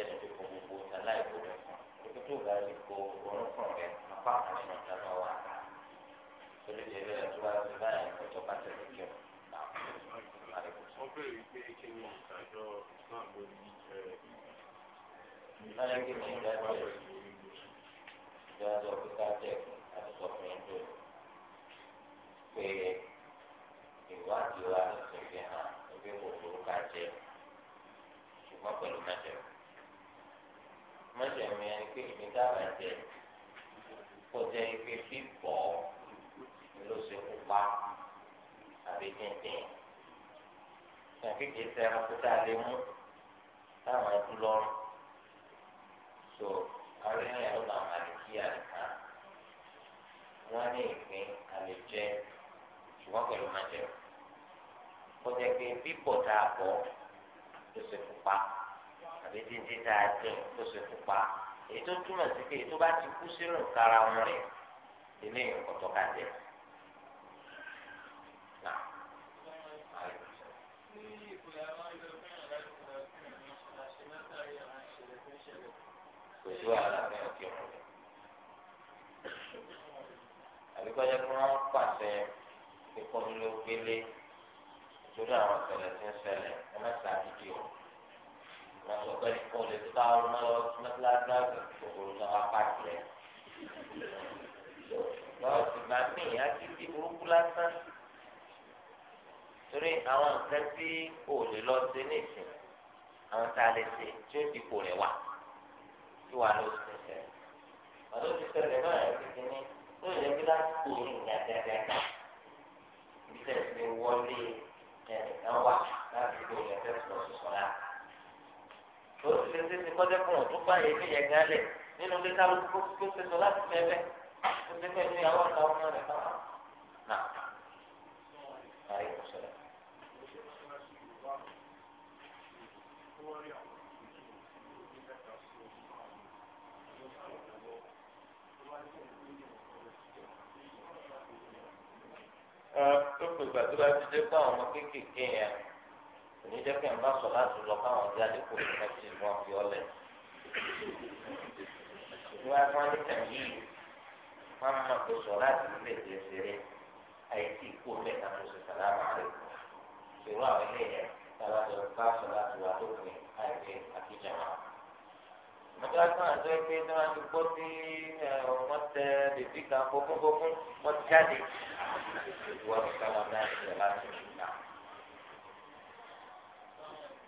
abẹ́ni tó kọ gbogbo aláì gbọdọ̀ fún tó bá ti kọ ọrùn fún rẹ apá kan ọjà náà wà á torí ti ẹgbẹ́ tó bá ti báyà ọjọ́ bá tẹ̀lé kí ọ. wọ́n bèrè pé kí ni ìdájọ́ islam lórí ẹ̀ ìdájọ́ kí ni ìdájọ́ ìdájọ́ pípa jẹ́ àti sọ̀fin tó pé ìwádìí wa ló ti fi hàn ẹgbẹ́ kòkòrò ká jẹ ṣùgbọ́n pẹ̀lú mẹ́tẹ̀ mọ́jọ̀mí ẹni pé èmi dábàá jẹ kó jẹ́ ipe fífọ́ ló ṣe kó pa àbí díndín. Ìyàkékè ṣe ẹranko tá a lè mú táwọn ẹdún lọ́rùn. So àwọn èèyàn ló máa máa lè kí àlùkà. Wọ́n ní ìpín àlejẹ́ ṣùgbọ́n pẹ̀lú májẹ̀mú. Kó jẹ́ pé bíbọ̀ dáa bọ̀ ló ṣe kó àbí títí tá a jẹ tó ṣe pupa èyí tó túmọ̀ sí pé èyí tó bá ti kú sínú ìkara wọn rẹ̀ ilé ìkọ̀tọ̀ ká jẹ. kò sí wàhálà ní ọ̀kẹ́ ọ̀rẹ́ àbí kọjá kí wọ́n pàṣẹ kíkọ́ ló gbélé nítorí àwọn ṣẹlẹ̀ tí ń ṣẹlẹ̀ ẹ má ṣàdídì ọ̀rọ̀ wọn sọ pé kò lè tó táwọn ọmọ lọ sí mẹsàlásí àgbà kòkòrò náà wá pàtì rẹ lọ́wọ́ sì máa mí ìyá ti di burúkú lásán torí àwọn nǹkan tí kò lè lọ sí nìsín àwọn tá a lè ṣe tí ó dìpò rẹ wà tí wàá lọ sí ẹsẹ̀ ọdún ti ṣẹlẹ̀ náà tó ti lè ṣe kọjá fún ọ̀tún báyìí ní yẹn gan lẹ̀ nínú ilé kálukú tó ṣe sọ láti mẹ́fẹ́ tó ṣe fẹ́ ní àwọn ọ̀tá ọmọ rẹ̀ káwọn. náà ayé kò sọ̀rọ̀. tó pè gbàdúrà ti dé fún àwọn ọmọ kéékèèké yẹn oníjẹ́ kí n bá sọ láti lọ káwọn jáde kò ní ẹtì wọn fi ọlẹ̀. ìwé afọ́nìkà yìí wọ́n mọ̀ pé sọ láti lè dé ṣeré àìsí ikú bẹ́ẹ̀ náà ló ṣe sàlámà rẹ̀. ìṣòro àwọn ilé yẹn tàbá lọ sọ láti wà lópin àìsí àtijọ́ wọn. Mọ̀tò àti wọn ẹgbẹ́ tí wọ́n ti gbọ́ sí wọ́n tẹ bèbí kan fọ́fúnfọ́fún wọ́n jáde. Ìwọ́n ti ká wọn náà ṣe láti rí.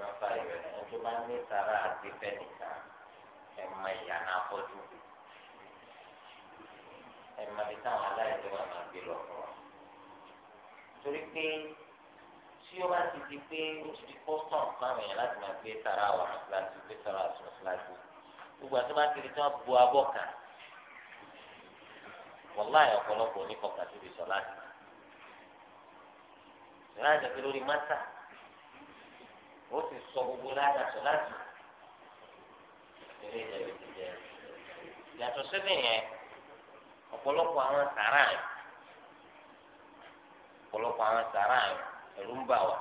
máa fa ìwẹ̀ ẹ̀ tó bá ní sàrà àti fẹ́nìkan ẹ̀ mọ ìyá náà fọ́jú ẹ̀ mọ ibi táwọn aláìsí wà máa gbé lọ fún wa. torí pé tí ó bá ti di pé ó ti di kọ́sọ̀m fáwọn èèyàn láti máa gbé sàrà wà láti gbé sàrà àtúnṣe síláàtì gbogbo àti máa kiri tí wọ́n bu abọ́ kan wàláyé ọ̀pọ̀lọpọ̀ oníkọ̀ọ̀kan síbi sọ̀ láti. ìrìn àjẹpẹ́ lórí mátà. ó sì sọ gbogbo ládàtọ̀ láti ilé ìjẹ̀bi ti yẹn ọ̀pọ̀lọpọ̀ àwọn sàrà yẹn ọ̀pọ̀lọpọ̀ àwọn sàrà yẹn ń bà wá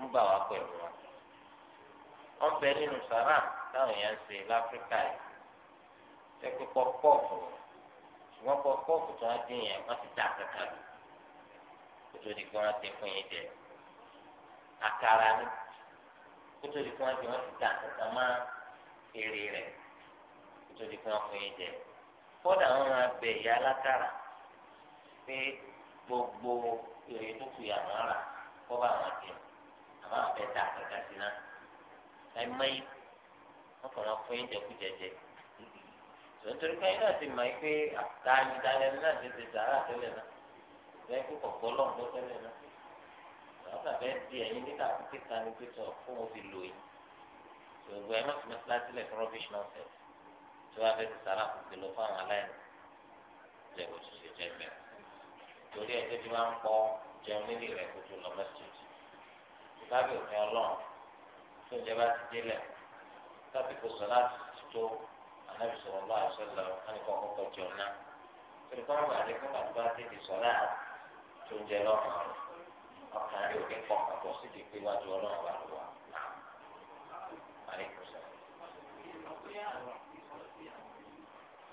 ń bà wá wọ́n bẹ nínú sàrà táwọn èèyàn ń láfíríkà yìí ṣùgbọ́n dín yẹn wọ́n ti dà kótó di wọ́n ti pín in jẹ. àkàrà ni kótó di fún wọn fi wọn ti ta kankan mọ́ èrè rẹ̀ kótó di fún wọn fún yín jẹ kódà wọn máa bẹ ìyá alákàrà pé gbogbo èrè tó fi àwọn rà kó bá wọn jẹ àwọn àfẹ ta kankan sí náà ẹ mọyì wọn kàn wọn fún yín jẹ kú jẹjẹ nítorí pé iná ti mọ̀ pé àtàlẹ́ ah, ìdálẹ́nu náà ti ti sàrà tẹ́lẹ̀ náà lẹ́yìn kó kọ̀ọ̀kọ́ lọ́nkọ́ tẹ́lẹ̀ náà ọkàn fẹẹ di ẹyin níta kíkà ní pẹtọ fún mo fi lò yìí tó gbọ ẹ má fi mẹsàlá sílẹ̀ fún rubbish nonsense tó wàá fẹẹ ti sàrà kùkù lọ fún àwọn aláìní jẹ kó tó ṣe jẹ bẹ torí ẹjẹ tí wọn ń pọ jẹun nílé rẹ kó tó lọ mẹsàlá ìbáàbí òfin Ọlọ́run tó ń jẹ bá ti délẹ̀ tàbí kó sọ láti tó anábì sọ̀rọ̀ lọ́wọ́ àṣọlọ wọn kọ́ kọ́kọ́ jẹun náà torí kọ́ mọ̀ àdékùn àti bá tètè sọ tó ń jẹ lọ́rùn ọkàn rẹ ò ní pọ̀ kàtọ́ sí di pé wájú ọlọ́run bá lọ wà.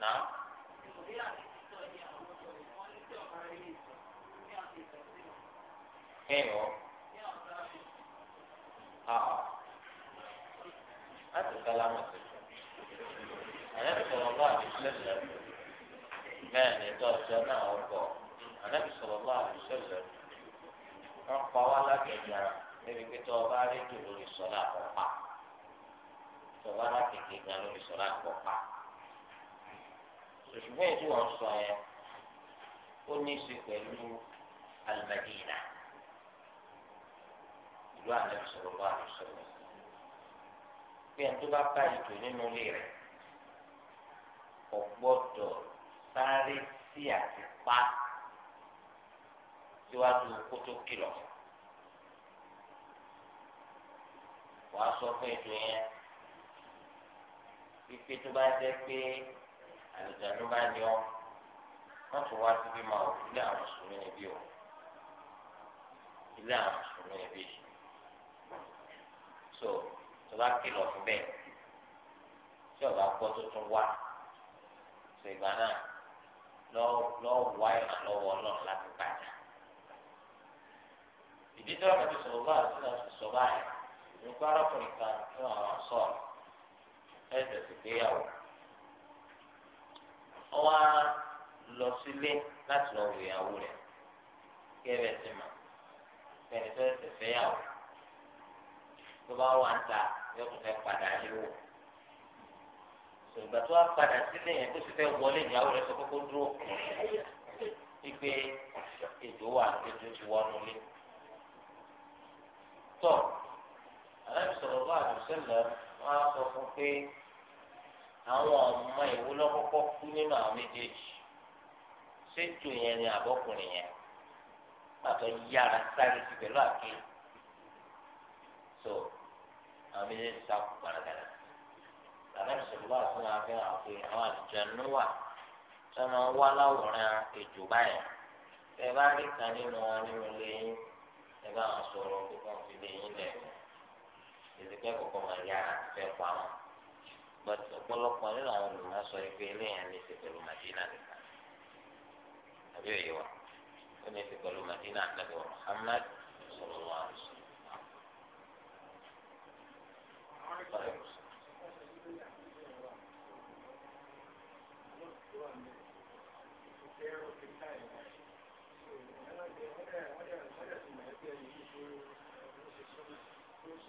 Náà. o ó. Ah. Láti sálámà sí. Àyẹ̀wò sọ̀rọ̀ bá àdìsílẹ̀ lẹ́nu. Bẹ́ẹ̀ ni ìtọ́jú náà ọkọ̀. Àyẹ̀wò sọ̀rọ̀ bá àdìsílẹ̀ lẹ́nu wọn pa wá lágbèjà níbi pé tó o bá rédíò lórí sọlá àkọ́pá tó o bá lágbèjà gan lórí sọlá àkọ́pá ṣùgbọ́n èyí wọ́n sọ yẹn ó ní í ṣe pẹ̀lú alimẹ́dínà ìlú àlẹ́ sọ̀rọ̀ bá àlẹ́ sọ̀rọ̀ pé ẹni tó bá bá ètò nínú ilé rẹ̀ kò sáré sí àti pa síwájú kótó kìlọ̀ wàá sọ fún ètò yẹn pípé tó bá jẹ́ pé àlùjáde bá yọ wọ́n tún wá síbí máa wò ilé àwọn mùsùlùmí níbí o ilé àwọn mùsùlùmí níbí so tó bá kìlọ̀ fún bẹ́ẹ̀ tí ọba gbọ́ tó tún wá ṣègbà náà lọ́ọ́ wá ìrànlọ́wọ́ ọlọ́run láti bàjá ìdí tí wọn fi sọ̀rọ̀ bá àti náà fi sọ̀rọ̀ báyìí nípa arákùnrin kan fún àwọn àṣọ ẹsẹ̀ sì gbéyàwó wọn á lọ sílé láti lọ wò ìyàwó rẹ̀ kí ẹ bẹ ti mọ̀ fẹni tó ẹsẹ̀ fẹ́yàwó tó bá wà ń ta yóò tún fẹ́ padà yé wò ìgbà tó wá padà sílé yẹn tó sì fẹ́ wọlé ìyàwó rẹ̀ sọ pé dúró ìgbé èdò wà èdò ti wọnú lé tọ̀ àlẹ́ sọ̀rọ̀ bá àdùsẹ́lẹ̀ wọn á sọ fún pé àwọn ọmọ ìwo lọ́kọ́kọ́ kú nínú àwọn méjèèjì ṣéjò yẹn ni àbọ̀kùnrin yẹn pàtó yára sáré ti pẹ̀lú àké so àwọn méjèèjì sá kú gbàràgàrà àlẹ́ sọ̀rọ̀ bá àdùsẹ́lẹ̀ wọn á fẹ́ràn pé àwọn àlùjànnú wà sọ́nà wà láwòrán èjò báyìí ẹ bá rí kan nínú wọn nínú ilé yín ẹ bá wọn sọ̀rọ̀ pé wọn fi lè yín lẹ ìdíkẹ́ kọ̀ọ̀kan máa yára fẹ́ pa wọn but ọ̀pọ̀lọpọ̀ nínú àwọn olùmọ̀ sọ pé eléyàn ní ti pẹ̀lú Madina nìkan àbí òye wa ó ní ti pẹ̀lú Madina àtàbí wa Muhammad sallallahu alaihi wasallam.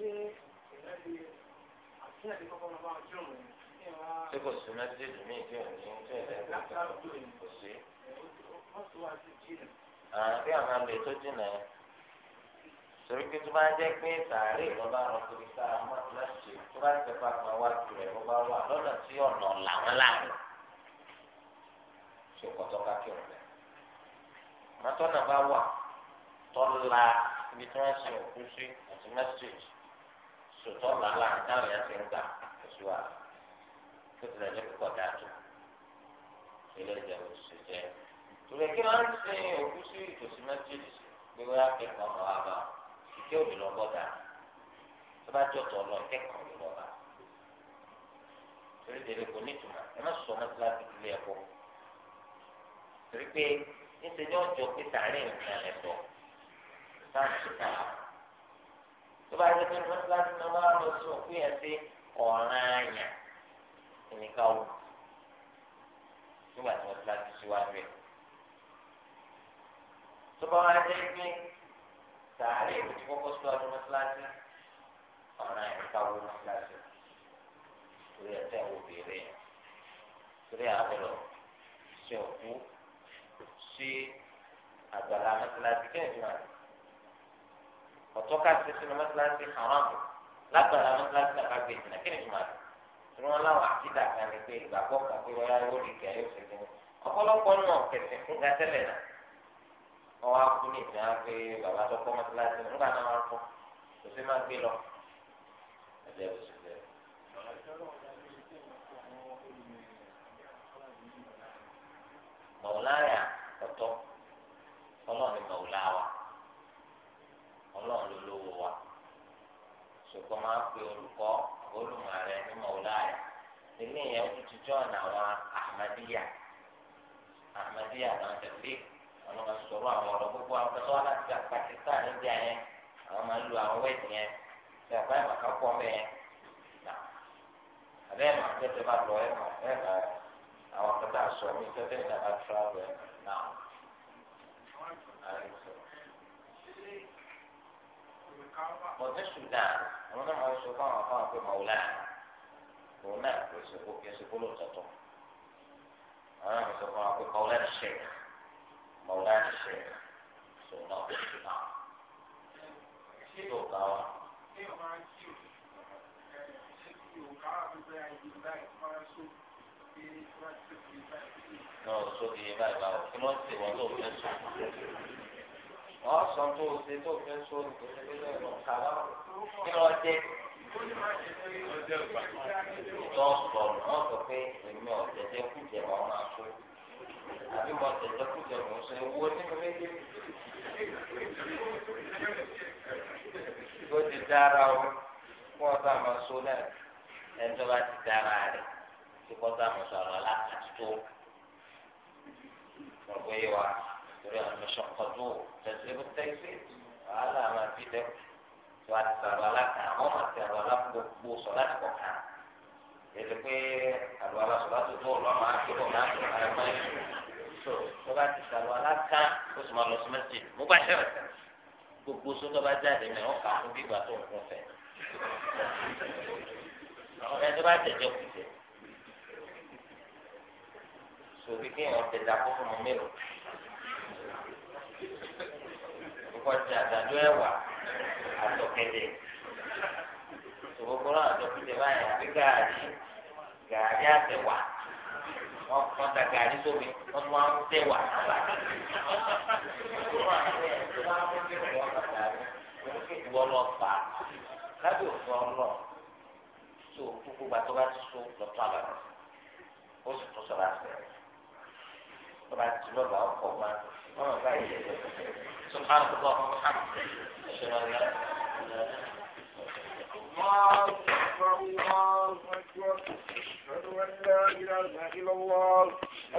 ṣé kò sí mẹ́tíríkì míì tí ò ní tí ò lẹ́gbẹ̀ẹ́ kò sí. àbí àwọn àlè tó jìnnà yẹn torí pé tó bá jẹ́ pé sàárè lọ́ba rọ torí sára mọ́ láti tó bá ti pa kan wá tirẹ̀ ló bá wà lọ́nà tí ọ̀nà làwọn làwọn ṣe kọ́tọ́ ká kí ọ̀rẹ́. mọ́tọ́nà bá wà tọ́la ibi tí wọ́n ṣe òkú sí àti mẹ́sítéèjì sòtọ́ làlá táwọn yẹn ti ń gbà oṣù wa tó ti lẹ́jọ́ púpọ̀ dájú ilé ìjẹ́ oṣù jẹ́ ìrẹ̀ kí wọ́n ń sin òkú sí ìtòsí méjèèjì pé wọ́n á kẹ́kọ̀ọ́ ọmọ wa bá ìké òní lọ bọ́dà tó bá jọ̀tọ̀ lọ kẹ́kọ̀ọ́ ní lọ́ba torí dèrè kò ní ìtumọ̀ ẹ má sọ mọ́tíláṣí ilé ẹ̀kọ́ torí pé níṣẹ́ ni ọjọ́ pé tààrí nǹkan ẹ̀tọ́ sáà ń ṣe tó bá yẹ kí wọn láti máa máa lọ sí òkú yẹn sí ọ̀ràn àyà ìníkà wò nígbà tí wọn láti síwájú ẹ tó bá wá jẹ pé sàárè kò ti kọ́kọ́ síwájú mọ́sálásí ọ̀ràn ìníkà wò mọ́sálásí torí ẹ̀sẹ̀ wò béèrè yẹn torí àbọ̀lọ̀ sí òkú sí àgbàlá mọ́sálásí kẹ́hìn máa ọ̀tọ́ka ti sinú mọ́sálásí haram látara mọ́sálásí tàbá gbé jìnnà kí ni tuma rẹ̀ tí wọ́n láwọn àkídà kan ní pé ìgbàgbọ́ kan pé wọ́n yára lórí ìkẹ́ yóò ṣe kíni ọ̀pọ̀lọpọ̀ náà kẹsẹ̀ fún gàtẹ́lẹ̀ náà wọ́n wá kú ní ìsìn á pé bàbá tó kọ́ mọ́sálásí nígbà náà wọ́n kọ́ kò sí máa gbé lọ ẹ̀jẹ̀ ló ṣe bẹ́ẹ̀. mọ̀wúláyà ọ̀tọ̀ ọlọ́ọ̀ni mọ̀wúláwà ọlọ́run ló lówó wa ṣùkọ́ máa ń pe olùkọ́ olùmọ̀ ní mọ̀ọ́láyà ilé yẹn ó ti jọ́ọ̀nù àwọn ahmadiyya ahmadiyya náà tẹ̀lé àwọn máa sọ̀rọ̀ àwọn ọ̀rọ̀ gbogbo àwọn tó wá láti Pakistan níbi àyẹn àwọn máa ń lo àwọn wẹ́ẹ̀dì yẹn ṣe àgbá ìmọ̀ ká pọ̀ mẹ́ yẹn nà àbẹ́ ẹ̀ bá lọ ẹ̀ máa àwọn akẹ́kọ̀ọ́ àṣọ mi tẹ́tẹ́ ìdàgbàsọ àwọn ẹ̀ náà bọ̀dé Sudan àwọn náà máa ń sọ fáwọn afáwọn pé màwùlá òun náà kò ṣòkò kí ẹsẹ̀ kóló tọ̀tọ̀ àwọn náà sọ fáwọn pé màwùlá ti ṣe màwùlá ti ṣe sọ náà kò ṣe náà ṣé ìlú ọ̀gá wa. Náà sóbi báyìí báwo kí wọ́n ti wọ́n tó fẹ́ sùn wọ́n sọ tó o ṣe tó fi ń sọ olùkọ́ ṣe lọ kà lọ́wọ́ kí lọ́ọ́ jẹ́ tọ́sọ̀ wọ́n sọ pé èmi ò jẹjẹ kújẹ wọn máa tó àbí mo jẹjẹ kújẹ mò ń sọ ewu nínú méjì tó ti dára o kó o sá sọ náà ẹni tó bá ti dára rẹ̀ kí kó o sá sọ àlọ́ alákàtúntò ọ̀gbẹ́ yìí wá torí àwọn ìṣọ̀kọ̀tò tẹ̀síwò tẹ̀sí wàhálà máa fi dẹ́ tó a ti sàrò aláka àwọn máa ti sàrò alágbogbo sọ láti kọ̀ kan èdè pé àrò aláṣọ láti tó lọ́ máa fi lọ́ máa fi ara máa fi so tó bá ti sàrò aláka ó sì máa lọ sí mẹ́sì mo bá ṣẹ̀rẹ̀ gbogbo sọ bá jáde mẹ́ ọ́ kà fún bíbá tó ń fẹ́ ẹ tó bá tẹ̀jọ́ kù jẹ́ kí wọ́n ti dà kó fún mi mélòó kọjá àdájọ ẹwà àtọkẹdẹ ìṣòwòkúrò àtọkẹdẹ báyìí àbí gààrí gààrí àtẹwà wọn kọ́ da gààrí sómi wọn tún wá ń tẹwà àbá ìwọ lọ fà á lábẹ́ òfin ọlọ tó kúkú gba tó bá ti so lọ́tọ̀ àbàdàn ó sì tún sọ̀rọ̀ àṣẹ tó bá ti lọ́ba ọkọ̀ máa wọn bá yẹ lọ́tọ̀ àṣẹ. سبحانك اللهم وبحمدك اشهد ان لا اله الا انت الله أكبر الله أكبر أشهد أن لا إله إلا الله